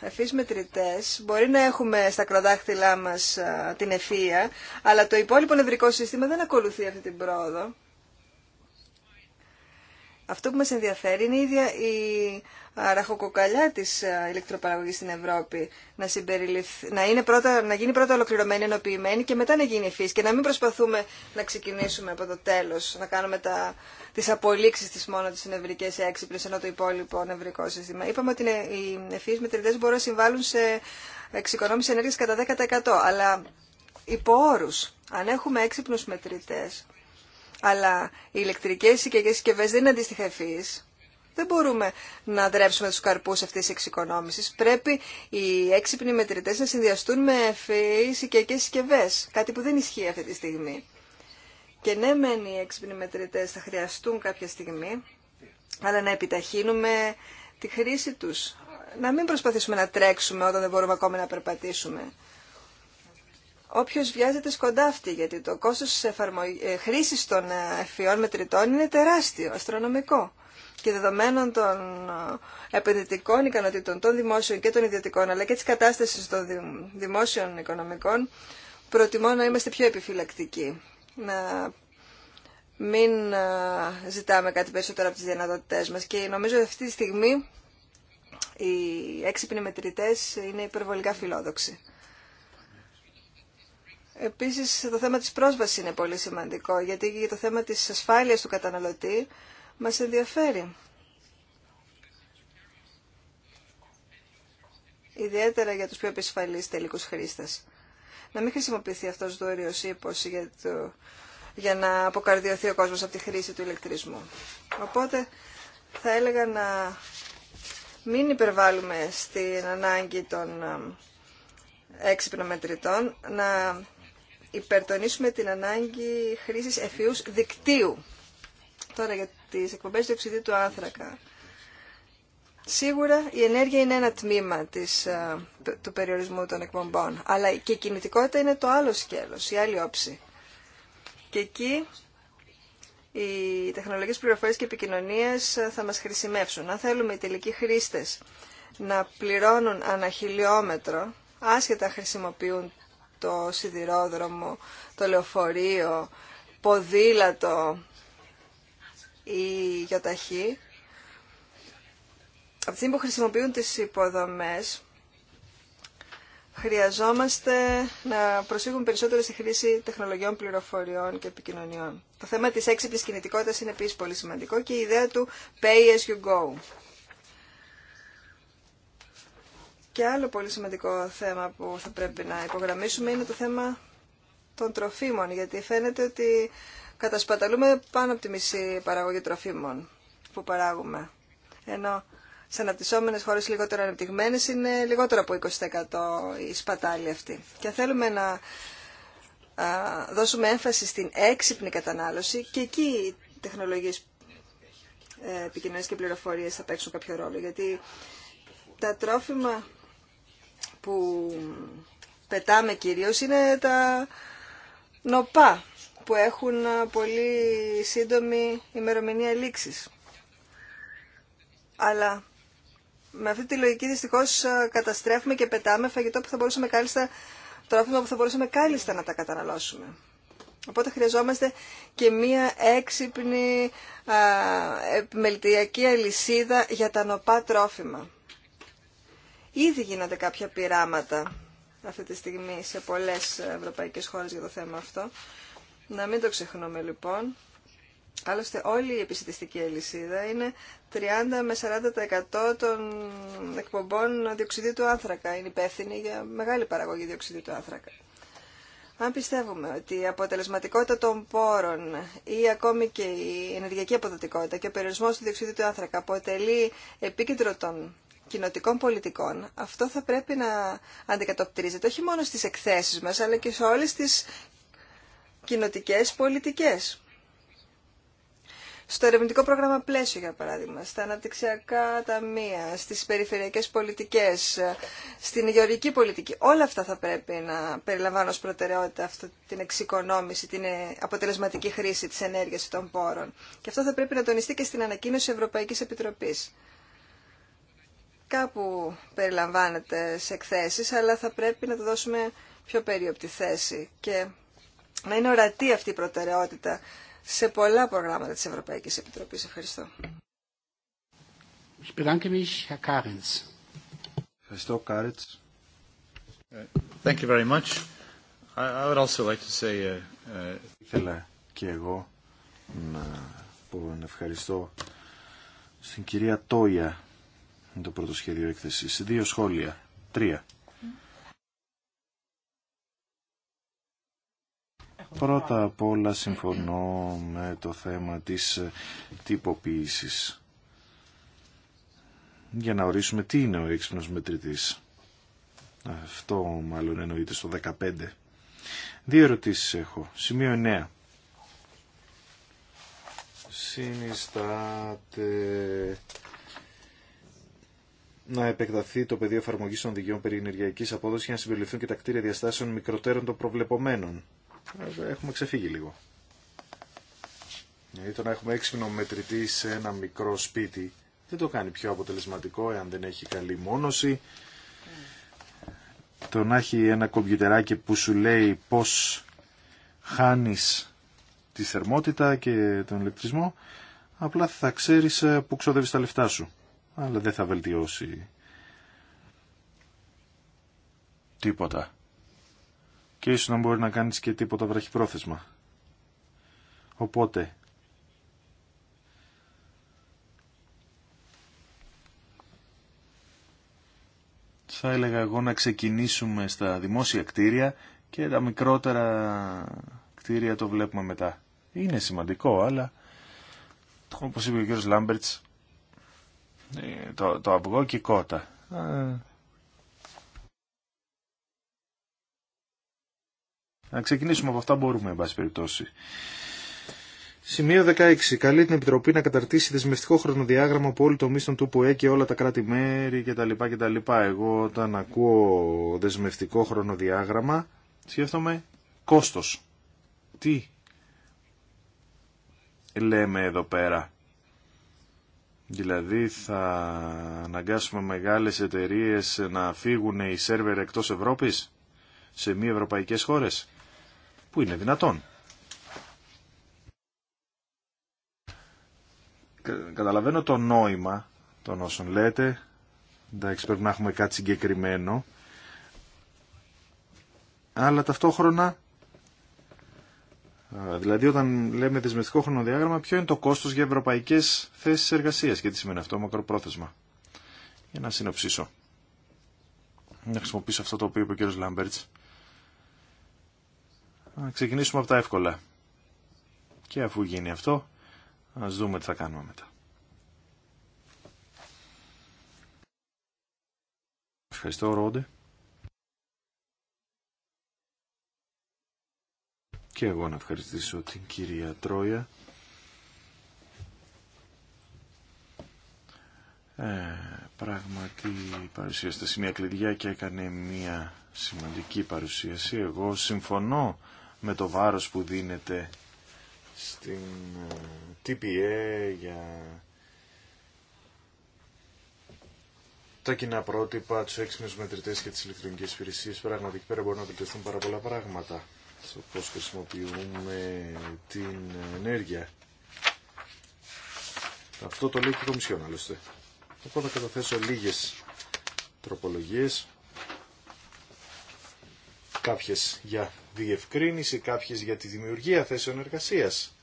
ευφύς μετρητές μπορεί να έχουμε στα κροδάχτυλά μας ε, την ευφύα, αλλά το υπόλοιπο νευρικό σύστημα δεν ακολουθεί αυτή την πρόοδο. Αυτό που μας ενδιαφέρει είναι η ίδια η ραχοκοκαλιά της ηλεκτροπαραγωγής στην Ευρώπη να, να, είναι πρώτα, να γίνει πρώτα ολοκληρωμένη, ενοποιημένη και μετά να γίνει φύση και να μην προσπαθούμε να ξεκινήσουμε από το τέλος, να κάνουμε τα, τις απολύξεις της μόνο της νευρικές έξυπνες ενώ το υπόλοιπο νευρικό σύστημα. Είπαμε ότι οι ευφύες μετρητές μπορούν να συμβάλλουν σε εξοικονόμηση ενέργειας κατά 10% αλλά υπό όρους. Αν έχουμε έξυπνους μετρητές αλλά οι ηλεκτρικέ οικιακέ συσκευέ δεν είναι αντίστοιχα ευφύης. Δεν μπορούμε να δρέψουμε του καρπού αυτή τη εξοικονόμηση. Πρέπει οι έξυπνοι μετρητέ να συνδυαστούν με ευφυεί οικιακέ συσκευέ, κάτι που δεν ισχύει αυτή τη στιγμή. Και ναι, μεν οι έξυπνοι μετρητέ θα χρειαστούν κάποια στιγμή, αλλά να επιταχύνουμε τη χρήση του. Να μην προσπαθήσουμε να τρέξουμε όταν δεν μπορούμε ακόμα να περπατήσουμε. Όποιο βιάζεται σκοντάφτει, γιατί το κόστος ε, χρήσης των ε, εφιών μετρητών είναι τεράστιο, αστρονομικό. Και δεδομένων των ε, επενδυτικών ικανοτήτων των δημόσιων και των ιδιωτικών, αλλά και της κατάστασης των δημόσιων οικονομικών, προτιμώ να είμαστε πιο επιφυλακτικοί. Να μην ζητάμε κάτι περισσότερο από τις δυνατότητε μας. Και νομίζω αυτή τη στιγμή οι έξυπνοι μετρητέ είναι υπερβολικά φιλόδοξοι. Επίσης το θέμα της πρόσβασης είναι πολύ σημαντικό, γιατί και το θέμα της ασφάλειας του καταναλωτή μας ενδιαφέρει. Ιδιαίτερα για τους πιο επισφαλείς τελικούς χρήστες. Να μην χρησιμοποιηθεί αυτός ο δόριο ύπος για, το... για να αποκαρδιωθεί ο κόσμος από τη χρήση του ηλεκτρισμού. Οπότε θα έλεγα να μην υπερβάλλουμε στην ανάγκη των ε, έξυπνων μετρητών, να υπερτονίσουμε την ανάγκη χρήσης εφιούς δικτύου. Τώρα για τις εκπομπές του του άνθρακα. Σίγουρα η ενέργεια είναι ένα τμήμα του περιορισμού των εκπομπών, αλλά και η κινητικότητα είναι το άλλο σκέλος, η άλλη όψη. Και εκεί οι τεχνολογίες πληροφορίε και επικοινωνίες θα μας χρησιμεύσουν. Αν θέλουμε οι τελικοί χρήστες να πληρώνουν ανά χιλιόμετρο, άσχετα χρησιμοποιούν το σιδηρόδρομο, το λεωφορείο, ποδήλατο ή γιοταχή. Από τη που χρησιμοποιούν τις υποδομές, χρειαζόμαστε να προσφύγουμε περισσότερο στη χρήση τεχνολογιών πληροφοριών και επικοινωνιών. Το θέμα της έξυπνης κινητικότητας είναι επίσης πολύ σημαντικό και η ιδέα του «pay as you go». Και άλλο πολύ σημαντικό θέμα που θα πρέπει να υπογραμμίσουμε είναι το θέμα των τροφίμων, γιατί φαίνεται ότι κατασπαταλούμε πάνω από τη μισή παραγωγή τροφίμων που παράγουμε. Ενώ σε αναπτυσσόμενες χώρες λιγότερο ανεπτυγμένες είναι λιγότερο από 20% η σπατάλη αυτή. Και θέλουμε να δώσουμε έμφαση στην έξυπνη κατανάλωση και εκεί οι τεχνολογίες ε, επικοινωνίας και πληροφορίες θα παίξουν κάποιο ρόλο, γιατί τα τρόφιμα που πετάμε κυρίως είναι τα νοπά που έχουν πολύ σύντομη ημερομηνία λήξης. Αλλά με αυτή τη λογική δυστυχώς ε, καταστρέφουμε και πετάμε φαγητό που θα μπορούσαμε κάλλιστα, τρόφιμα που θα μπορούσαμε κάλλιστα να τα καταναλώσουμε. Οπότε χρειαζόμαστε και μία έξυπνη ε, α, αλυσίδα για τα νοπά τρόφιμα. Ήδη γίνονται κάποια πειράματα αυτή τη στιγμή σε πολλές ευρωπαϊκές χώρες για το θέμα αυτό. Να μην το ξεχνούμε λοιπόν. Άλλωστε όλη η επιστημιστική αλυσίδα είναι 30 με 40% των εκπομπών διοξιδίου του άνθρακα. Είναι υπεύθυνη για μεγάλη παραγωγή διοξιδίου του άνθρακα. Αν πιστεύουμε ότι η αποτελεσματικότητα των πόρων ή ακόμη και η ενεργειακή αποδοτικότητα και ο περιορισμό του διοξιδίου του άνθρακα αποτελεί επίκεντρο των κοινοτικών πολιτικών, αυτό θα πρέπει να αντικατοπτρίζεται όχι μόνο στις εκθέσεις μας, αλλά και σε όλες τις κοινοτικές πολιτικές. Στο ερευνητικό πρόγραμμα πλαίσιο, για παράδειγμα, στα αναπτυξιακά ταμεία, στις περιφερειακές πολιτικές, στην γεωργική πολιτική, όλα αυτά θα πρέπει να περιλαμβάνουν ως προτεραιότητα αυτή την εξοικονόμηση, την αποτελεσματική χρήση της ενέργειας των πόρων. Και αυτό θα πρέπει να τονιστεί και στην ανακοίνωση Ευρωπαϊκής Επιτροπής κάπου περιλαμβάνεται σε εκθέσεις, αλλά θα πρέπει να το δώσουμε πιο περίοπτη θέση και να είναι ορατή αυτή η προτεραιότητα σε πολλά προγράμματα της Ευρωπαϊκής Επιτροπής. Ευχαριστώ. Ευχαριστώ, Κάριτς. Thank you very much. I would uh, uh, Ήθελα και εγώ να πω ευχαριστώ στην κυρία Τόια το πρώτο σχέδιο εκθεση. Δύο σχόλια. Τρία. Πρώτα απ' όλα συμφωνώ με το θέμα της τυποποίησης. Για να ορίσουμε τι είναι ο έξυπνος μετρητής. Αυτό μάλλον εννοείται στο 15. Δύο ερωτήσεις έχω. Σημείο 9. Συνιστάται να επεκταθεί το πεδίο εφαρμογή των οδηγιών περί ενεργειακή απόδοσης για να συμπεριληφθούν και τα κτίρια διαστάσεων μικροτέρων των προβλεπομένων. Ε, έχουμε ξεφύγει λίγο. Γιατί δηλαδή, το να έχουμε έξυπνο μετρητή σε ένα μικρό σπίτι δεν το κάνει πιο αποτελεσματικό εάν δεν έχει καλή μόνωση. Το να έχει ένα κομπιουτεράκι που σου λέει πώ χάνει τη θερμότητα και τον ηλεκτρισμό, απλά θα ξέρει ε, που ξοδεύει τα λεφτά σου αλλά δεν θα βελτιώσει τίποτα. Και ίσως να μπορεί να κάνεις και τίποτα βραχυπρόθεσμα. Οπότε, θα έλεγα εγώ να ξεκινήσουμε στα δημόσια κτίρια και τα μικρότερα κτίρια το βλέπουμε μετά. Είναι σημαντικό, αλλά όπως είπε ο κ. Λάμπερτς, ε, το, το αυγό και η κότα. Ε. Να ξεκινήσουμε από αυτά μπορούμε, εν πάση περιπτώσει. Σημείο 16. Καλεί την Επιτροπή να καταρτήσει δεσμευτικό χρονοδιάγραμμα από όλοι τομείς του που και όλα τα κράτη-μέρη κτλ. κτλ. Εγώ όταν ακούω δεσμευτικό χρονοδιάγραμμα σκέφτομαι κόστος. Τι λέμε εδώ πέρα. Δηλαδή θα αναγκάσουμε μεγάλες εταιρείες να φύγουν οι σερβερ εκτός Ευρώπης σε μη ευρωπαϊκές χώρες. Πού είναι δυνατόν. Καταλαβαίνω το νόημα των όσων λέτε. Εντάξει πρέπει να έχουμε κάτι συγκεκριμένο. Αλλά ταυτόχρονα Δηλαδή όταν λέμε δεσμευτικό χρονοδιάγραμμα, ποιο είναι το κόστος για ευρωπαϊκές θέσει εργασία και τι σημαίνει αυτό μακροπρόθεσμα. Για να συνοψίσω. Να χρησιμοποιήσω αυτό το οποίο είπε ο κ. Λάμπερτς. Να ξεκινήσουμε από τα εύκολα. Και αφού γίνει αυτό, α δούμε τι θα κάνουμε μετά. Ευχαριστώ, Ρόντε. και εγώ να ευχαριστήσω την κυρία Τρόια. Ε, πράγματι παρουσίασε σε μια κλειδιά και έκανε μια σημαντική παρουσίαση. Εγώ συμφωνώ με το βάρος που δίνεται στην ε, TPA για τα κοινά πρότυπα, τους έξυπνους μετρητές και τις ηλεκτρονικές υπηρεσίες. Πράγματι, εκεί πέρα μπορούν να βελτιωθούν πάρα πολλά πράγματα στο πώς χρησιμοποιούμε την ενέργεια. Αυτό το λέει και η Κομισιόν άλλωστε. Εγώ θα καταθέσω λίγες τροπολογίες, κάποιες για διευκρίνηση, κάποιες για τη δημιουργία θέσεων εργασίας,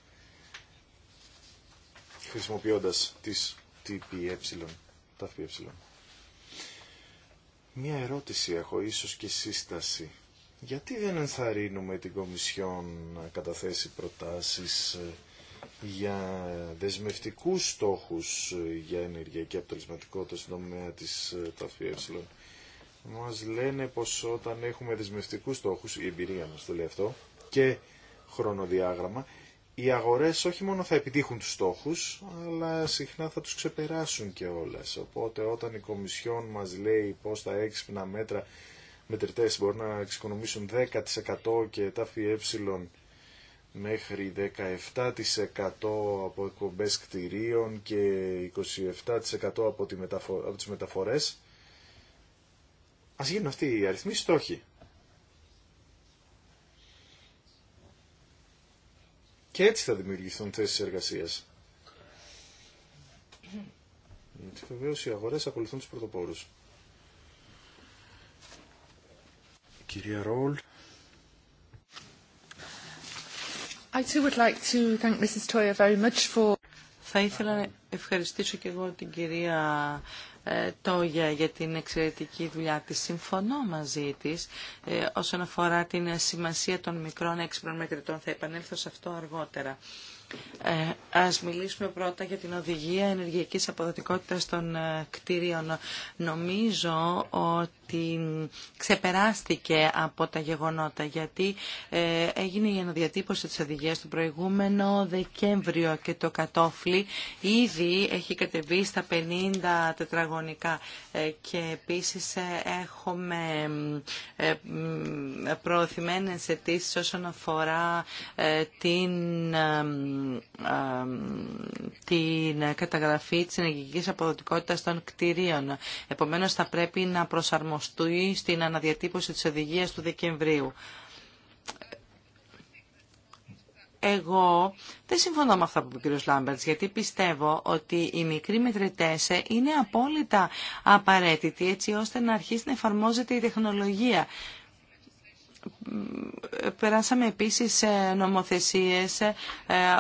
χρησιμοποιώντας τις ΤΠΕ, τα ΦΠΕ. Μία ερώτηση έχω, ίσως και σύσταση γιατί δεν ενθαρρύνουμε την Κομισιόν να καταθέσει προτάσεις ε, για δεσμευτικούς στόχους ε, για ενεργειακή αποτελεσματικότητα στον τομέα της ε, ΤΑΦΙΕ. Μας λένε πως όταν έχουμε δεσμευτικούς στόχους, η εμπειρία μας το λέει αυτό, και χρονοδιάγραμμα, οι αγορές όχι μόνο θα επιτύχουν τους στόχους, αλλά συχνά θα τους ξεπεράσουν και όλες. Οπότε όταν η Κομισιόν μας λέει πως τα έξυπνα μέτρα μετρητές μπορούν να εξοικονομήσουν 10% και τα ΦΕ μέχρι 17% από εκπομπέ κτηρίων και 27% από, από τις μεταφορές. Ας γίνουν αυτοί οι αριθμοί στόχοι. Και έτσι θα δημιουργηθούν θέσεις εργασίας. Γιατί βεβαίω οι αγορές ακολουθούν τους πρωτοπόρους. κυρία Ρόλ. Θα ήθελα να ευχαριστήσω και εγώ την κυρία ε, Τόγια για την εξαιρετική δουλειά της. Συμφωνώ μαζί της ε, όσον αφορά την σημασία των μικρών έξυπνων μετρητών. Θα επανέλθω σε αυτό αργότερα. Ε, ας μιλήσουμε πρώτα για την οδηγία ενεργειακής αποδοτικότητας των ε, κτίριων. Νομίζω ότι την ξεπεράστηκε από τα γεγονότα γιατί ε, έγινε η αναδιατύπωση της οδηγίας του προηγούμενο Δεκέμβριο και το κατόφλι ήδη έχει κατεβεί στα 50 τετραγωνικά ε, και επίσης ε, έχουμε προωθημένες αιτήσει όσον αφορά την, την καταγραφή της ενεργικής αποδοτικότητας των κτηρίων. Επομένως θα πρέπει να προσαρμοστούμε του ή στην αναδιατύπωση της οδηγία του Δεκεμβρίου. Εγώ δεν συμφωνώ με αυτά που είπε ο κ. Λάμπερτς, γιατί πιστεύω ότι οι μικροί μετρητές είναι απόλυτα απαραίτητοι έτσι ώστε να αρχίσει να εφαρμόζεται η τεχνολογία Περάσαμε επίσης νομοθεσίες ε,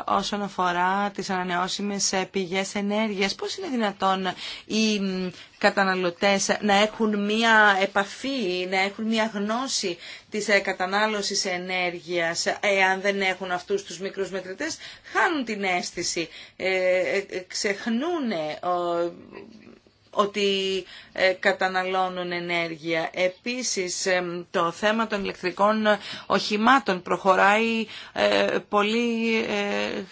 όσον αφορά τις ανανεώσιμες ε, πηγές ενέργειας. Πώς είναι δυνατόν οι καταναλωτές να έχουν μία επαφή, να έχουν μία γνώση της ε, κατανάλωσης ενέργειας, εάν δεν έχουν αυτούς τους μικρούς μετρητές, χάνουν την αίσθηση, ξεχνούν ότι ε, καταναλώνουν ενέργεια. Επίσης ε, το θέμα των ηλεκτρικών οχημάτων προχωράει ε, πολύ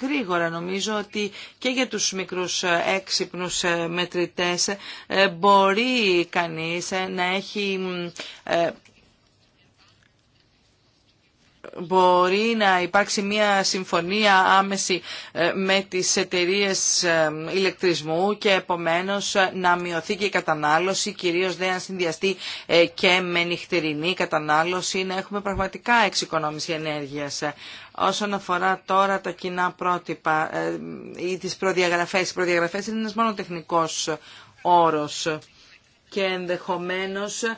γρήγορα. Νομίζω ότι και για τους μικρούς έξυπνους μετρητές μπορεί κανείς να έχει μπορεί να υπάρξει μια συμφωνία άμεση ε, με τις εταιρείε ε, ηλεκτρισμού και επομένως ε, να μειωθεί και η κατανάλωση, κυρίως δεν αν συνδυαστεί και με νυχτερινή κατανάλωση, να έχουμε πραγματικά εξοικονόμηση ενέργειας. Όσον αφορά τώρα τα κοινά πρότυπα ή τις προδιαγραφές, οι προδιαγραφές είναι ένας μόνο τεχνικός όρος και ενδεχομένως ε,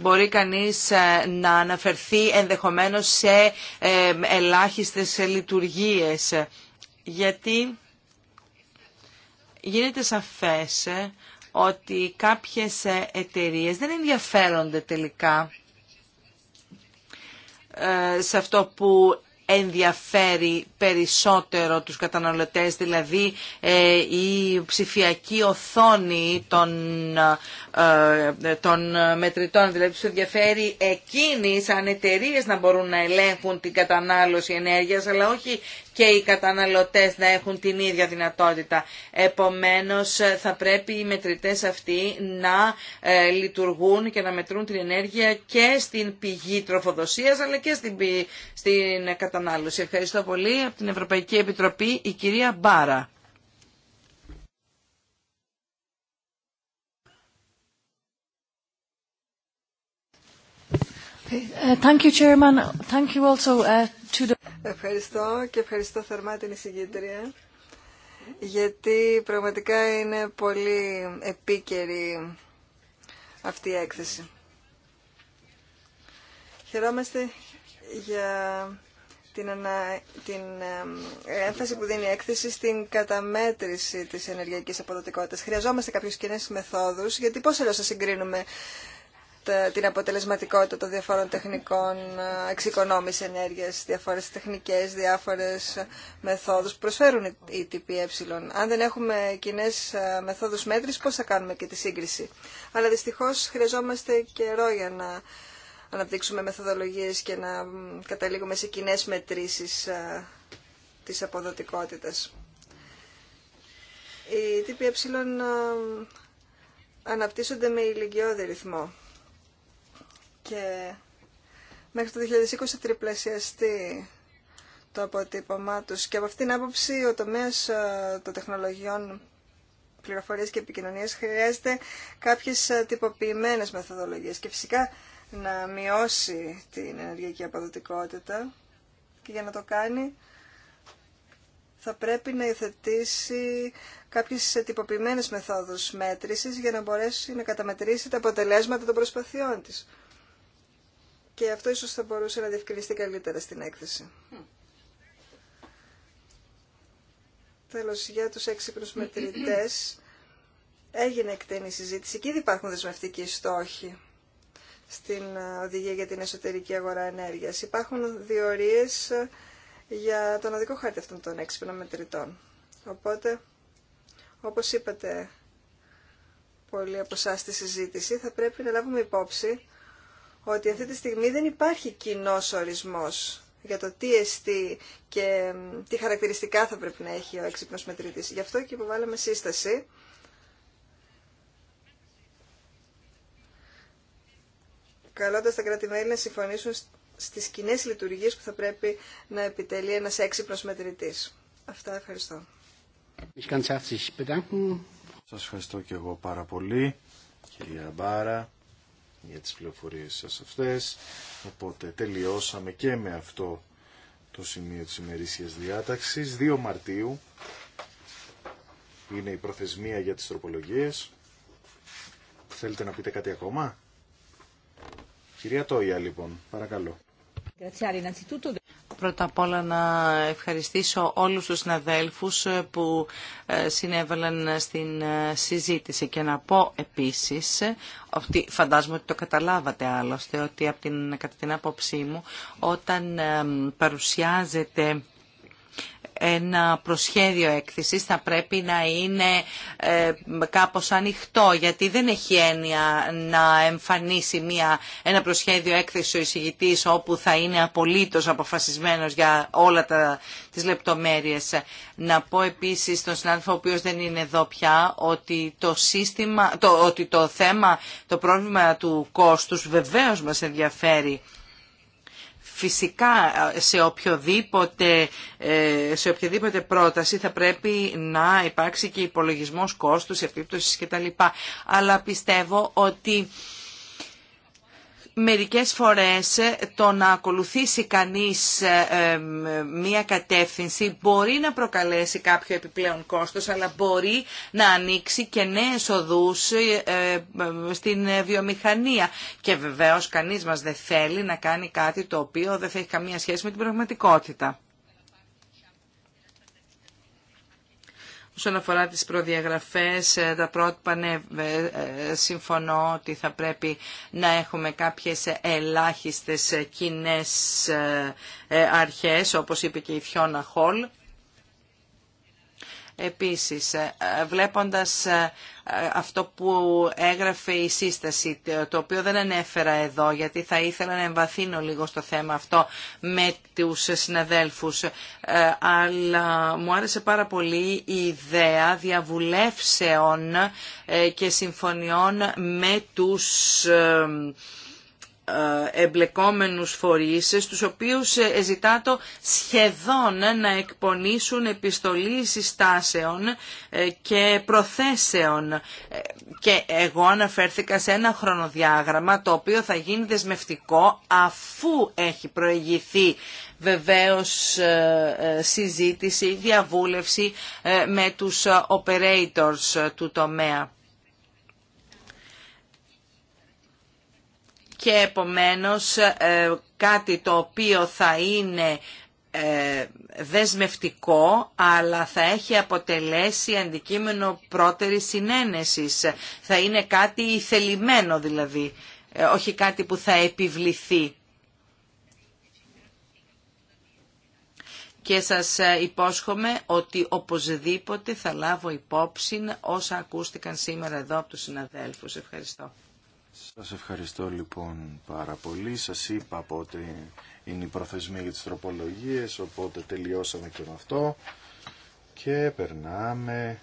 μπορεί κανείς ε, να αναφερθεί ενδεχομένως σε ε, ελάχιστες λειτουργίες. Γιατί γίνεται σαφές ότι κάποιες εταιρείες δεν ενδιαφέρονται τελικά σε αυτό που ενδιαφέρει περισσότερο τους καταναλωτές, δηλαδή η ψηφιακή οθόνη των ε, των μετρητών. Δηλαδή τους ενδιαφέρει εκείνοι σαν εταιρείε να μπορούν να ελέγχουν την κατανάλωση ενέργειας αλλά όχι και οι καταναλωτές να έχουν την ίδια δυνατότητα. Επομένως θα πρέπει οι μετρητές αυτοί να ε, λειτουργούν και να μετρούν την ενέργεια και στην πηγή τροφοδοσίας αλλά και στην, στην κατανάλωση. Ευχαριστώ πολύ. Από την Ευρωπαϊκή Επιτροπή η κυρία Μπάρα. Ευχαριστώ και ευχαριστώ θερμά την εισηγήτρια γιατί πραγματικά είναι πολύ επίκαιρη αυτή η έκθεση. Χαιρόμαστε για την, ανα... την ε, έμφαση που δίνει η έκθεση στην καταμέτρηση της ενεργειακής αποδοτικότητας. Χρειαζόμαστε κάποιους κοινέ μεθόδους, γιατί πώς αλλιώς θα συγκρίνουμε ε, την αποτελεσματικότητα των διαφόρων τεχνικών ε, εξοικονόμηση ενέργειας, διαφορέ τεχνικές, διάφορε μεθόδου που προσφέρουν οι ΤΠΕ. Αν δεν έχουμε κοινέ ε, μεθόδους μέτρησης, πώς θα κάνουμε και τη σύγκριση. Αλλά δυστυχώς χρειαζόμαστε καιρό για να αναπτύξουμε μεθοδολογίες και να καταλήγουμε σε κοινέ μετρήσεις της αποδοτικότητα. Οι ΤΠΕ αναπτύσσονται με ηλικιώδη ρυθμό και μέχρι το 2020 τριπλασιαστεί το αποτύπωμά τους. Και από αυτήν την άποψη ο τομέας ε, των τεχνολογιών πληροφορίες και επικοινωνίας χρειάζεται κάποιες ε, τυποποιημένες μεθοδολογίες και φυσικά να μειώσει την ενεργειακή αποδοτικότητα και για να το κάνει θα πρέπει να υιοθετήσει κάποιες ε, τυποποιημένες μεθόδους μέτρησης για να μπορέσει να καταμετρήσει τα αποτελέσματα των προσπαθειών της. Και αυτό ίσως θα μπορούσε να διευκρινιστεί καλύτερα στην έκθεση. Mm. Τέλος, για τους έξυπνους μετρητές έγινε εκτενή συζήτηση και ήδη υπάρχουν δεσμευτικοί στόχοι στην ε, οδηγία για την εσωτερική αγορά ενέργειας. Υπάρχουν διορίες ε, για τον οδικό χάρτη αυτών των έξυπνων μετρητών. Οπότε, όπως είπατε πολλοί από εσά στη συζήτηση, θα πρέπει να λάβουμε υπόψη ότι αυτή τη στιγμή δεν υπάρχει κοινό ορισμός για το τι εστί και τι χαρακτηριστικά θα πρέπει να έχει ο έξυπνος μετρητής. Γι' αυτό και υποβάλαμε σύσταση. καλώντας τα κράτη-μέλη να συμφωνήσουν στις κοινέ λειτουργίες που θα πρέπει να επιτελεί ένας έξυπνος μετρητής. Αυτά ευχαριστώ. Σας ευχαριστώ και εγώ πάρα πολύ, κυρία Μπάρα για τις πληροφορίες σας αυτές. Οπότε τελειώσαμε και με αυτό το σημείο της ημερήσιας διάταξης. 2 Μαρτίου είναι η προθεσμία για τις τροπολογίες. Θέλετε να πείτε κάτι ακόμα. Κυρία Τόια λοιπόν, παρακαλώ πρώτα απ' όλα να ευχαριστήσω όλους τους συναδέλφους που ε, συνέβαλαν στην ε, συζήτηση και να πω επίσης ότι φαντάζομαι ότι το καταλάβατε άλλωστε ότι από την, κατά την άποψή μου όταν ε, παρουσιάζεται ένα προσχέδιο έκθεσης θα πρέπει να είναι ε, κάπως ανοιχτό γιατί δεν έχει έννοια να εμφανίσει μια, ένα προσχέδιο έκθεση ο εισηγητής όπου θα είναι απολύτως αποφασισμένος για όλα τα, τις λεπτομέρειες. Να πω επίσης στον συνάδελφο ο οποίος δεν είναι εδώ πια ότι το, σύστημα, το, ότι το θέμα, το πρόβλημα του κόστους βεβαίως μας ενδιαφέρει Φυσικά ε, σε, οποιοδήποτε, ε, σε οποιοδήποτε πρόταση θα πρέπει να υπάρξει και υπολογισμός κόστους, ευθύπτωσης κτλ. Αλλά πιστεύω ότι μερικές φορές ε, το να ακολουθήσει κανείς ε, ε, μία κατεύθυνση μπορεί να προκαλέσει κάποιο επιπλέον κόστος, αλλά μπορεί να ανοίξει και νέες οδούς στην βιομηχανία. Και βεβαίως κανείς μας δεν θέλει να κάνει κάτι το οποίο δεν θα έχει καμία σχέση με την πραγματικότητα. Όσον αφορά τις προδιαγραφές, ε, τα πρότυπα, ναι, ε, συμφωνώ ότι θα πρέπει να έχουμε κάποιες ελάχιστες ε, κοινέ αρχές, όπως είπε και η Φιώνα Χολ. Επίσης, ε, βλέποντας ε, ε, αυτό που έγραφε η σύσταση, το οποίο δεν ανέφερα εδώ, γιατί θα ήθελα να εμβαθύνω λίγο στο θέμα αυτό με τους συναδέλφους, αλλά μου άρεσε πάρα πολύ η ιδέα διαβουλεύσεων και συμφωνιών με τους ε, εμπλεκόμενους φορείς, στους οποίους ε, ζητά σχεδόν να εκπονήσουν επιστολή συστάσεων ε, και προθέσεων. Και εγώ αναφέρθηκα σε ένα χρονοδιάγραμμα το οποίο θα γίνει δεσμευτικό αφού έχει προηγηθεί βεβαίως συζήτηση, διαβούλευση με τους operators του τομέα. και επομένως ε, κάτι το οποίο θα είναι ε, δεσμευτικό αλλά θα έχει αποτελέσει αντικείμενο πρώτερης συνένεσης. Θα είναι κάτι θελημένο δηλαδή, ε, όχι κάτι που θα επιβληθεί. και σας υπόσχομαι ότι οπωσδήποτε θα λάβω υπόψη όσα ακούστηκαν σήμερα εδώ από τους συναδέλφους. Ευχαριστώ. Σας ευχαριστώ λοιπόν πάρα πολύ. Σας είπα πότε είναι η προθεσμία για τις τροπολογίες, οπότε τελειώσαμε και με αυτό. Και περνάμε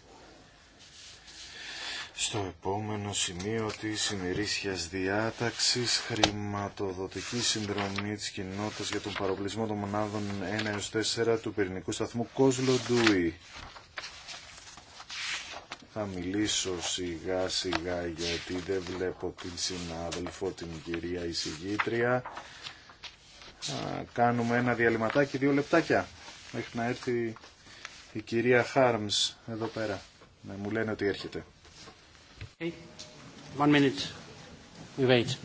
στο επόμενο σημείο της ημερήσιας διάταξης χρηματοδοτική συνδρομή της κοινότητας για τον παροπλισμό των μονάδων 1 4 του πυρηνικού σταθμού Κόσλο Ντούι. Θα μιλήσω σιγά σιγά γιατί δεν βλέπω την συνάδελφο, την κυρία εισηγήτρια. Κάνουμε ένα διαλυματάκι, δύο λεπτάκια, μέχρι να έρθει η κυρία Χάρμς εδώ πέρα. Να μου λένε ότι έρχεται. One minute. We wait.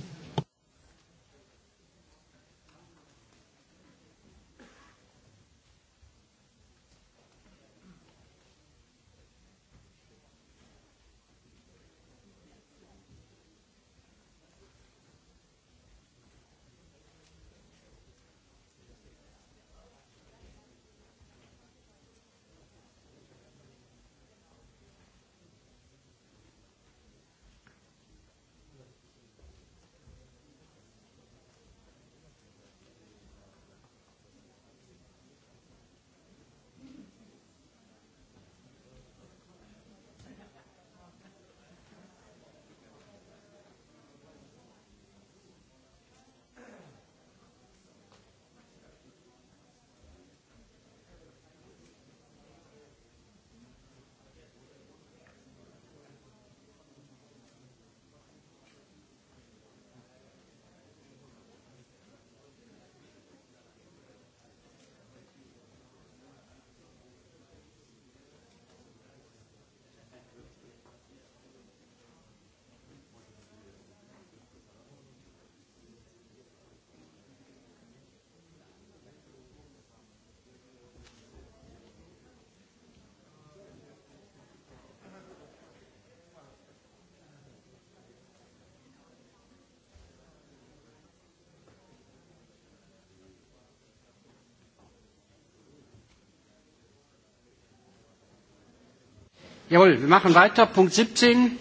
Jawohl, wir machen weiter. Punkt 17.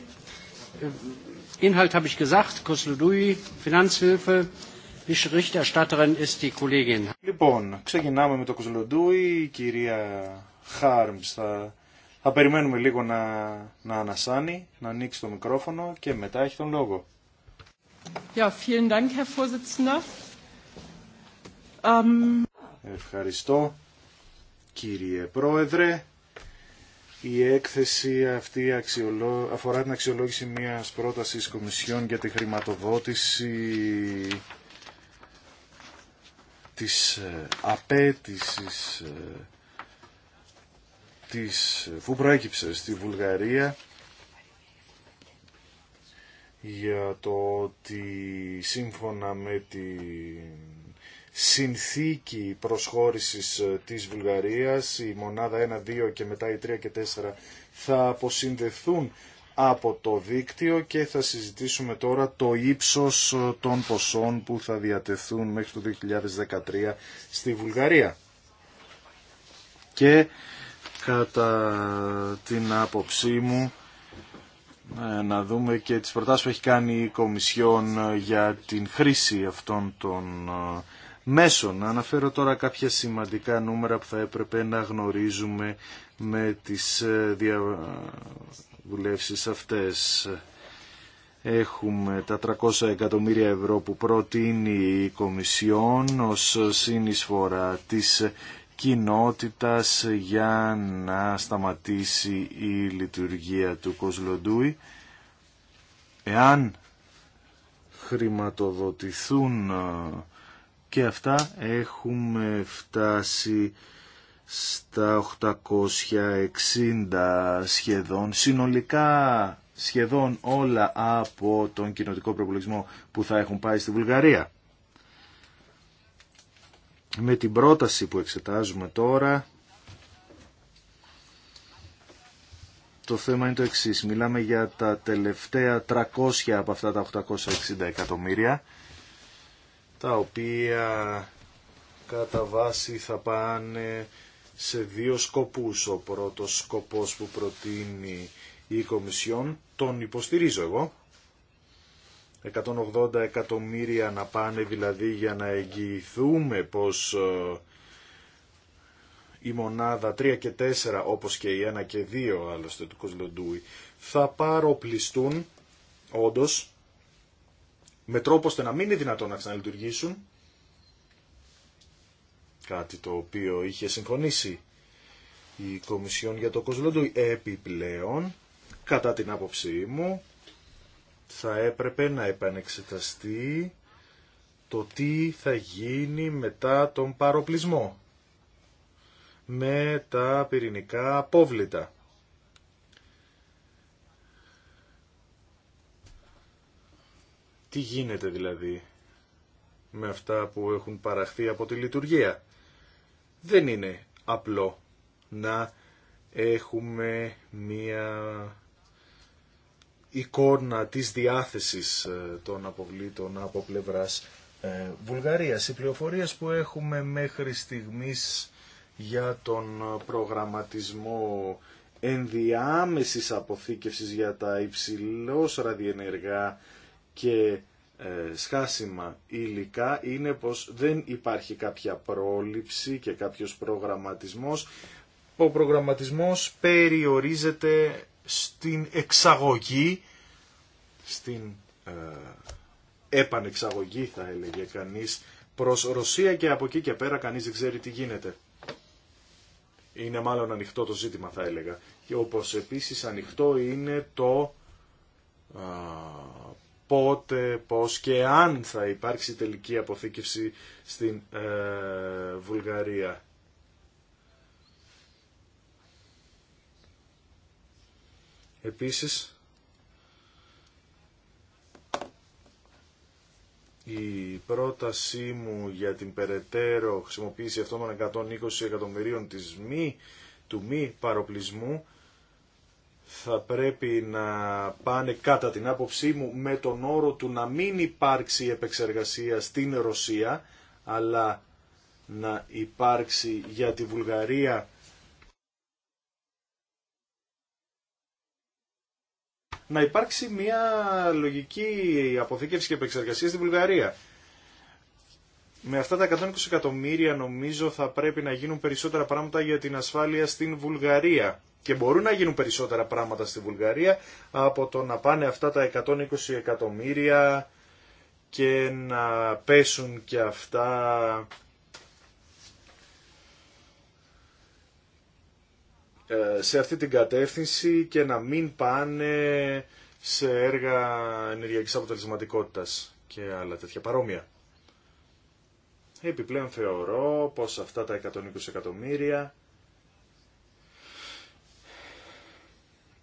Inhalt habe ich gesagt. Kosludui, Finanzhilfe. Richterstatterin ist die Kollegin. Λοιπόν, ξεκινάμε με το Κοσλοντούι. κυρία Χάρμς θα, θα περιμένουμε λίγο να, να ανασάνει, να ανοίξει το μικρόφωνο και μετά έχει τον λόγο. Ja, vielen Dank, Herr Vorsitzender. Um... Ευχαριστώ, κύριε Πρόεδρε. Η έκθεση αυτή αξιολο... αφορά την αξιολόγηση μιας πρότασης Κομισιόν για τη χρηματοδότηση της ε, απέτησης ε, της... Ε, που προέκυψε στη Βουλγαρία για το ότι σύμφωνα με την συνθήκη προσχώρησης ε, της Βουλγαρίας, η μονάδα 1, 2 και μετά η 3 και 4 θα αποσυνδεθούν από το δίκτυο και θα συζητήσουμε τώρα το ύψος ε, των ποσών που θα διατεθούν μέχρι το 2013 στη Βουλγαρία. Και κατά την άποψή μου ε, να δούμε και τις προτάσεις που έχει κάνει η Κομισιόν για την χρήση αυτών των μέσων. Αναφέρω τώρα κάποια σημαντικά νούμερα που θα έπρεπε να γνωρίζουμε με τις ε, διαβουλεύσεις αυτές. Έχουμε τα 300 εκατομμύρια ευρώ που προτείνει η Κομισιόν ως συνεισφορά της κοινότητας για να σταματήσει η λειτουργία του Κοσλοντούι. Εάν χρηματοδοτηθούν ε, και αυτά έχουμε φτάσει στα 860 σχεδόν, συνολικά σχεδόν όλα από τον κοινοτικό προπολογισμό που θα έχουν πάει στη Βουλγαρία. Με την πρόταση που εξετάζουμε τώρα, το θέμα είναι το εξής. Μιλάμε για τα τελευταία 300 από αυτά τα 860 εκατομμύρια τα οποία κατά βάση θα πάνε σε δύο σκοπούς. Ο πρώτος σκοπός που προτείνει η Κομισιόν, τον υποστηρίζω εγώ, 180 εκατομμύρια να πάνε δηλαδή για να εγγυηθούμε πως ε, η μονάδα 3 και 4 όπως και η 1 και 2 άλλωστε του Κοσλοντούι θα παροπλιστούν όντως με τρόπο ώστε να μην είναι δυνατόν να ξαναλειτουργήσουν, κάτι το οποίο είχε συμφωνήσει η Κομισιόν για το Κοσλόντου, Επιπλέον, κατά την άποψή μου, θα έπρεπε να επανεξεταστεί το τι θα γίνει μετά τον παροπλισμό με τα πυρηνικά απόβλητα. Τι γίνεται δηλαδή με αυτά που έχουν παραχθεί από τη λειτουργία. Δεν είναι απλό να έχουμε μία εικόνα της διάθεσης ε, των αποβλήτων από πλευράς ε, Βουλγαρίας. Οι πληροφορίες που έχουμε μέχρι στιγμής για τον προγραμματισμό ενδιάμεσης αποθήκευσης για τα υψηλώς ραδιενεργά και ε, σχάσιμα υλικά είναι πως δεν υπάρχει κάποια πρόληψη και κάποιος προγραμματισμός. Ο προγραμματισμός περιορίζεται στην εξαγωγή, στην ε, επανεξαγωγή θα έλεγε κανείς, προς Ρωσία και από εκεί και πέρα κανείς δεν ξέρει τι γίνεται. Είναι μάλλον ανοιχτό το ζήτημα θα έλεγα. Και όπως επίσης ανοιχτό είναι το πότε, πώς και αν θα υπάρξει τελική αποθήκευση στην ε, Βουλγαρία. Επίσης, η πρότασή μου για την περαιτέρω χρησιμοποίηση αυτών των 120 εκατομμυρίων της μη, του μη παροπλισμού θα πρέπει να πάνε κατά την άποψή μου με τον όρο του να μην υπάρξει επεξεργασία στην Ρωσία αλλά να υπάρξει για τη Βουλγαρία να υπάρξει μια λογική αποθήκευση και επεξεργασία στη Βουλγαρία. Με αυτά τα 120 εκατομμύρια νομίζω θα πρέπει να γίνουν περισσότερα πράγματα για την ασφάλεια στην Βουλγαρία και μπορούν να γίνουν περισσότερα πράγματα στη Βουλγαρία από το να πάνε αυτά τα 120 εκατομμύρια και να πέσουν και αυτά ε, σε αυτή την κατεύθυνση και να μην πάνε σε έργα ενεργειακής αποτελεσματικότητας και άλλα τέτοια παρόμοια. Επιπλέον θεωρώ πως αυτά τα 120 εκατομμύρια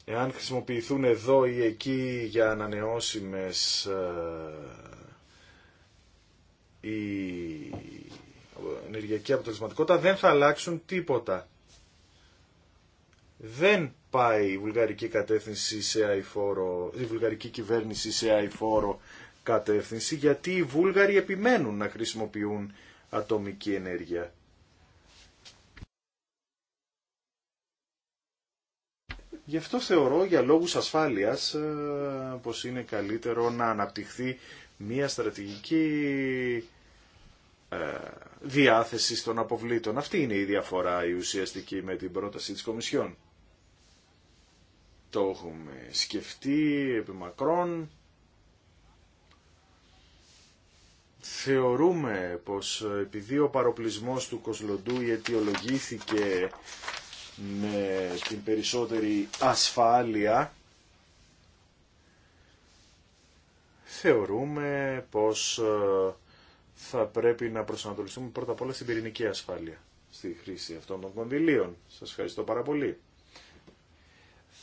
Εάν χρησιμοποιηθούν εδώ ή εκεί για ανανεώσιμες ε, η ενεργειακή αποτελεσματικότητα δεν θα αλλάξουν τίποτα. Δεν πάει η βουλγαρική κατεύθυνση σε αηφόρο, η βουλγαρική κυβέρνηση σε αηφόρο κατεύθυνση γιατί οι Βούλγαροι επιμένουν να χρησιμοποιούν ατομική ενέργεια. Γι' αυτό θεωρώ για λόγους ασφάλειας ε, πως είναι καλύτερο να αναπτυχθεί μια στρατηγική ε, διάθεση των αποβλήτων. Αυτή είναι η διαφορά η ουσιαστική με την πρόταση της Κομισιόν. Το έχουμε σκεφτεί επί μακρόν. Θεωρούμε πως επειδή ο παροπλισμός του Κοσλοντού ιετιολογήθηκε με την περισσότερη ασφάλεια θεωρούμε πως ε, θα πρέπει να προσανατολιστούμε πρώτα απ' όλα στην πυρηνική ασφάλεια στη χρήση αυτών των κονδυλίων. Σας ευχαριστώ πάρα πολύ.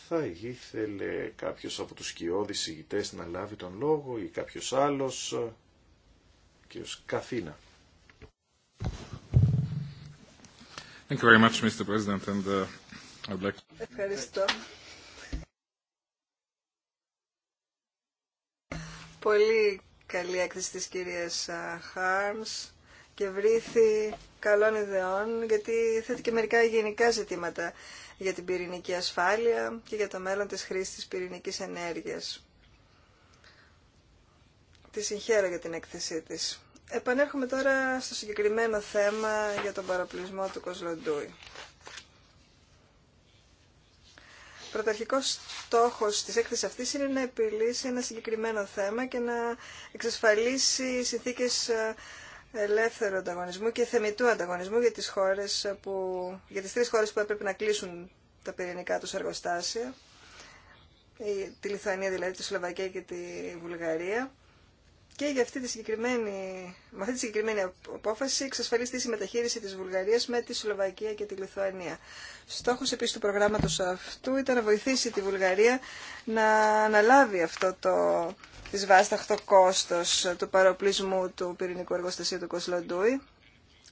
Θα ήθελε κάποιος από τους σκιώδεις ηγητές να λάβει τον λόγο ή κάποιος άλλος ε, και ως καθήνα. Uh, Ευχαριστώ. Πολύ καλή έκθεση της κυρίας Χάρμς και βρήθη καλών ιδεών γιατί θέτει μερικά γενικά ζητήματα για την πυρηνική ασφάλεια και για το μέλλον της χρήσης της πυρηνικής ενέργειας. Τη συγχαίρω για την έκθεσή της. Επανέρχομαι τώρα στο συγκεκριμένο θέμα για τον παραπλησμό του Κοσλοντούι. Πρωταρχικός στόχος της έκθεσης αυτής είναι να επιλύσει ένα συγκεκριμένο θέμα και να εξασφαλίσει συνθήκες ε, ελεύθερου ανταγωνισμού και θεμητού ανταγωνισμού για τις, χώρες που, για τις τρεις χώρες που έπρεπε να κλείσουν τα πυρηνικά τους εργοστάσια, τη Λιθουανία δηλαδή, τη Σλοβακία και τη Βουλγαρία και για αυτή τη συγκεκριμένη, με αυτή τη συγκεκριμένη απόφαση εξασφαλίστηκε η μεταχείριση της Βουλγαρίας με τη Σλοβακία και τη Λιθουανία. Στόχος επίση του προγράμματος αυτού ήταν να βοηθήσει τη Βουλγαρία να αναλάβει αυτό το δυσβάσταχτο κόστο του παροπλισμού του πυρηνικού εργοστασίου του Κοσλοντούι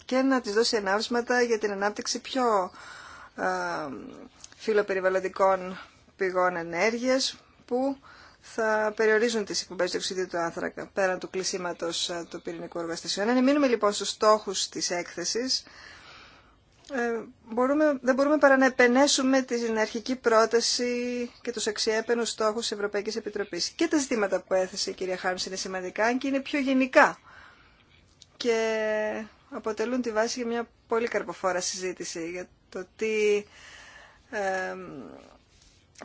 και να τη δώσει ενάψματα για την ανάπτυξη πιο φιλοπεριβαλλοντικών πηγών ενέργειας που θα περιορίζουν τις εκπομπές διοξιδίου του άνθρακα πέραν του κλεισίματος ε, του πυρηνικού εργαστασίου. Αν μείνουμε λοιπόν στους στόχους της έκθεσης, ε, μπορούμε, δεν μπορούμε παρά να επενέσουμε την αρχική πρόταση και τους αξιέπαινους στόχους της Ευρωπαϊκής Επιτροπής. Και τα ζητήματα που έθεσε η κυρία Χάρμς είναι σημαντικά και είναι πιο γενικά και αποτελούν τη βάση για μια πολύ καρποφόρα συζήτηση για το τι ε,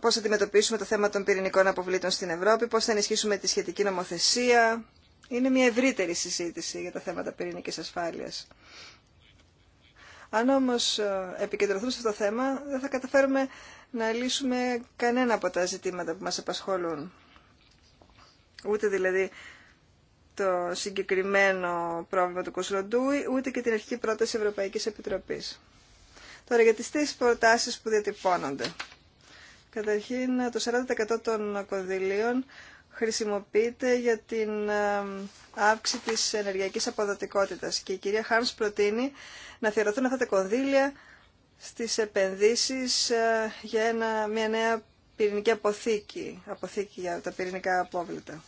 Πώ θα αντιμετωπίσουμε το θέμα των πυρηνικών αποβλήτων στην Ευρώπη, πώ θα ενισχύσουμε τη σχετική νομοθεσία. Είναι μια ευρύτερη συζήτηση για τα θέματα πυρηνική ασφάλεια. Αν όμω ε, επικεντρωθούμε σε αυτό το θέμα, δεν θα καταφέρουμε να λύσουμε κανένα από τα ζητήματα που μα απασχολούν. Ούτε δηλαδή το συγκεκριμένο πρόβλημα του Κοσλοντούι, ούτε και την αρχική πρόταση Ευρωπαϊκής Επιτροπής. Τώρα για τις τρεις προτάσει που διατυπώνονται. Καταρχήν, το 40% των κονδυλίων χρησιμοποιείται για την αύξηση της ενεργειακής αποδοτικότητας και η κυρία Χάρμς προτείνει να θεωρηθούν αυτά τα κονδύλια στις επενδύσεις ε, για ένα, μια νέα πυρηνική αποθήκη, αποθήκη για τα πυρηνικά απόβλητα.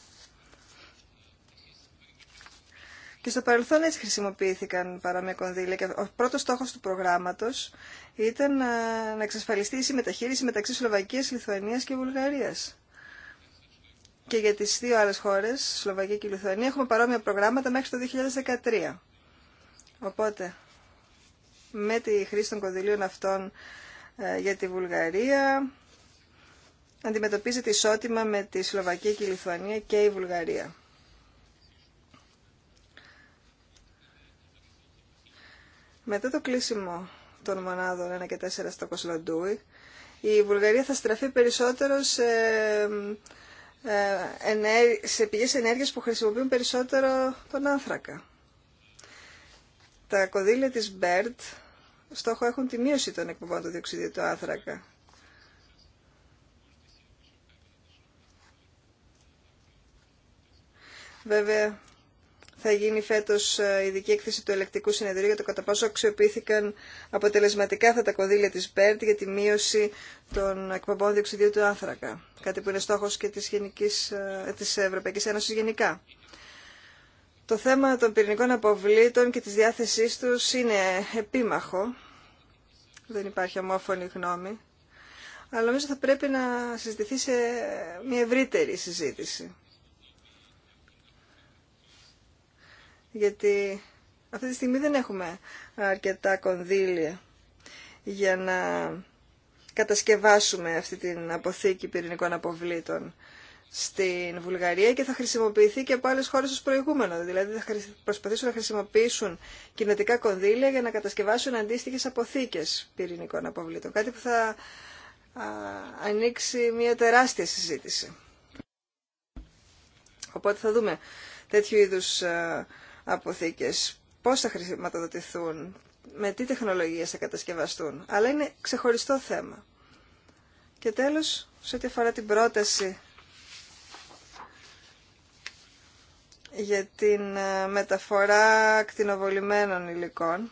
Και στο παρελθόν έτσι χρησιμοποιήθηκαν παρόμοια κονδύλια. Και ο πρώτος στόχος του προγράμματος ήταν να εξασφαλιστεί η συμμεταχείριση μεταξύ Σλοβακίας, Λιθουανίας και Βουλγαρίας. Και για τις δύο άλλες χώρες, Σλοβακία και Λιθουανία, έχουμε παρόμοια προγράμματα μέχρι το 2013. Οπότε, με τη χρήση των κονδυλίων αυτών ε, για τη Βουλγαρία, αντιμετωπίζεται ισότιμα με τη Σλοβακία και η Λιθουανία και η Βουλγαρία. Μετά το κλείσιμο των μονάδων 1 και 4 στο Κοσλοντούι, η Βουλγαρία θα στραφεί περισσότερο σε, ε, σε πηγές ενέργειας που χρησιμοποιούν περισσότερο τον άνθρακα. Τα κονδύλια της BERT στόχο έχουν τη μείωση των εκπομπών του διοξιδίου του άνθρακα. Βέβαια, θα γίνει φέτος ε, ειδική έκθεση του ελεκτικού συνεδρίου για το κατά πόσο αξιοποιήθηκαν αποτελεσματικά αυτά τα κονδύλια της ΠΕΡΤ για τη μείωση των εκπομπών διοξιδίου του άνθρακα. Κάτι που είναι στόχος και τη Ευρωπαϊκή της Ευρωπαϊκής Ένωσης γενικά. Το θέμα των πυρηνικών αποβλήτων και της διάθεσής τους είναι επίμαχο. Δεν υπάρχει ομόφωνη γνώμη. Αλλά νομίζω θα πρέπει να συζητηθεί σε μια ευρύτερη συζήτηση. γιατί αυτή τη στιγμή δεν έχουμε αρκετά κονδύλια για να κατασκευάσουμε αυτή την αποθήκη πυρηνικών αποβλήτων στην Βουλγαρία και θα χρησιμοποιηθεί και από άλλε χώρε ως προηγούμενο. Δηλαδή θα προσπαθήσουν να χρησιμοποιήσουν κινητικά κονδύλια για να κατασκευάσουν αντίστοιχες αποθήκες πυρηνικών αποβλήτων. Κάτι που θα ανοίξει μια τεράστια συζήτηση. Οπότε θα δούμε τέτοιου είδους αποθήκες, πώς θα χρηματοδοτηθούν, με τι τεχνολογίες θα κατασκευαστούν. Αλλά είναι ξεχωριστό θέμα. Και τέλος, σε ό,τι αφορά την πρόταση για την ε, μεταφορά κτηνοβολημένων υλικών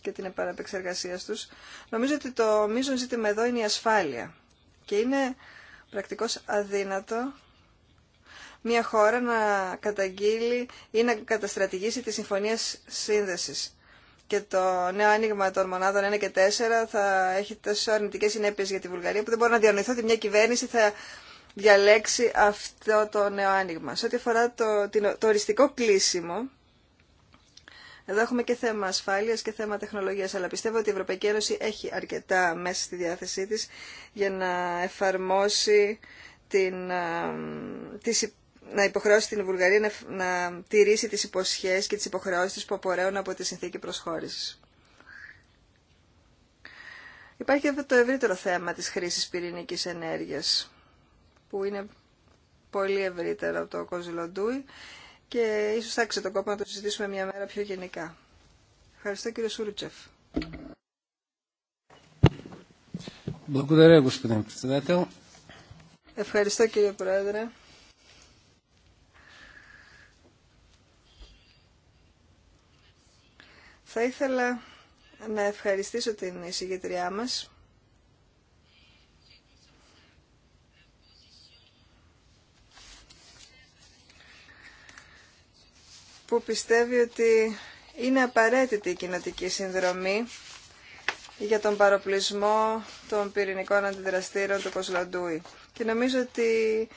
και την επαναπεξεργασία τους, νομίζω ότι το μείζον ζήτημα εδώ είναι η ασφάλεια. Και είναι πρακτικώς αδύνατο μια χώρα να καταγγείλει ή να καταστρατηγήσει τις συμφωνίες σύνδεσης. Και το νέο άνοιγμα των μονάδων 1 και 4 θα έχει τόσο αρνητικέ συνέπειε για τη Βουλγαρία που δεν μπορώ να διανοηθώ ότι μια κυβέρνηση θα διαλέξει αυτό το νέο άνοιγμα. Σε ό,τι αφορά το, το οριστικό κλείσιμο, εδώ έχουμε και θέμα ασφάλεια και θέμα τεχνολογία, αλλά πιστεύω ότι η Ευρωπαϊκή Ένωση έχει αρκετά μέσα στη διάθεσή τη για να εφαρμόσει την, τις να υποχρεώσει την Βουλγαρία να, να τηρήσει τις υποσχέσεις και τις υποχρεώσεις της που απορρέουν από τη συνθήκη προσχώρησης. Υπάρχει αυτό το ευρύτερο θέμα της χρήσης πυρηνικής ενέργειας, που είναι πολύ ευρύτερο από το Κοζιλοντούι και ίσως θα τον κόπο να το συζητήσουμε μια μέρα πιο γενικά. Ευχαριστώ κύριε Σούρουτσεφ. Ευχαριστώ κύριε Πρόεδρε. Θα ήθελα να ευχαριστήσω την εισηγητριά μας που πιστεύει ότι είναι απαραίτητη η κοινοτική συνδρομή για τον παροπλισμό των πυρηνικών αντιδραστήρων του Κοσλαντούι. Και νομίζω ότι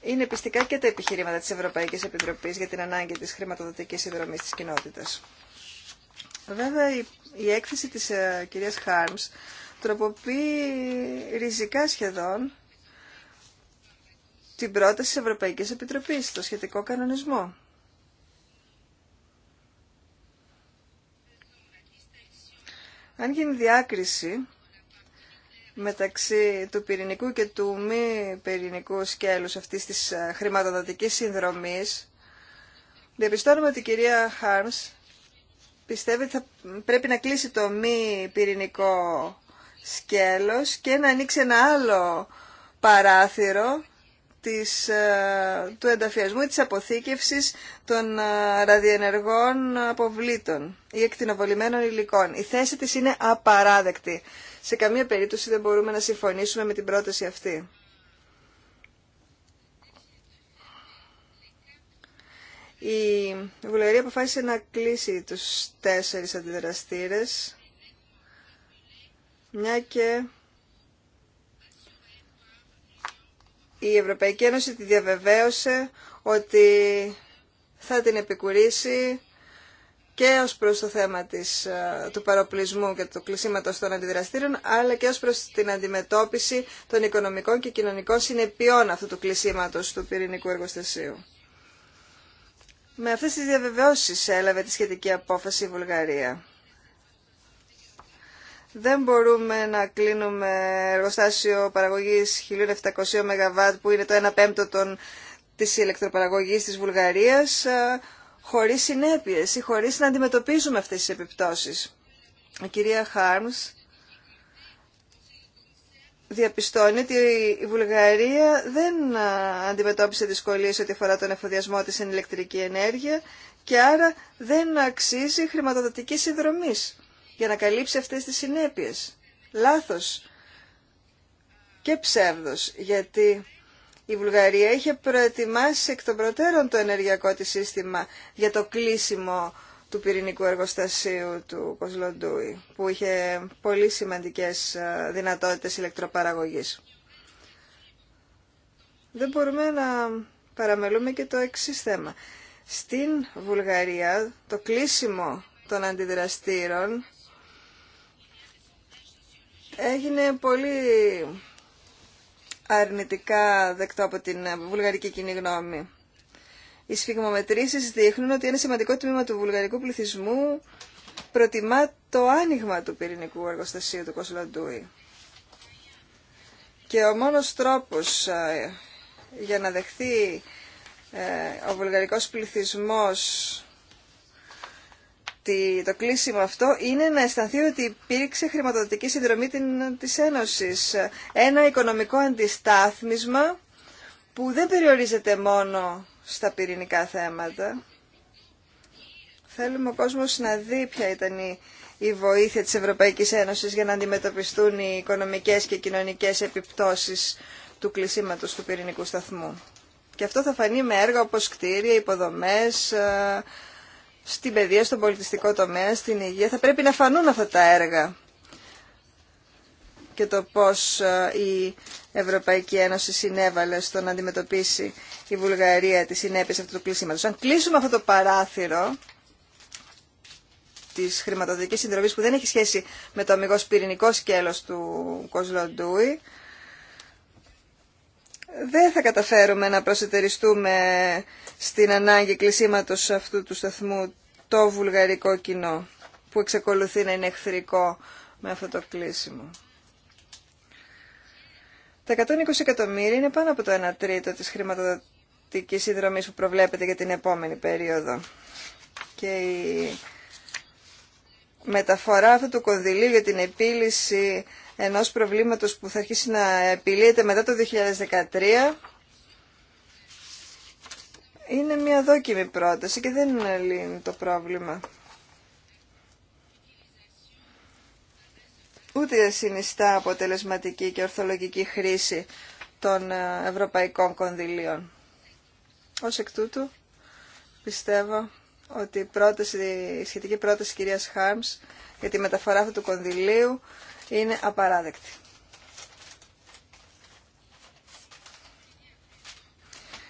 είναι πιστικά και τα επιχειρήματα της Ευρωπαϊκής Επιτροπής για την ανάγκη της χρηματοδοτικής συνδρομής της κοινότητας. Βέβαια, η έκθεση της ε, κυρίας Χάρμς τροποποιεί ριζικά σχεδόν την πρόταση της Ευρωπαϊκής Επιτροπής στο σχετικό κανονισμό. Αν γίνει διάκριση μεταξύ του πυρηνικού και του μη πυρηνικού σκέλους αυτής της ε, χρηματοδοτικής συνδρομής, διαπιστώνουμε ότι η κυρία Χάρμς Πιστεύει θα πρέπει να κλείσει το μη πυρηνικό σκέλος και να ανοίξει ένα άλλο παράθυρο της, ε, του ενταφιασμού ή της αποθήκευσης των ε, ραδιενεργών αποβλήτων ή εκτινοβολημένων υλικών. Η θέση της είναι απαράδεκτη. Σε καμία περίπτωση δεν μπορούμε να συμφωνήσουμε με την πρόταση αυτή. Η Βουλγαρία αποφάσισε να κλείσει τους τέσσερις αντιδραστήρες, μια και η Ευρωπαϊκή Ένωση τη διαβεβαίωσε ότι θα την επικουρήσει και ως προς το θέμα της, του παροπλισμού και του κλεισίματος των αντιδραστήρων, αλλά και ως προς την αντιμετώπιση των οικονομικών και κοινωνικών συνεπειών αυτού του κλεισίματος του πυρηνικού εργοστασίου. Με αυτές τις διαβεβαιώσεις έλαβε τη σχετική απόφαση η Βουλγαρία. Δεν μπορούμε να κλείνουμε εργοστάσιο παραγωγής 1.700 ΜΒ που είναι το 1 πέμπτο των, της ηλεκτροπαραγωγής της Βουλγαρίας ε, χωρίς συνέπειες ή χωρίς να αντιμετωπίζουμε αυτές τις επιπτώσεις. Η κυρία Χάρμς διαπιστώνει ότι η Βουλγαρία δεν αντιμετώπισε δυσκολίες ό,τι αφορά τον εφοδιασμό της στην ηλεκτρική ενέργεια και άρα δεν αξίζει χρηματοδοτική συνδρομή για να καλύψει αυτές τις συνέπειες. Λάθος και ψεύδος, γιατί η Βουλγαρία είχε προετοιμάσει εκ των προτέρων το ενεργειακό της σύστημα για το κλείσιμο του πυρηνικού εργοστασίου του Κοσλοντούι, που είχε πολύ σημαντικές ε, δυνατότητες ηλεκτροπαραγωγής. Δεν μπορούμε να παραμελούμε και το εξή θέμα. Στην Βουλγαρία το κλείσιμο των αντιδραστήρων έγινε πολύ αρνητικά δεκτό από την βουλγαρική κοινή γνώμη. Οι σφιγμομετρήσεις δείχνουν ότι ένα σημαντικό τμήμα του βουλγαρικού πληθυσμού προτιμά το άνοιγμα του πυρηνικού εργοστασίου του Κοσλαντούι. Και ο μόνος τρόπος ε, για να δεχθεί ε, ο βουλγαρικός πληθυσμός το κλείσιμο αυτό είναι να αισθανθεί ότι υπήρξε χρηματοδοτική συνδρομή της Ένωσης. Ένα οικονομικό αντιστάθμισμα που δεν περιορίζεται μόνο στα πυρηνικά θέματα. Θέλουμε ο κόσμος να δει ποια ήταν η, η βοήθεια της Ευρωπαϊκής Ένωσης για να αντιμετωπιστούν οι οικονομικές και κοινωνικές επιπτώσεις του κλεισίματος του πυρηνικού σταθμού. Και αυτό θα φανεί με έργα όπως κτίρια, υποδομές, ε, στην παιδεία, στον πολιτιστικό τομέα, στην υγεία. Θα πρέπει να φανούν αυτά τα έργα και το πώς ε, η Ευρωπαϊκή Ένωση συνέβαλε στο να αντιμετωπίσει η Βουλγαρία τη συνέπειες αυτού του κλείσιματος. Αν κλείσουμε αυτό το παράθυρο της χρηματοδοτικής συνδρομής που δεν έχει σχέση με το αμυγός πυρηνικό σκέλος του Κοσλοντούι, δεν θα καταφέρουμε να προσετεριστούμε στην ανάγκη κλεισίματος αυτού του σταθμού το βουλγαρικό κοινό που εξακολουθεί να είναι εχθρικό με αυτό το κλείσιμο. Τα 120 εκατομμύρια είναι πάνω από το 1 τρίτο της χρηματοδοτικής συνδρομής που προβλέπεται για την επόμενη περίοδο. Και η μεταφορά αυτού του κονδυλίου για την επίλυση ενός προβλήματος που θα αρχίσει να επιλύεται μετά το 2013 είναι μια δόκιμη πρόταση και δεν λύνει το πρόβλημα. ούτε συνιστά αποτελεσματική και ορθολογική χρήση των ε, ευρωπαϊκών κονδυλίων. Ως εκ τούτου, πιστεύω ότι η, πρόταση, σχετική πρόταση κυρίας Χάρμς για τη μεταφορά αυτού του κονδυλίου είναι απαράδεκτη.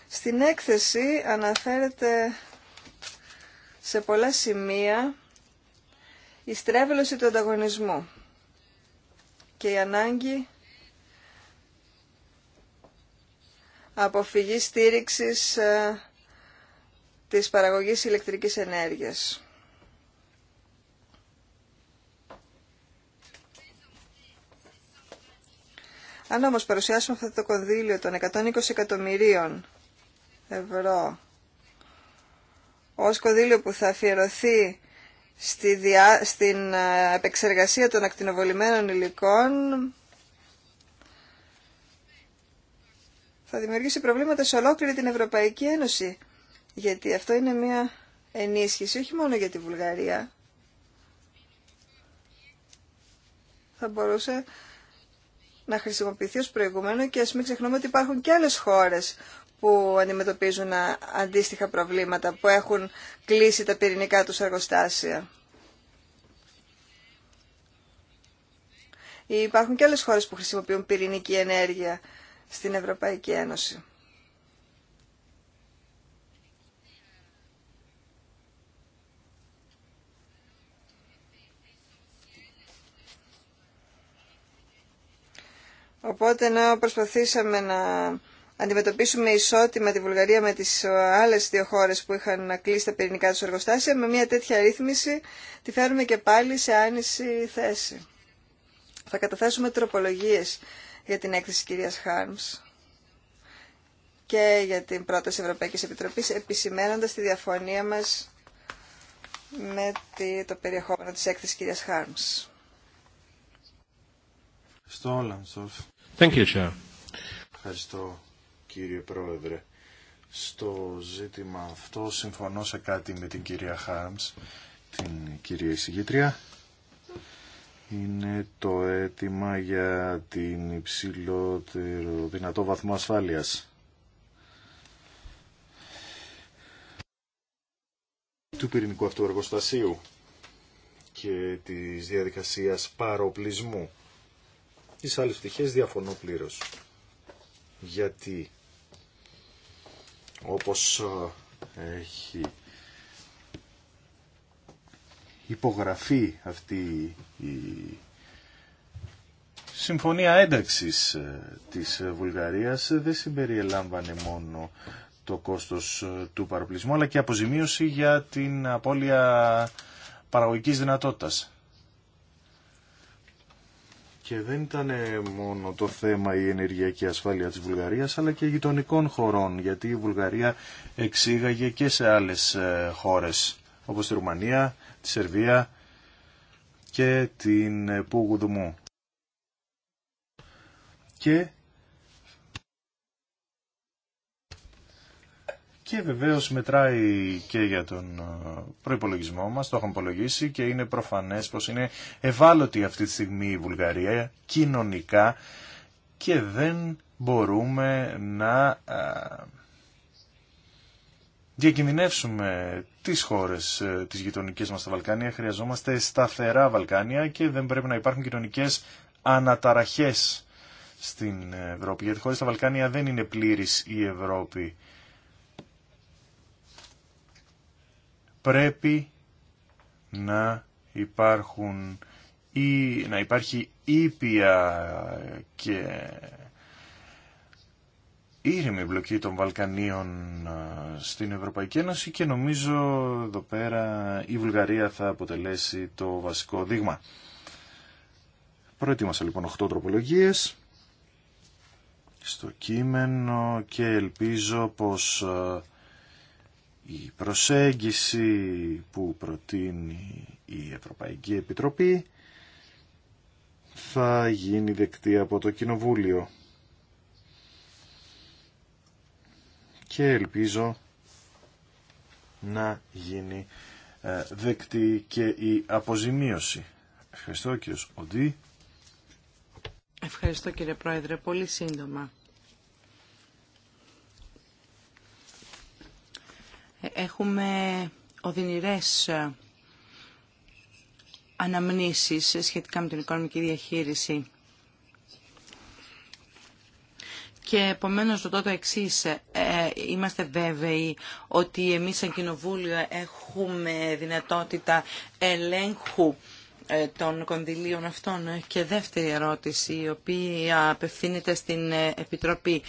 Στην έκθεση αναφέρεται σε πολλά σημεία η στρέβλωση του ανταγωνισμού και η ανάγκη αποφυγή στήριξης ε, της παραγωγής ηλεκτρικής ενέργειας. Αν όμως παρουσιάσουμε αυτό το κονδύλιο των 120 εκατομμυρίων ευρώ ως κονδύλιο που θα αφιερωθεί στη διά, στην ε, επεξεργασία των ακτινοβολημένων υλικών θα δημιουργήσει προβλήματα σε ολόκληρη την Ευρωπαϊκή Ένωση. Γιατί αυτό είναι μια ενίσχυση, όχι μόνο για τη Βουλγαρία. Θα μπορούσε να χρησιμοποιηθεί ως προηγούμενο και ας μην ξεχνούμε ότι υπάρχουν και άλλες χώρες που αντιμετωπίζουν αντίστοιχα προβλήματα, που έχουν κλείσει τα πυρηνικά τους εργοστάσια. Υπάρχουν και άλλες χώρες που χρησιμοποιούν πυρηνική ενέργεια στην Ευρωπαϊκή Ένωση. Οπότε να προσπαθήσαμε να αντιμετωπίσουμε ισότιμα τη Βουλγαρία με τις άλλες δύο χώρες που είχαν κλείσει τα πυρηνικά τους εργοστάσια, με μια τέτοια ρύθμιση τη φέρουμε και πάλι σε άνηση θέση. Θα καταθέσουμε τροπολογίες για την έκθεση κυρίας Χάρμς και για την πρόταση Ευρωπαϊκής Επιτροπής, επισημένοντας τη διαφωνία μας με το περιεχόμενο της έκθεσης κυρίας Χάρμς. Ευχαριστώ, κύριε Πρόεδρε. Στο ζήτημα αυτό συμφωνώ σε κάτι με την κυρία Χάμς, την κυρία εισηγήτρια. Είναι το αίτημα για την υψηλότερο δυνατό βαθμό ασφάλειας. του πυρηνικού αυτού και της διαδικασίας παροπλισμού. Τις άλλες πτυχές διαφωνώ πλήρως. Γιατί όπως έχει υπογραφεί αυτή η συμφωνία ένταξης ε, της Βουλγαρίας δεν συμπεριελάμβανε μόνο το κόστος ε, του παροπλισμού αλλά και αποζημίωση για την απώλεια παραγωγικής δυνατότητας. Και δεν ήταν μόνο το θέμα η ενεργειακή ασφάλεια της Βουλγαρίας, αλλά και γειτονικών χωρών, γιατί η Βουλγαρία εξήγαγε και σε άλλες ε, χώρες, όπως τη Ρουμανία, τη Σερβία και την Πούγουδουμού. Και και βεβαίως μετράει και για τον ε, προϋπολογισμό μας, το έχουμε υπολογίσει και είναι προφανές πως είναι ευάλωτη αυτή τη στιγμή η Βουλγαρία κοινωνικά και δεν μπορούμε να ε, διακινδυνεύσουμε τις χώρες ε, τις γειτονικές μας στα Βαλκάνια. Χρειαζόμαστε σταθερά Βαλκάνια και δεν πρέπει να υπάρχουν κοινωνικές αναταραχές στην Ευρώπη. Γιατί χωρίς τα Βαλκάνια δεν είναι πλήρης η Ευρώπη πρέπει να υπάρχουν ή να υπάρχει ήπια και ήρεμη εμπλοκή των Βαλκανίων ε, στην Ευρωπαϊκή Ένωση και νομίζω εδώ πέρα η Βουλγαρία θα αποτελέσει το βασικό δείγμα. Προετοίμασα λοιπόν 8 τροπολογίες στο κείμενο και ηρεμη μπλοκή των βαλκανιων στην ευρωπαικη ενωση και νομιζω εδω περα η βουλγαρια θα αποτελεσει το βασικο δειγμα προετοιμασα λοιπον 8 τροπολογιες στο κειμενο και ελπιζω πως ε, η προσέγγιση που προτείνει η Ευρωπαϊκή Επιτροπή θα γίνει δεκτή από το Κοινοβούλιο. Και ελπίζω να γίνει ε, δεκτή και η αποζημίωση. Ευχαριστώ κύριος Ευχαριστώ κύριε Πρόεδρε. Πολύ σύντομα. έχουμε οδυνηρές ε, αναμνήσεις σχετικά με την οικονομική διαχείριση. Και επομένως ρωτώ το εξή. Ε, είμαστε βέβαιοι ότι εμείς σαν κοινοβούλιο έχουμε δυνατότητα ελέγχου ε, των κονδυλίων αυτών. Και δεύτερη ερώτηση, η οποία απευθύνεται στην ε, Επιτροπή.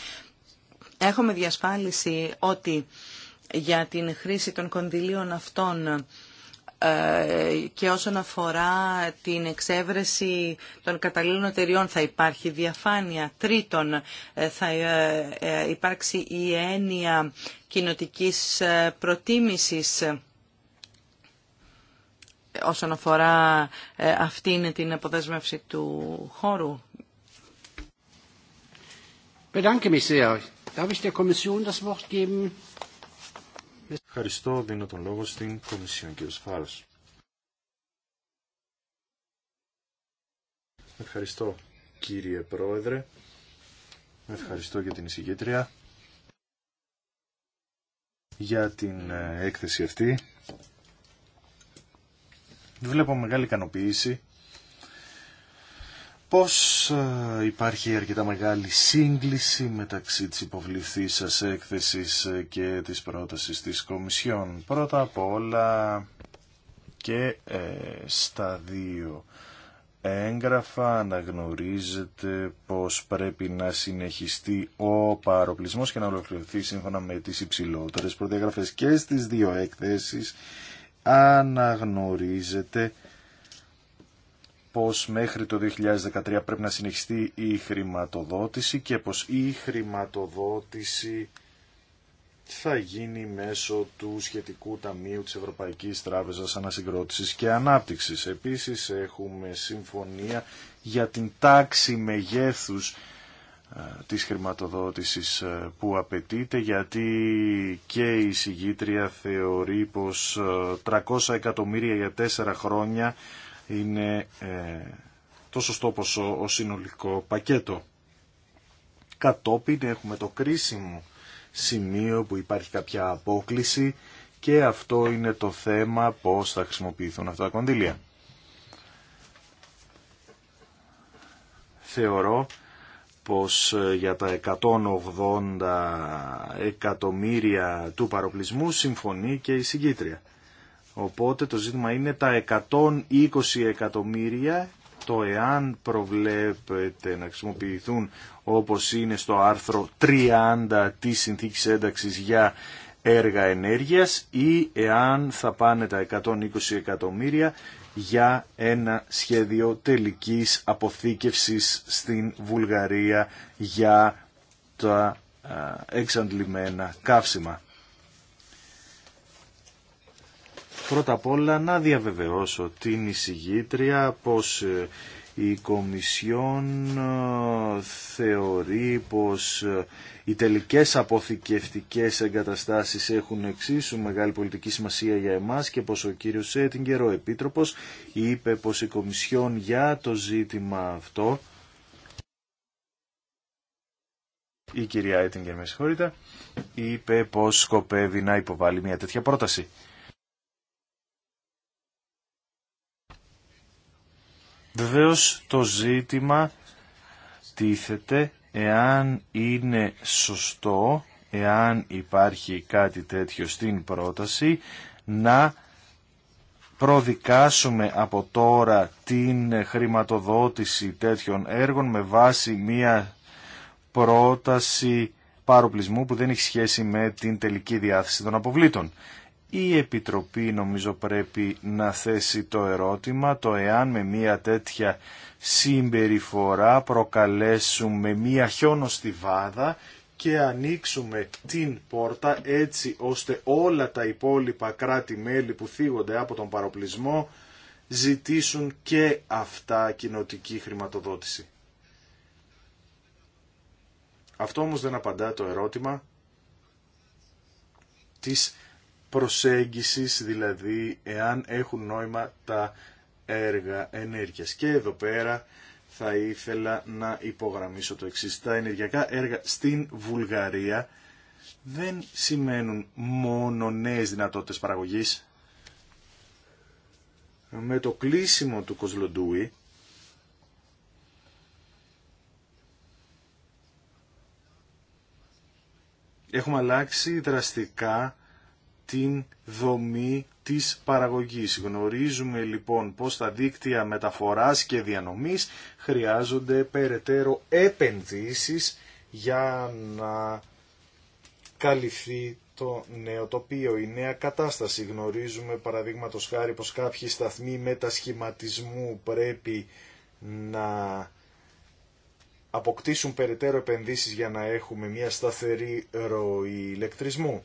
Έχουμε διασφάλιση ότι για την χρήση των κονδυλίων αυτών ε, και όσον αφορά την εξέβρεση των καταλλήλων εταιριών θα υπάρχει διαφάνεια. Τρίτον, ε, θα ε, υπάρξει η έννοια κοινοτικής προτίμησης όσον αφορά αυτήν την αποδέσμευση του χώρου. Bedanke mich sehr. Darf ich der Kommission Ευχαριστώ. Δίνω τον λόγο στην Κομισιόν, κ. Φάρος. Ευχαριστώ, κύριε Πρόεδρε. Ευχαριστώ για την εισηγήτρια για την ε, έκθεση αυτή. Βλέπω μεγάλη ικανοποίηση πως ε, υπάρχει αρκετά μεγάλη σύγκληση μεταξύ της υποβληθής σας έκθεσης ε, και της πρότασης της Κομισιόν. Πρώτα απ' όλα και ε, στα δύο έγγραφα αναγνωρίζεται πως πρέπει να συνεχιστεί ο παροπλισμός και να ολοκληρωθεί σύμφωνα με τις υψηλότερες προδιαγραφές και στις δύο έκθεσεις αναγνωρίζεται πως μέχρι το 2013 πρέπει να συνεχιστεί η χρηματοδότηση και πως η χρηματοδότηση θα γίνει μέσω του σχετικού ταμείου της Ευρωπαϊκής Τράπεζας Ανασυγκρότησης και Ανάπτυξης. Επίσης έχουμε συμφωνία για την τάξη μεγέθους ε, της χρηματοδότησης ε, που απαιτείται γιατί και η συγγήτρια θεωρεί πως 300 ε, εκατομμύρια για τέσσερα χρόνια είναι ε, το σωστό ποσό ο συνολικό πακέτο. Κατόπιν έχουμε το κρίσιμο σημείο που υπάρχει κάποια απόκληση και αυτό είναι το θέμα πώς θα χρησιμοποιηθούν αυτά τα κονδύλια. Θεωρώ πως ε, για τα 180 εκατομμύρια του παροπλισμού συμφωνεί και η συγκήτρια. Οπότε το ζήτημα είναι τα 120 εκατομμύρια, το εάν προβλέπετε να χρησιμοποιηθούν όπως είναι στο άρθρο 30 της Συνθήκης Ένταξης για έργα ενέργειας ή εάν θα πάνε τα 120 εκατομμύρια για ένα σχέδιο τελικής αποθήκευσης στην Βουλγαρία για τα εξαντλημένα καύσιμα. Πρώτα απ' όλα να διαβεβαιώσω την εισηγήτρια πως ε, η Κομισιόν ε, θεωρεί πως ε, οι τελικές αποθηκευτικές εγκαταστάσεις έχουν εξίσου μεγάλη πολιτική σημασία για εμάς και πως ο κύριος Έτιγκερ, ο Επίτροπος, είπε πως η Κομισιόν για το ζήτημα αυτό η κυρία Έτιγκερ με συγχωρείτε, είπε πως σκοπεύει να υποβάλει μια τέτοια πρόταση. Βεβαίως το ζήτημα τίθεται εάν είναι σωστό, εάν υπάρχει κάτι τέτοιο στην πρόταση, να προδικάσουμε από τώρα την χρηματοδότηση τέτοιων έργων με βάση μία πρόταση παροπλισμού που δεν έχει σχέση με την τελική διάθεση των αποβλήτων η Επιτροπή νομίζω πρέπει να θέσει το ερώτημα το εάν με μια τέτοια συμπεριφορά προκαλέσουμε μια βάδα και ανοίξουμε την πόρτα έτσι ώστε όλα τα υπόλοιπα κράτη-μέλη που θίγονται από τον παροπλισμό ζητήσουν και αυτά κοινοτική χρηματοδότηση. Αυτό όμως δεν απαντά το ερώτημα της προσέγγισης, δηλαδή εάν έχουν νόημα τα έργα ενέργειας. Και εδώ πέρα θα ήθελα να υπογραμμίσω το εξής. Τα ενεργειακά έργα στην Βουλγαρία δεν σημαίνουν μόνο νέες δυνατότητες παραγωγής. Με το κλείσιμο του Κοσλοντούι, έχουμε αλλάξει δραστικά την δομή της παραγωγής. Γνωρίζουμε λοιπόν πως τα δίκτυα μεταφοράς και διανομής χρειάζονται περαιτέρω επενδύσεις για να καλυφθεί το νέο τοπίο, η νέα κατάσταση. Γνωρίζουμε παραδείγματος χάρη πως κάποιοι σταθμοί μετασχηματισμού πρέπει να αποκτήσουν περαιτέρω επενδύσεις για να έχουμε μια σταθερή ροή ηλεκτρισμού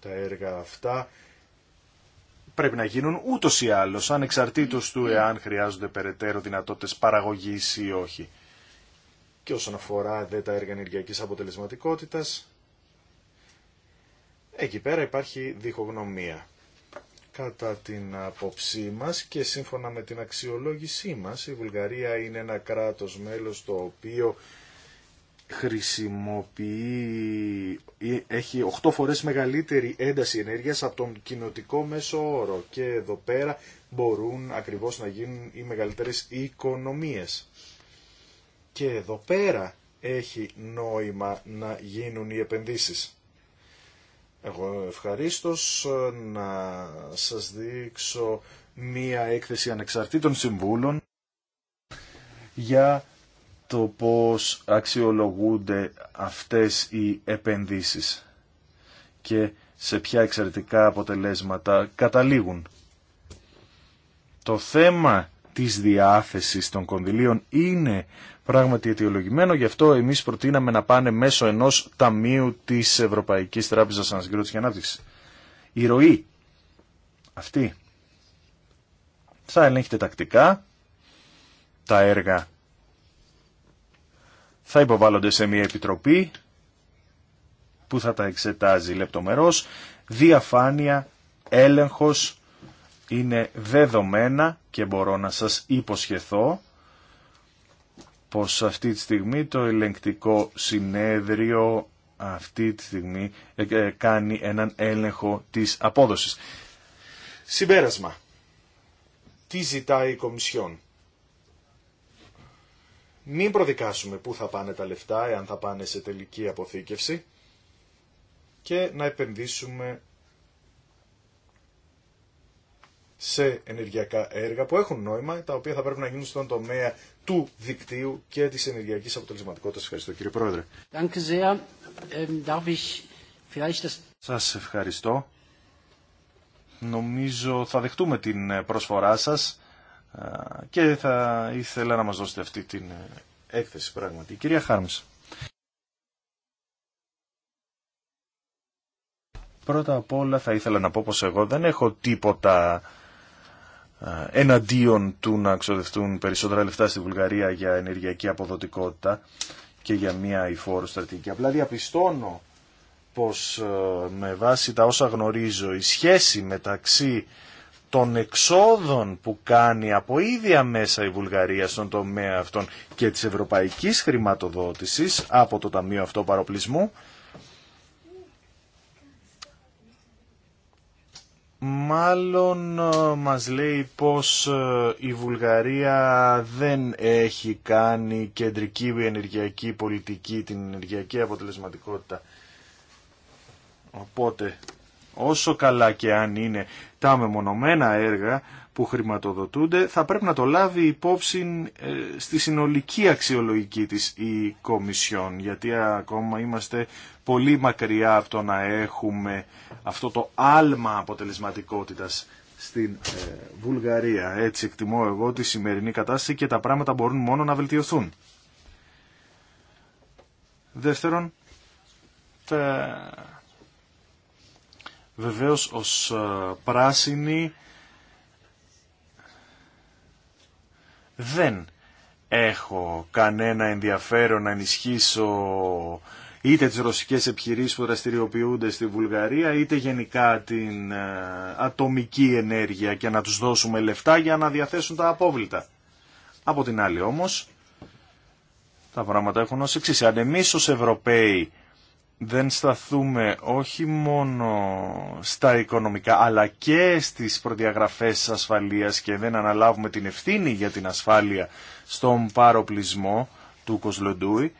τα έργα αυτά πρέπει να γίνουν ούτω ή άλλω, ανεξαρτήτως του εάν χρειάζονται περαιτέρω δυνατότητε παραγωγή ή όχι. Και όσον αφορά δε τα έργα ενεργειακή αποτελεσματικότητας, εκεί πέρα υπάρχει διχογνωμία. Κατά την απόψή μας και σύμφωνα με την αξιολόγησή μας, η Βουλγαρία είναι ένα κράτος μέλος το οποίο χρησιμοποιεί, ε, έχει 8 φορές μεγαλύτερη ένταση ενέργειας από τον κοινοτικό μέσο όρο και εδώ πέρα μπορούν ακριβώς να γίνουν οι μεγαλύτερες οικονομίες. Και εδώ πέρα έχει νόημα να γίνουν οι επενδύσεις. Εγώ ευχαριστώ ε, να σας δείξω μία έκθεση ανεξαρτήτων συμβούλων για το πώς αξιολογούνται αυτές οι επενδύσεις και σε ποια εξαιρετικά αποτελέσματα καταλήγουν. Το θέμα της διάθεσης των κονδυλίων είναι πράγματι αιτιολογημένο, γι' αυτό εμείς προτείναμε να πάνε μέσω ενός ταμείου της Ευρωπαϊκής Τράπεζας Ανασυγκρότησης και Ανάπτυξης. Η ροή αυτή θα ελέγχεται τακτικά, τα έργα θα υποβάλλονται σε μια επιτροπή που θα τα εξετάζει λεπτομερώς. Διαφάνεια, έλεγχος είναι δεδομένα και μπορώ να σας υποσχεθώ πως αυτή τη στιγμή το ελεγκτικό συνέδριο αυτή τη στιγμή ε, ε, κάνει έναν έλεγχο της απόδοσης. Συμπέρασμα. Τι ζητάει η Κομισιόν. Μην προδικάσουμε πού θα πάνε τα λεφτά, εάν θα πάνε σε τελική αποθήκευση και να επενδύσουμε σε ενεργειακά έργα που έχουν νόημα, τα οποία θα πρέπει να γίνουν στον τομέα του δικτύου και της ενεργειακής αποτελεσματικότητας. Ευχαριστώ κύριε Πρόεδρε. Ähm, σας ευχαριστώ. Νομίζω θα δεχτούμε την ε, προσφορά σας και θα ήθελα να μας δώσετε αυτή την ε, έκθεση πράγματι. κυρία Χάρμς. Πρώτα απ' όλα θα ήθελα να πω πως εγώ δεν έχω τίποτα εναντίον του να ξοδευτούν περισσότερα λεφτά στη Βουλγαρία για ενεργειακή αποδοτικότητα και για μια υφόρο στρατηγική. Απλά διαπιστώνω πως ε, με βάση τα όσα γνωρίζω η σχέση μεταξύ των εξόδων που κάνει από ίδια μέσα η Βουλγαρία στον τομέα αυτών και της ευρωπαϊκής χρηματοδότησης από το Ταμείο Αυτό Παροπλισμού μάλλον ε, μας λέει πως ε, η Βουλγαρία δεν έχει κάνει κεντρική ενεργειακή πολιτική την ενεργειακή αποτελεσματικότητα οπότε όσο καλά και αν είναι τα μεμονωμένα έργα που χρηματοδοτούνται θα πρέπει να το λάβει υπόψη ε, στη συνολική αξιολογική της η Κομισιόν γιατί ακόμα είμαστε πολύ μακριά από το να έχουμε αυτό το άλμα αποτελεσματικότητας στην ε, Βουλγαρία. Έτσι εκτιμώ εγώ τη σημερινή κατάσταση και τα πράγματα μπορούν μόνο να βελτιωθούν. Δεύτερον, τα Βεβαίως ως πράσινοι δεν έχω κανένα ενδιαφέρον να ενισχύσω είτε τις ρωσικές επιχειρήσεις που δραστηριοποιούνται στη Βουλγαρία είτε γενικά την ατομική ενέργεια και να τους δώσουμε λεφτά για να διαθέσουν τα απόβλητα. Από την άλλη όμως τα πράγματα έχουν ως εξής. Αν εμείς ως Ευρωπαίοι δεν σταθούμε όχι μόνο στα οικονομικά αλλά και στις προδιαγραφές ασφαλείας και δεν αναλάβουμε την ευθύνη για την ασφάλεια στον παροπλισμό του Κοσλοντούι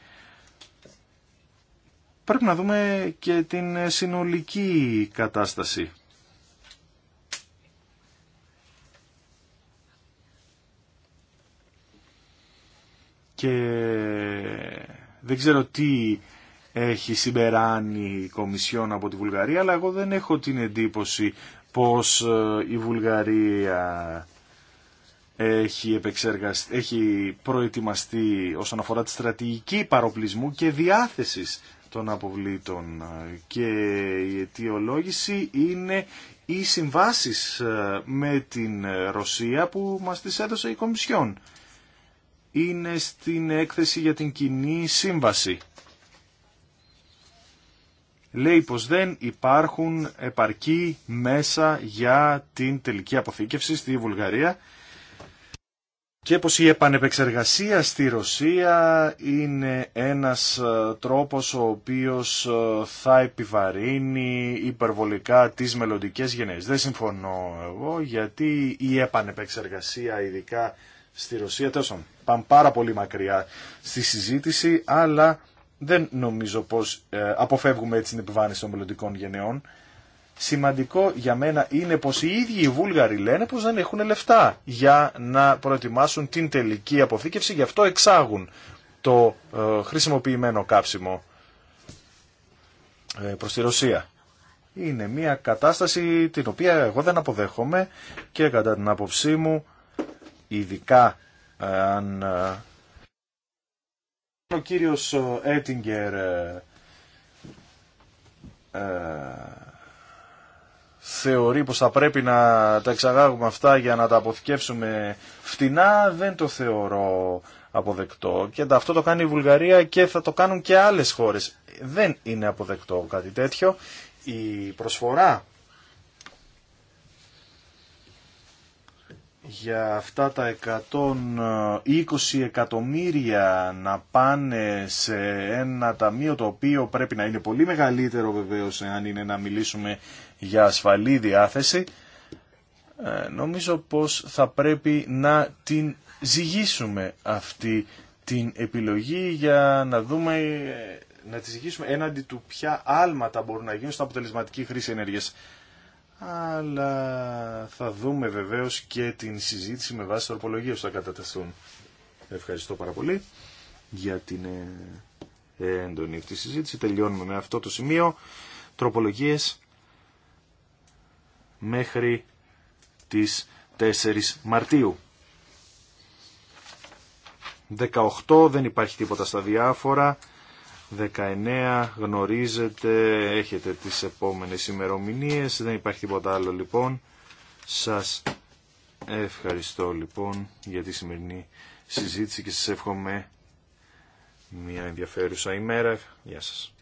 πρέπει να δούμε και την συνολική κατάσταση. Και δεν ξέρω τι έχει συμπεράνει η Κομισιόν από τη Βουλγαρία, αλλά εγώ δεν έχω την εντύπωση πως ε, η Βουλγαρία έχει, έχει προετοιμαστεί όσον αφορά τη στρατηγική παροπλισμού και διάθεσης των αποβλήτων και η αιτιολόγηση είναι οι συμβάσεις ε, με την Ρωσία που μας τις έδωσε η Κομισιόν. Είναι στην έκθεση για την κοινή σύμβαση λέει πως δεν υπάρχουν επαρκή μέσα για την τελική αποθήκευση στη Βουλγαρία και πως η επανεπεξεργασία στη Ρωσία είναι ένας ε, τρόπος ο οποίος ε, θα επιβαρύνει υπερβολικά τις μελλοντικέ γενναίες. Δεν συμφωνώ εγώ γιατί η επανεπεξεργασία ειδικά στη Ρωσία, τόσο πάμε πάρα πολύ μακριά στη συζήτηση, αλλά δεν νομίζω πως ε, αποφεύγουμε έτσι την επιβάρυνση των μελλοντικών γενεών. Σημαντικό για μένα είναι πως οι ίδιοι οι Βούλγαροι λένε πως δεν έχουν λεφτά για να προετοιμάσουν την τελική αποθήκευση, γι' αυτό εξάγουν το ε, χρησιμοποιημένο κάψιμο ε, προς τη Ρωσία. Είναι μια κατάσταση την οποία εγώ δεν αποδέχομαι και κατά την άποψή μου, ειδικά αν ο κύριος ε, Έτιγκερ ε, ε, θεωρεί πως θα πρέπει να τα εξαγάγουμε αυτά για να τα αποθηκεύσουμε φτηνά, δεν το θεωρώ αποδεκτό. Και αυτό το κάνει η Βουλγαρία και θα το κάνουν και άλλες χώρες. Δεν είναι αποδεκτό κάτι τέτοιο. Η προσφορά για αυτά τα 120 εκατομμύρια να πάνε σε ένα ταμείο το οποίο πρέπει να είναι πολύ μεγαλύτερο βεβαίως αν είναι να μιλήσουμε για ασφαλή διάθεση ε, νομίζω πως θα πρέπει να την ζυγίσουμε αυτή την επιλογή για να δούμε ε, να τη ζυγίσουμε έναντι του ποια άλματα μπορούν να γίνουν στα αποτελεσματική χρήση ενέργειας αλλά θα δούμε βεβαίως και την συζήτηση με βάση τροπολογία που θα κατατεθούν. Ευχαριστώ πάρα πολύ για την ε, έντονη αυτή συζήτηση. Τελειώνουμε με αυτό το σημείο. Τροπολογίες μέχρι τις 4 Μαρτίου. 18 δεν υπάρχει τίποτα στα διάφορα. 19 γνωρίζετε, έχετε τις επόμενες ημερομηνίες, δεν υπάρχει τίποτα άλλο λοιπόν. Σας ευχαριστώ λοιπόν για τη σημερινή συζήτηση και σας εύχομαι μια ενδιαφέρουσα ημέρα. Γεια σας.